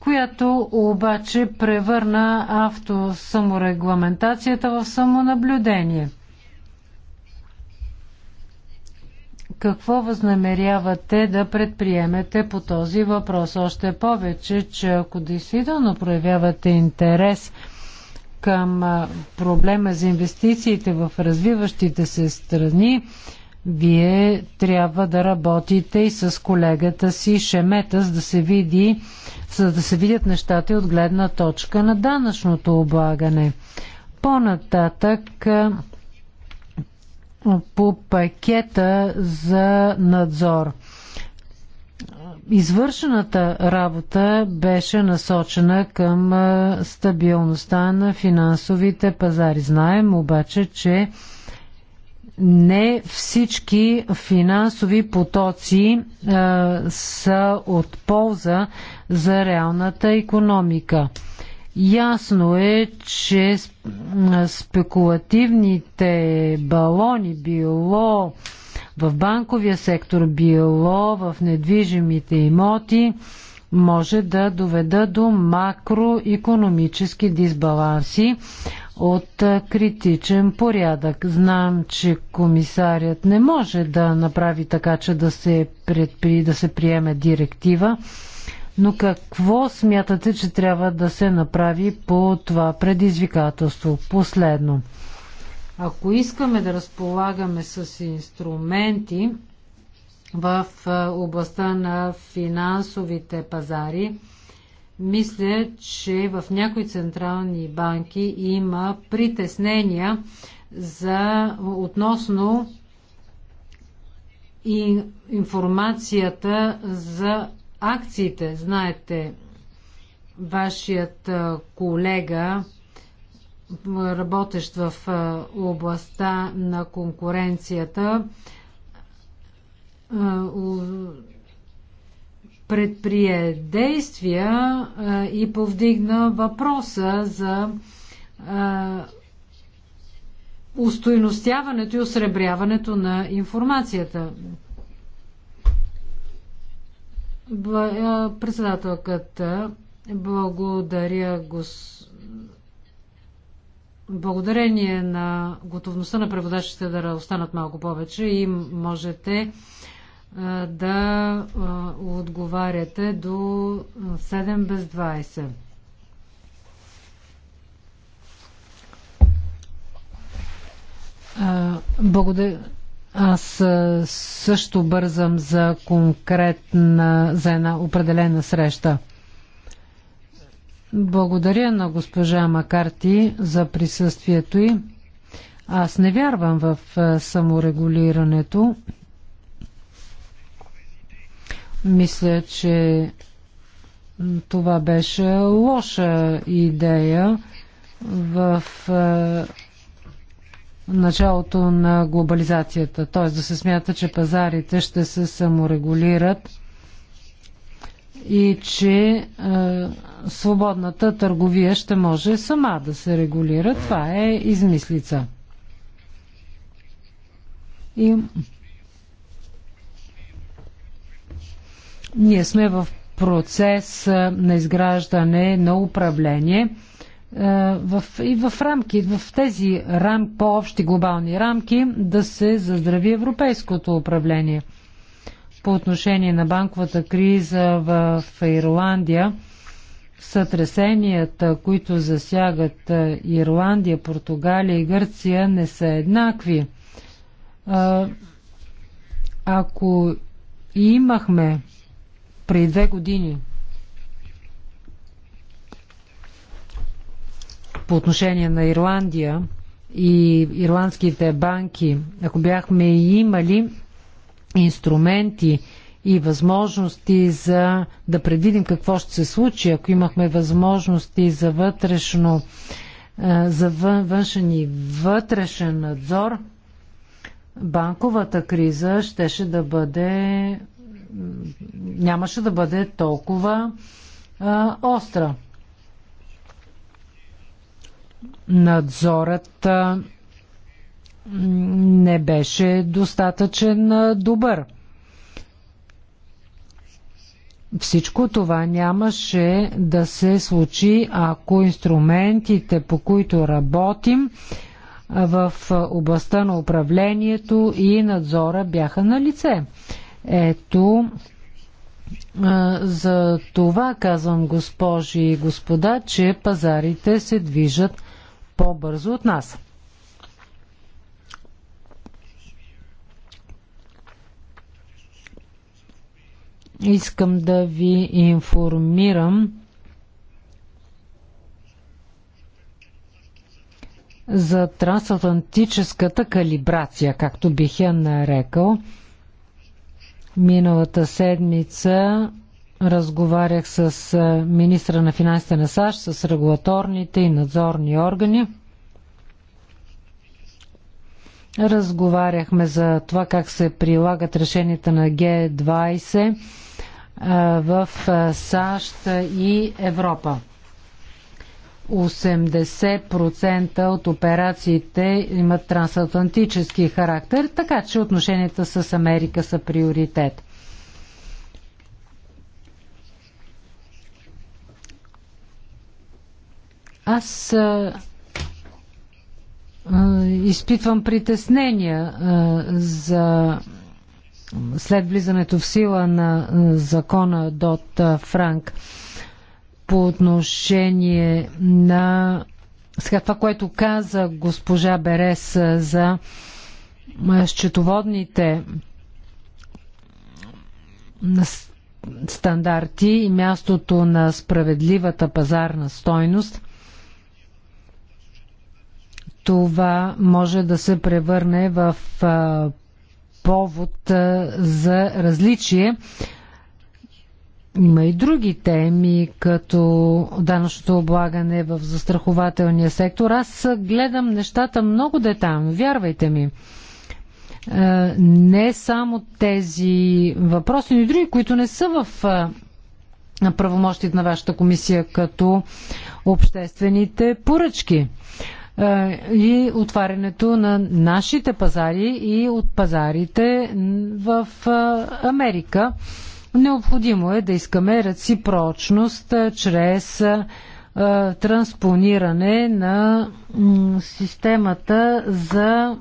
която обаче превърна автосаморегламентацията в самонаблюдение. Какво възнамерявате да предприемете по този въпрос? Още повече, че ако действително проявявате интерес към проблема за инвестициите в развиващите се страни, вие трябва да работите и с колегата си Шемета, за да се види, за да се видят нещата от гледна точка на данъчното облагане. По-нататък по пакета за надзор. Извършената работа беше насочена към стабилността на финансовите пазари. Знаем обаче, че не всички финансови потоци а, са от полза за реалната економика. Ясно е, че спекулативните балони било в банковия сектор, било в недвижимите имоти, може да доведа до макроекономически дисбаланси от критичен порядък. Знам, че комисарят не може да направи така, че да се, предпри, да се приеме директива, но какво смятате, че трябва да се направи по това предизвикателство? Последно. Ако искаме да разполагаме с инструменти в областта на финансовите пазари, мисля, че в някои централни банки има притеснения за, относно и информацията за акциите. Знаете, вашият колега, работещ в областта на конкуренцията, предприе действия и повдигна въпроса за устойностяването и осребряването на информацията. Председателката, благодаря гос... Благодарение на готовността на преводачите да останат малко повече и можете да отговаряте до 7 без 20. Благодаря. Аз също бързам за конкретна, за една определена среща. Благодаря на госпожа Макарти за присъствието й. Аз не вярвам в саморегулирането. Мисля, че това беше лоша идея в началото на глобализацията, т.е. да се смята, че пазарите ще се саморегулират и че е, свободната търговия ще може сама да се регулира. Това е измислица. И ние сме в процес е, на изграждане на управление е, в, и в рамки, в тези рам, по-общи глобални рамки да се заздрави европейското управление. По отношение на банковата криза в Ирландия, сътресенията, които засягат е, Ирландия, Португалия и Гърция, не са еднакви. Е, ако имахме преди две години по отношение на Ирландия и ирландските банки, ако бяхме имали инструменти и възможности за да предвидим какво ще се случи, ако имахме възможности за вътрешно за външен и вътрешен надзор, банковата криза щеше да бъде нямаше да бъде толкова а, остра надзорът не беше достатъчен добър. Всичко това нямаше да се случи, ако инструментите, по които работим в областта на управлението и надзора бяха на лице. Ето, за това казвам, госпожи и господа, че пазарите се движат по-бързо от нас. Искам да ви информирам за трансатлантическата калибрация, както бих я нарекал. Миналата седмица Разговарях с министра на финансите на САЩ, с регулаторните и надзорни органи. Разговаряхме за това как се прилагат решенията на Г20 в САЩ и Европа. 80% от операциите имат трансатлантически характер, така че отношенията с Америка са приоритет. Аз а, а, изпитвам притеснения а, за след влизането в сила на а, закона Дот Франк по отношение на сега това, което каза госпожа Берес за счетоводните стандарти и мястото на справедливата пазарна стойност, това може да се превърне в повод за различие. Има и други теми, като данъчното облагане в застрахователния сектор. Аз гледам нещата много детайлно. вярвайте ми. Не само тези въпроси, но и други, които не са в правомощите на вашата комисия, като обществените поръчки. Е, и отварянето на нашите пазари и от пазарите в е, Америка. Необходимо е да искаме реципрочност е, чрез транспониране на системата за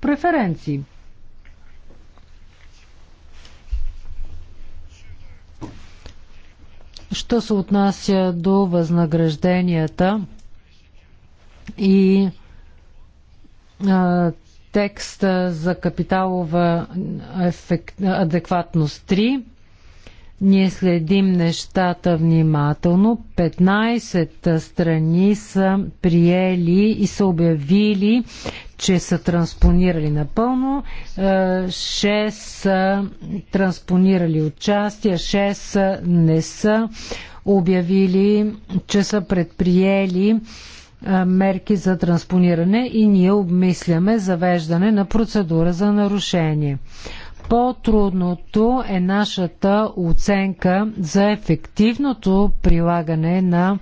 преференции. Що се отнася до възнагражденията, и а, текста за капиталова ефект, адекватност 3. Ние следим нещата внимателно. 15 страни са приели и са обявили, че са транспонирали напълно. 6 са транспонирали участия, 6 не са обявили, че са предприели е, мерки за транспониране и ние обмисляме завеждане на процедура за нарушение. По-трудното е нашата оценка за ефективното прилагане на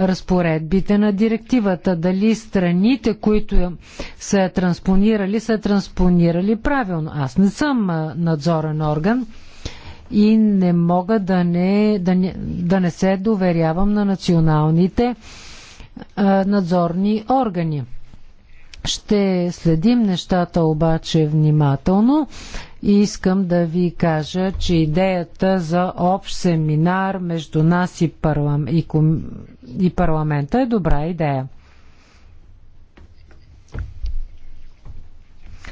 разпоредбите на директивата. Дали страните, които са е транспонирали, са е транспонирали правилно. Аз не съм е, надзорен орган и не мога да не, да не, да не се доверявам на националните надзорни органи. Ще следим нещата обаче внимателно и искам да ви кажа, че идеята за общ семинар между нас и, парлам... и, ком... и парламента е добра идея.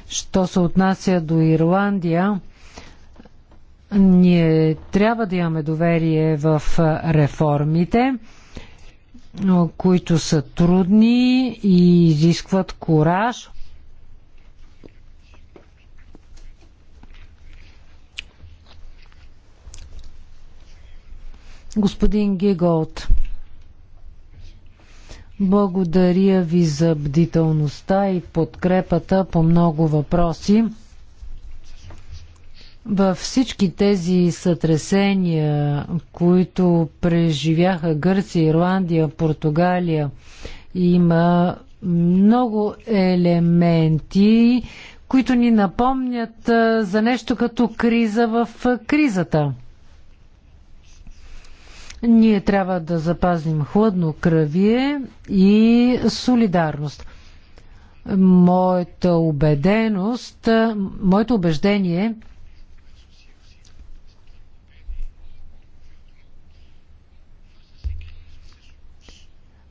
Що се отнася до Ирландия, ние трябва да имаме доверие в реформите които са трудни и изискват кораж. Господин Гиголт, благодаря ви за бдителността и подкрепата по много въпроси. Във всички тези сътресения, които преживяха Гърция, Ирландия, Португалия, има много елементи, които ни напомнят за нещо като криза в кризата. Ние трябва да запазим хладно кръвие и солидарност. Моята убеденост, моето убеждение е,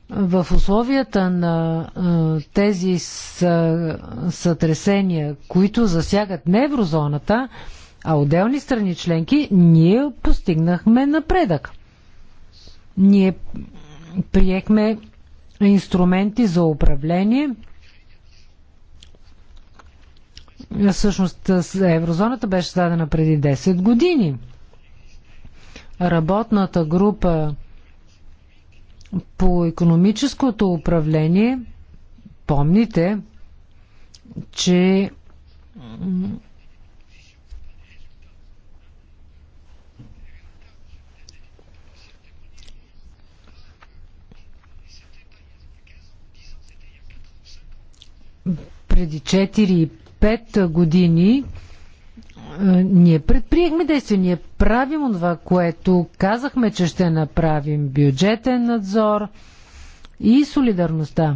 В условията на тези сътресения, които засягат не еврозоната, а отделни страни членки, ние постигнахме напредък. Ние приехме инструменти за управление. Всъщност еврозоната беше създадена преди 10 години. Работната група по економическото управление, помните, че преди 4-5 години ние предприехме действия, ние правим това, което казахме, че ще направим бюджетен надзор и солидарността.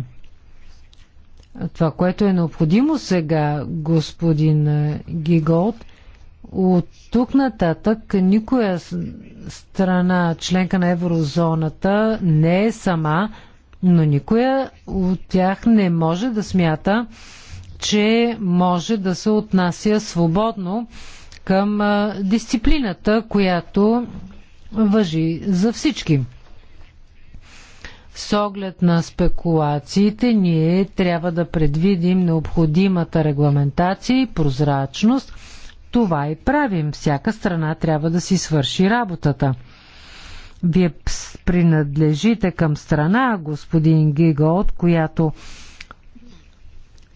Това, което е необходимо сега, господин Гиголд, от тук нататък никоя страна, членка на еврозоната, не е сама, но никоя от тях не може да смята, че може да се отнася свободно към дисциплината, която въжи за всички. С оглед на спекулациите, ние трябва да предвидим необходимата регламентация и прозрачност. Това и правим. Всяка страна трябва да си свърши работата. Вие принадлежите към страна, господин Гига, от която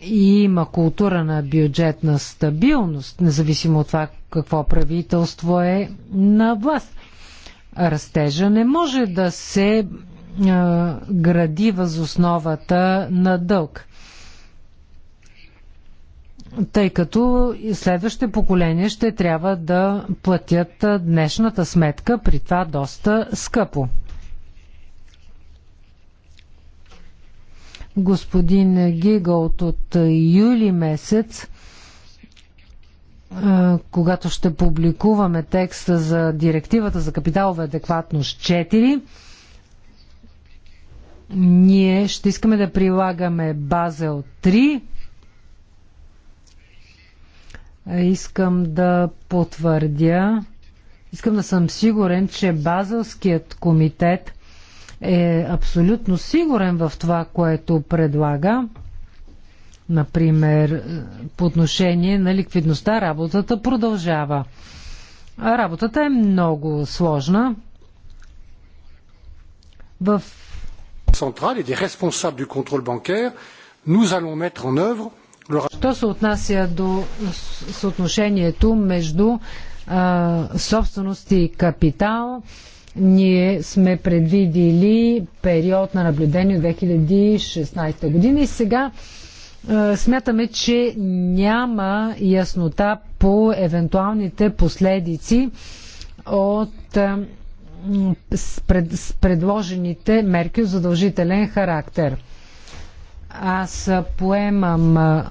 и има култура на бюджетна стабилност, независимо от това какво правителство е на власт. Растежа не може да се а, гради възосновата на дълг тъй като следващите поколения ще трябва да платят днешната сметка, при това доста скъпо. господин Гигълт от юли месец, когато ще публикуваме текста за директивата за капиталова адекватност 4, ние ще искаме да прилагаме Базел 3. Искам да потвърдя, искам да съм сигурен, че Базелският комитет – е абсолютно сигурен в това, което предлага, например, е, по отношение на ликвидността, работата продължава. А работата е много сложна. В централи et responsables du contrôle bancaire, nous allons mettre en œuvre Що се отнася до съотношението между а, собственост и капитал, а, ние сме предвидили период на наблюдение от 2016 година и сега е, смятаме, че няма яснота по евентуалните последици от е, предложените мерки от задължителен характер. Аз поемам. Е,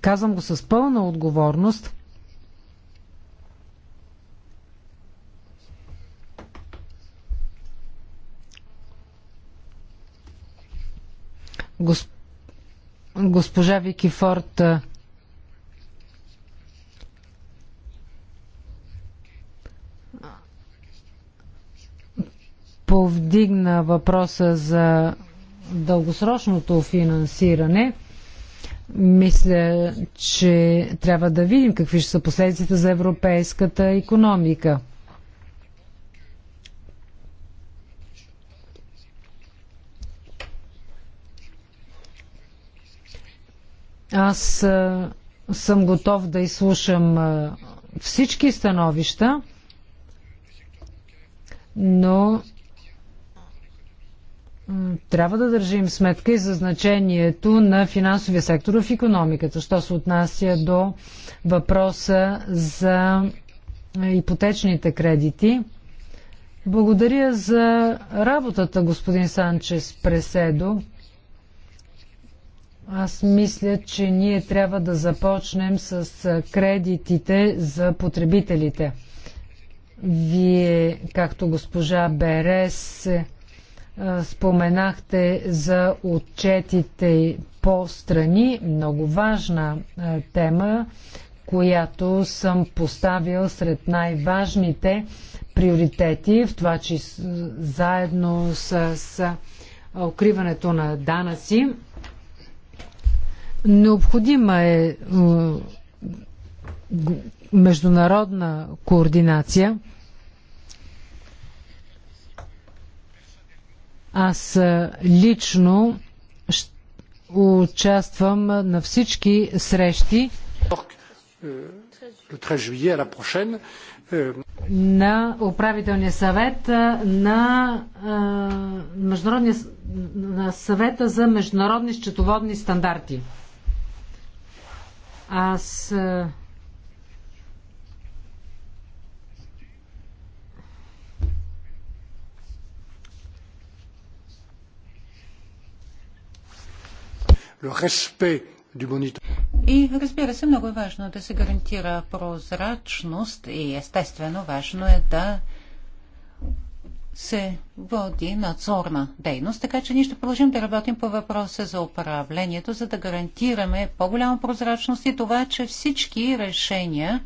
казвам го с пълна отговорност. Госпожа Вики Форд повдигна въпроса за дългосрочното финансиране, мисля, че трябва да видим какви ще са последиците за европейската економика. Аз съм готов да изслушам всички становища, но трябва да държим сметка и за значението на финансовия сектор в економиката, що се отнася до въпроса за ипотечните кредити. Благодаря за работата, господин Санчес Преседо. Аз мисля, че ние трябва да започнем с кредитите за потребителите. Вие, както госпожа Берес, споменахте за отчетите по страни. Много важна тема, която съм поставил сред най-важните приоритети, в това, че заедно с укриването на данъци. Необходима е международна координация. Аз лично участвам на всички срещи е, е, на управителния съвет на, международния, на съвета за международни счетоводни стандарти. Аз И разбира се, много е важно да се гарантира прозрачност и естествено важно е да се води надзорна дейност, така че ние ще продължим да работим по въпроса за управлението, за да гарантираме по-голяма прозрачност и това, че всички решения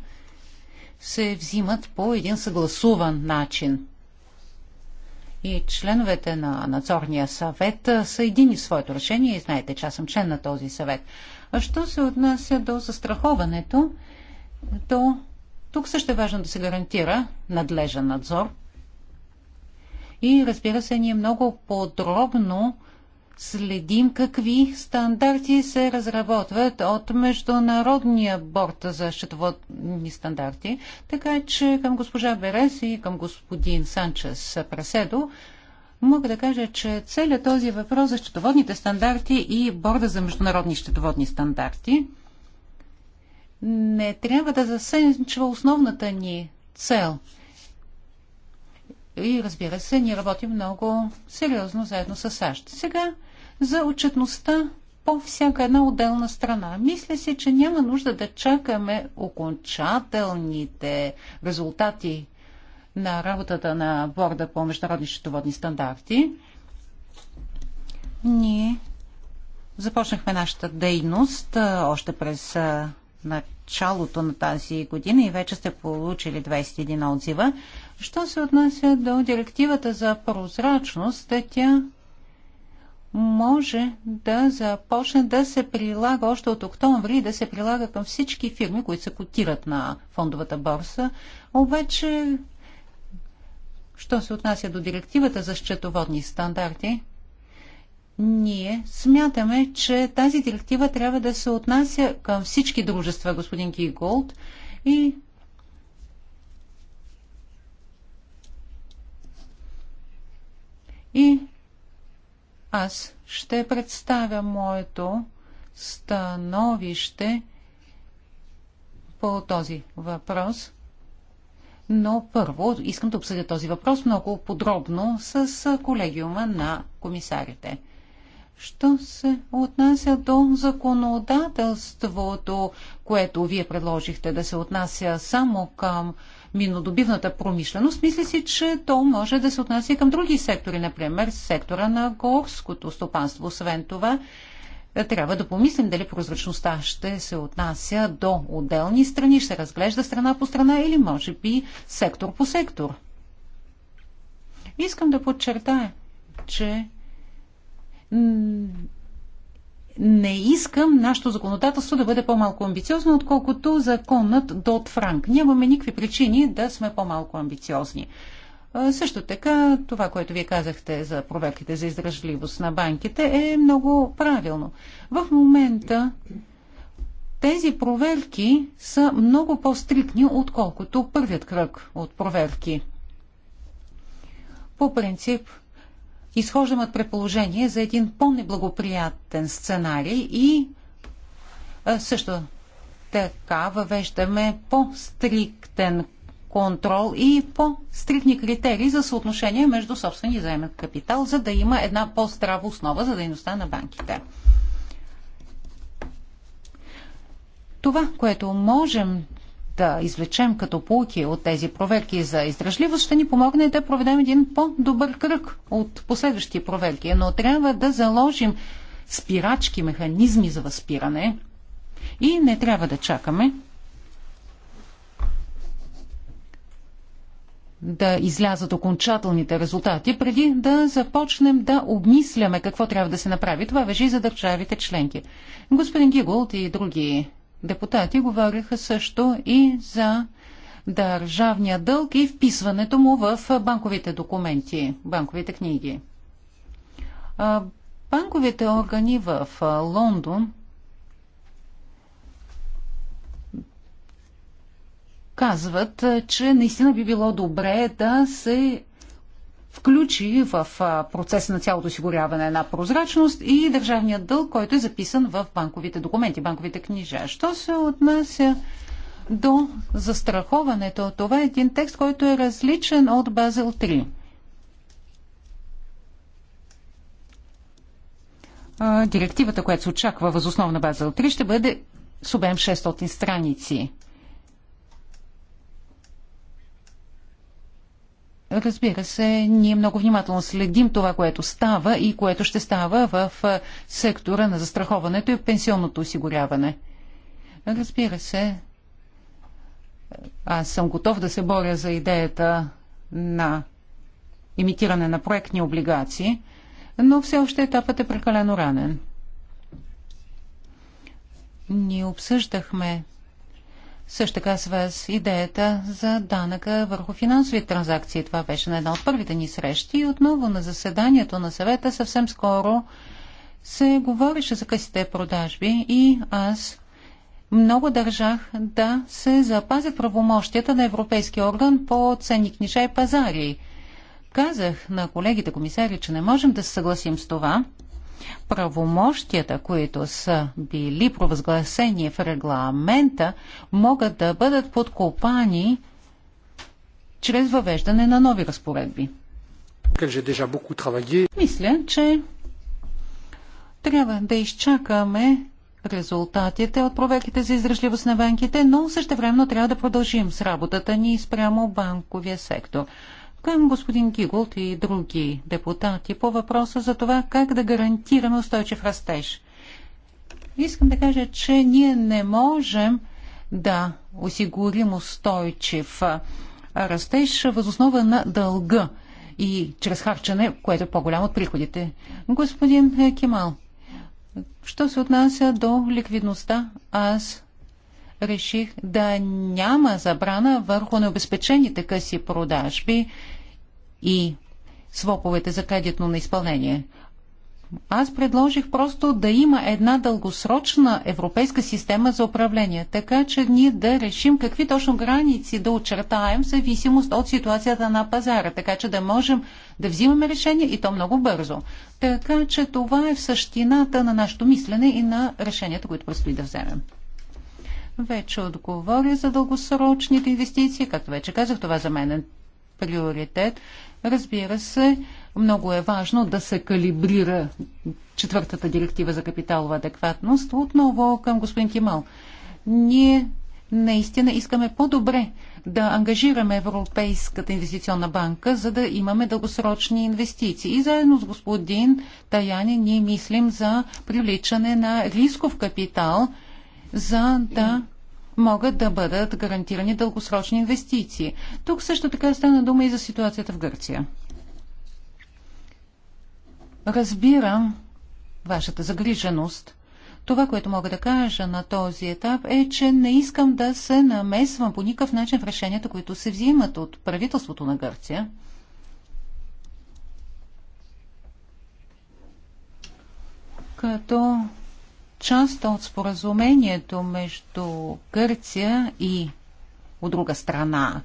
се взимат по един съгласуван начин. И членовете на надзорния съвет са едини в своето решение и знаете, че аз съм член на този съвет. А що се отнася до застраховането, то тук също е важно да се гарантира надлежен надзор – и разбира се, ние много подробно следим какви стандарти се разработват от Международния борт за счетоводни стандарти. Така че към госпожа Берес и към господин Санчес Преседо мога да кажа, че целият този въпрос за счетоводните стандарти и борда за международни счетоводни стандарти не трябва да засенчва основната ни цел – и разбира се, ние работим много сериозно заедно с САЩ. Сега за отчетността по всяка една отделна страна. Мисля си, че няма нужда да чакаме окончателните резултати на работата на борда по международни счетоводни стандарти. Ние започнахме нашата дейност още през началото на тази година и вече сте получили 21 отзива. Що се отнася до директивата за прозрачност, тя може да започне да се прилага още от октомври и да се прилага към всички фирми, които се котират на фондовата борса. Обаче, що се отнася до директивата за счетоводни стандарти, ние смятаме, че тази директива трябва да се отнася към всички дружества, господин Киголд, и И аз ще представя моето становище по този въпрос. Но първо искам да обсъдя този въпрос много подробно с колегиума на комисарите. Що се отнася до законодателството, което вие предложихте да се отнася само към минодобивната промишленост, мисля си, че то може да се отнася и към други сектори, например сектора на горското стопанство. Освен това, трябва да помислим дали прозрачността ще се отнася до отделни страни, ще разглежда страна по страна или може би сектор по сектор. Искам да подчертая, че не искам нашето законодателство да бъде по-малко амбициозно, отколкото законът Дот Франк. Нямаме никакви причини да сме по-малко амбициозни. Също така, това, което вие казахте за проверките за издръжливост на банките, е много правилно. В момента тези проверки са много по-стрикни, отколкото първият кръг от проверки. По принцип, изхождам от предположение за един по-неблагоприятен сценарий и също така въвеждаме по-стриктен контрол и по стриктни критерии за съотношение между собствени и заемен капитал, за да има една по-здрава основа за дейността на банките. Това, което можем да извлечем като полки от тези проверки за издръжливост, ще ни помогне да проведем един по-добър кръг от последващи проверки. Но трябва да заложим спирачки, механизми за възпиране и не трябва да чакаме да излязат окончателните резултати, преди да започнем да обмисляме какво трябва да се направи. Това въжи за държавите членки. Господин Гиголт и други депутати говориха също и за държавния дълг и вписването му в банковите документи, банковите книги. Банковите органи в Лондон казват, че наистина би било добре да се включи в процеса на цялото осигуряване на прозрачност и държавният дълг, който е записан в банковите документи, банковите книжа. Що се отнася до застраховането, това е един текст, който е различен от Базел 3. Директивата, която се очаква възоснов на Базел 3, ще бъде с обем 600 страници. Разбира се, ние много внимателно следим това, което става и което ще става в сектора на застраховането и пенсионното осигуряване. Разбира се, аз съм готов да се боря за идеята на имитиране на проектни облигации, но все още етапът е прекалено ранен. Ние обсъждахме също така с вас идеята за данъка върху финансови транзакции. Това беше на една от първите ни срещи и отново на заседанието на съвета съвсем скоро се говореше за късите продажби и аз много държах да се запазят правомощията на Европейския орган по ценни книжа и пазари. Казах на колегите комисари, че не можем да се съгласим с това – правомощията, които са били провъзгласени в регламента, могат да бъдат подкопани чрез въвеждане на нови разпоредби. Мисля, че трябва да изчакаме резултатите от проверките за издръжливост на банките, но същевременно трябва да продължим с работата ни спрямо банковия сектор към господин Гигулт и други депутати по въпроса за това как да гарантираме устойчив растеж. Искам да кажа, че ние не можем да осигурим устойчив растеж възоснова на дълга и чрез харчане, което е по-голямо от приходите. Господин Кемал, що се отнася до ликвидността, аз реших да няма забрана върху необезпечените къси продажби и своповете за кредитно на изпълнение. Аз предложих просто да има една дългосрочна европейска система за управление, така че ние да решим какви точно граници да очертаем в зависимост от ситуацията на пазара, така че да можем да взимаме решение и то много бързо. Така че това е в същината на нашето мислене и на решенията, които предстои да вземем. Вече отговоря за дългосрочните инвестиции. Както вече казах, това за мен е приоритет. Разбира се, много е важно да се калибрира четвъртата директива за капиталова адекватност. Отново към господин Кимал. Ние наистина искаме по-добре да ангажираме Европейската инвестиционна банка, за да имаме дългосрочни инвестиции. И заедно с господин Таяни ние мислим за привличане на рисков капитал – за да могат да бъдат гарантирани дългосрочни инвестиции. Тук също така стана дума и за ситуацията в Гърция. Разбирам вашата загриженост. Това, което мога да кажа на този етап е, че не искам да се намесвам по никакъв начин в решенията, които се взимат от правителството на Гърция. Като част от споразумението между Гърция и от друга страна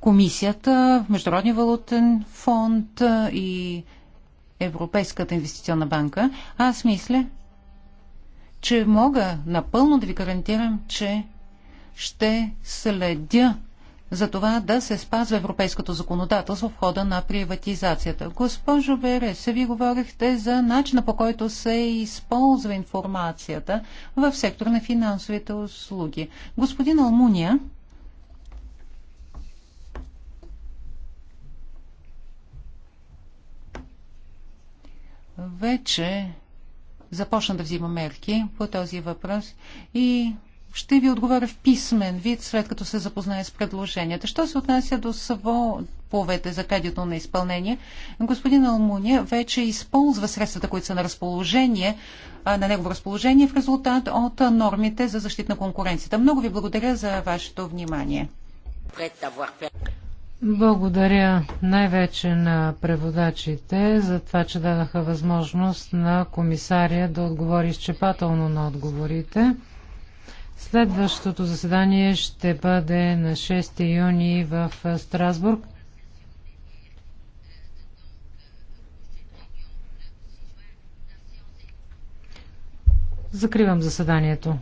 Комисията, Международния валутен фонд и Европейската инвестиционна банка, аз мисля, че мога напълно да ви гарантирам, че ще следя за това да се спазва европейското законодателство в хода на приватизацията. Госпожо Берес, ви говорихте за начина по който се използва информацията в сектор на финансовите услуги. Господин Алмуния, вече започна да взима мерки по този въпрос и ще ви отговоря в писмен вид, след като се запознае с предложенията. Що се отнася до свобовете за кадето на изпълнение, господин Алмуния вече използва средствата, които са на разположение, на негово разположение в резултат от нормите за защита на конкуренцията. Много ви благодаря за вашето внимание. Благодаря най-вече на преводачите за това, че дадаха възможност на комисария да отговори изчепателно на отговорите. Следващото заседание ще бъде на 6 юни в Страсбург. Закривам заседанието.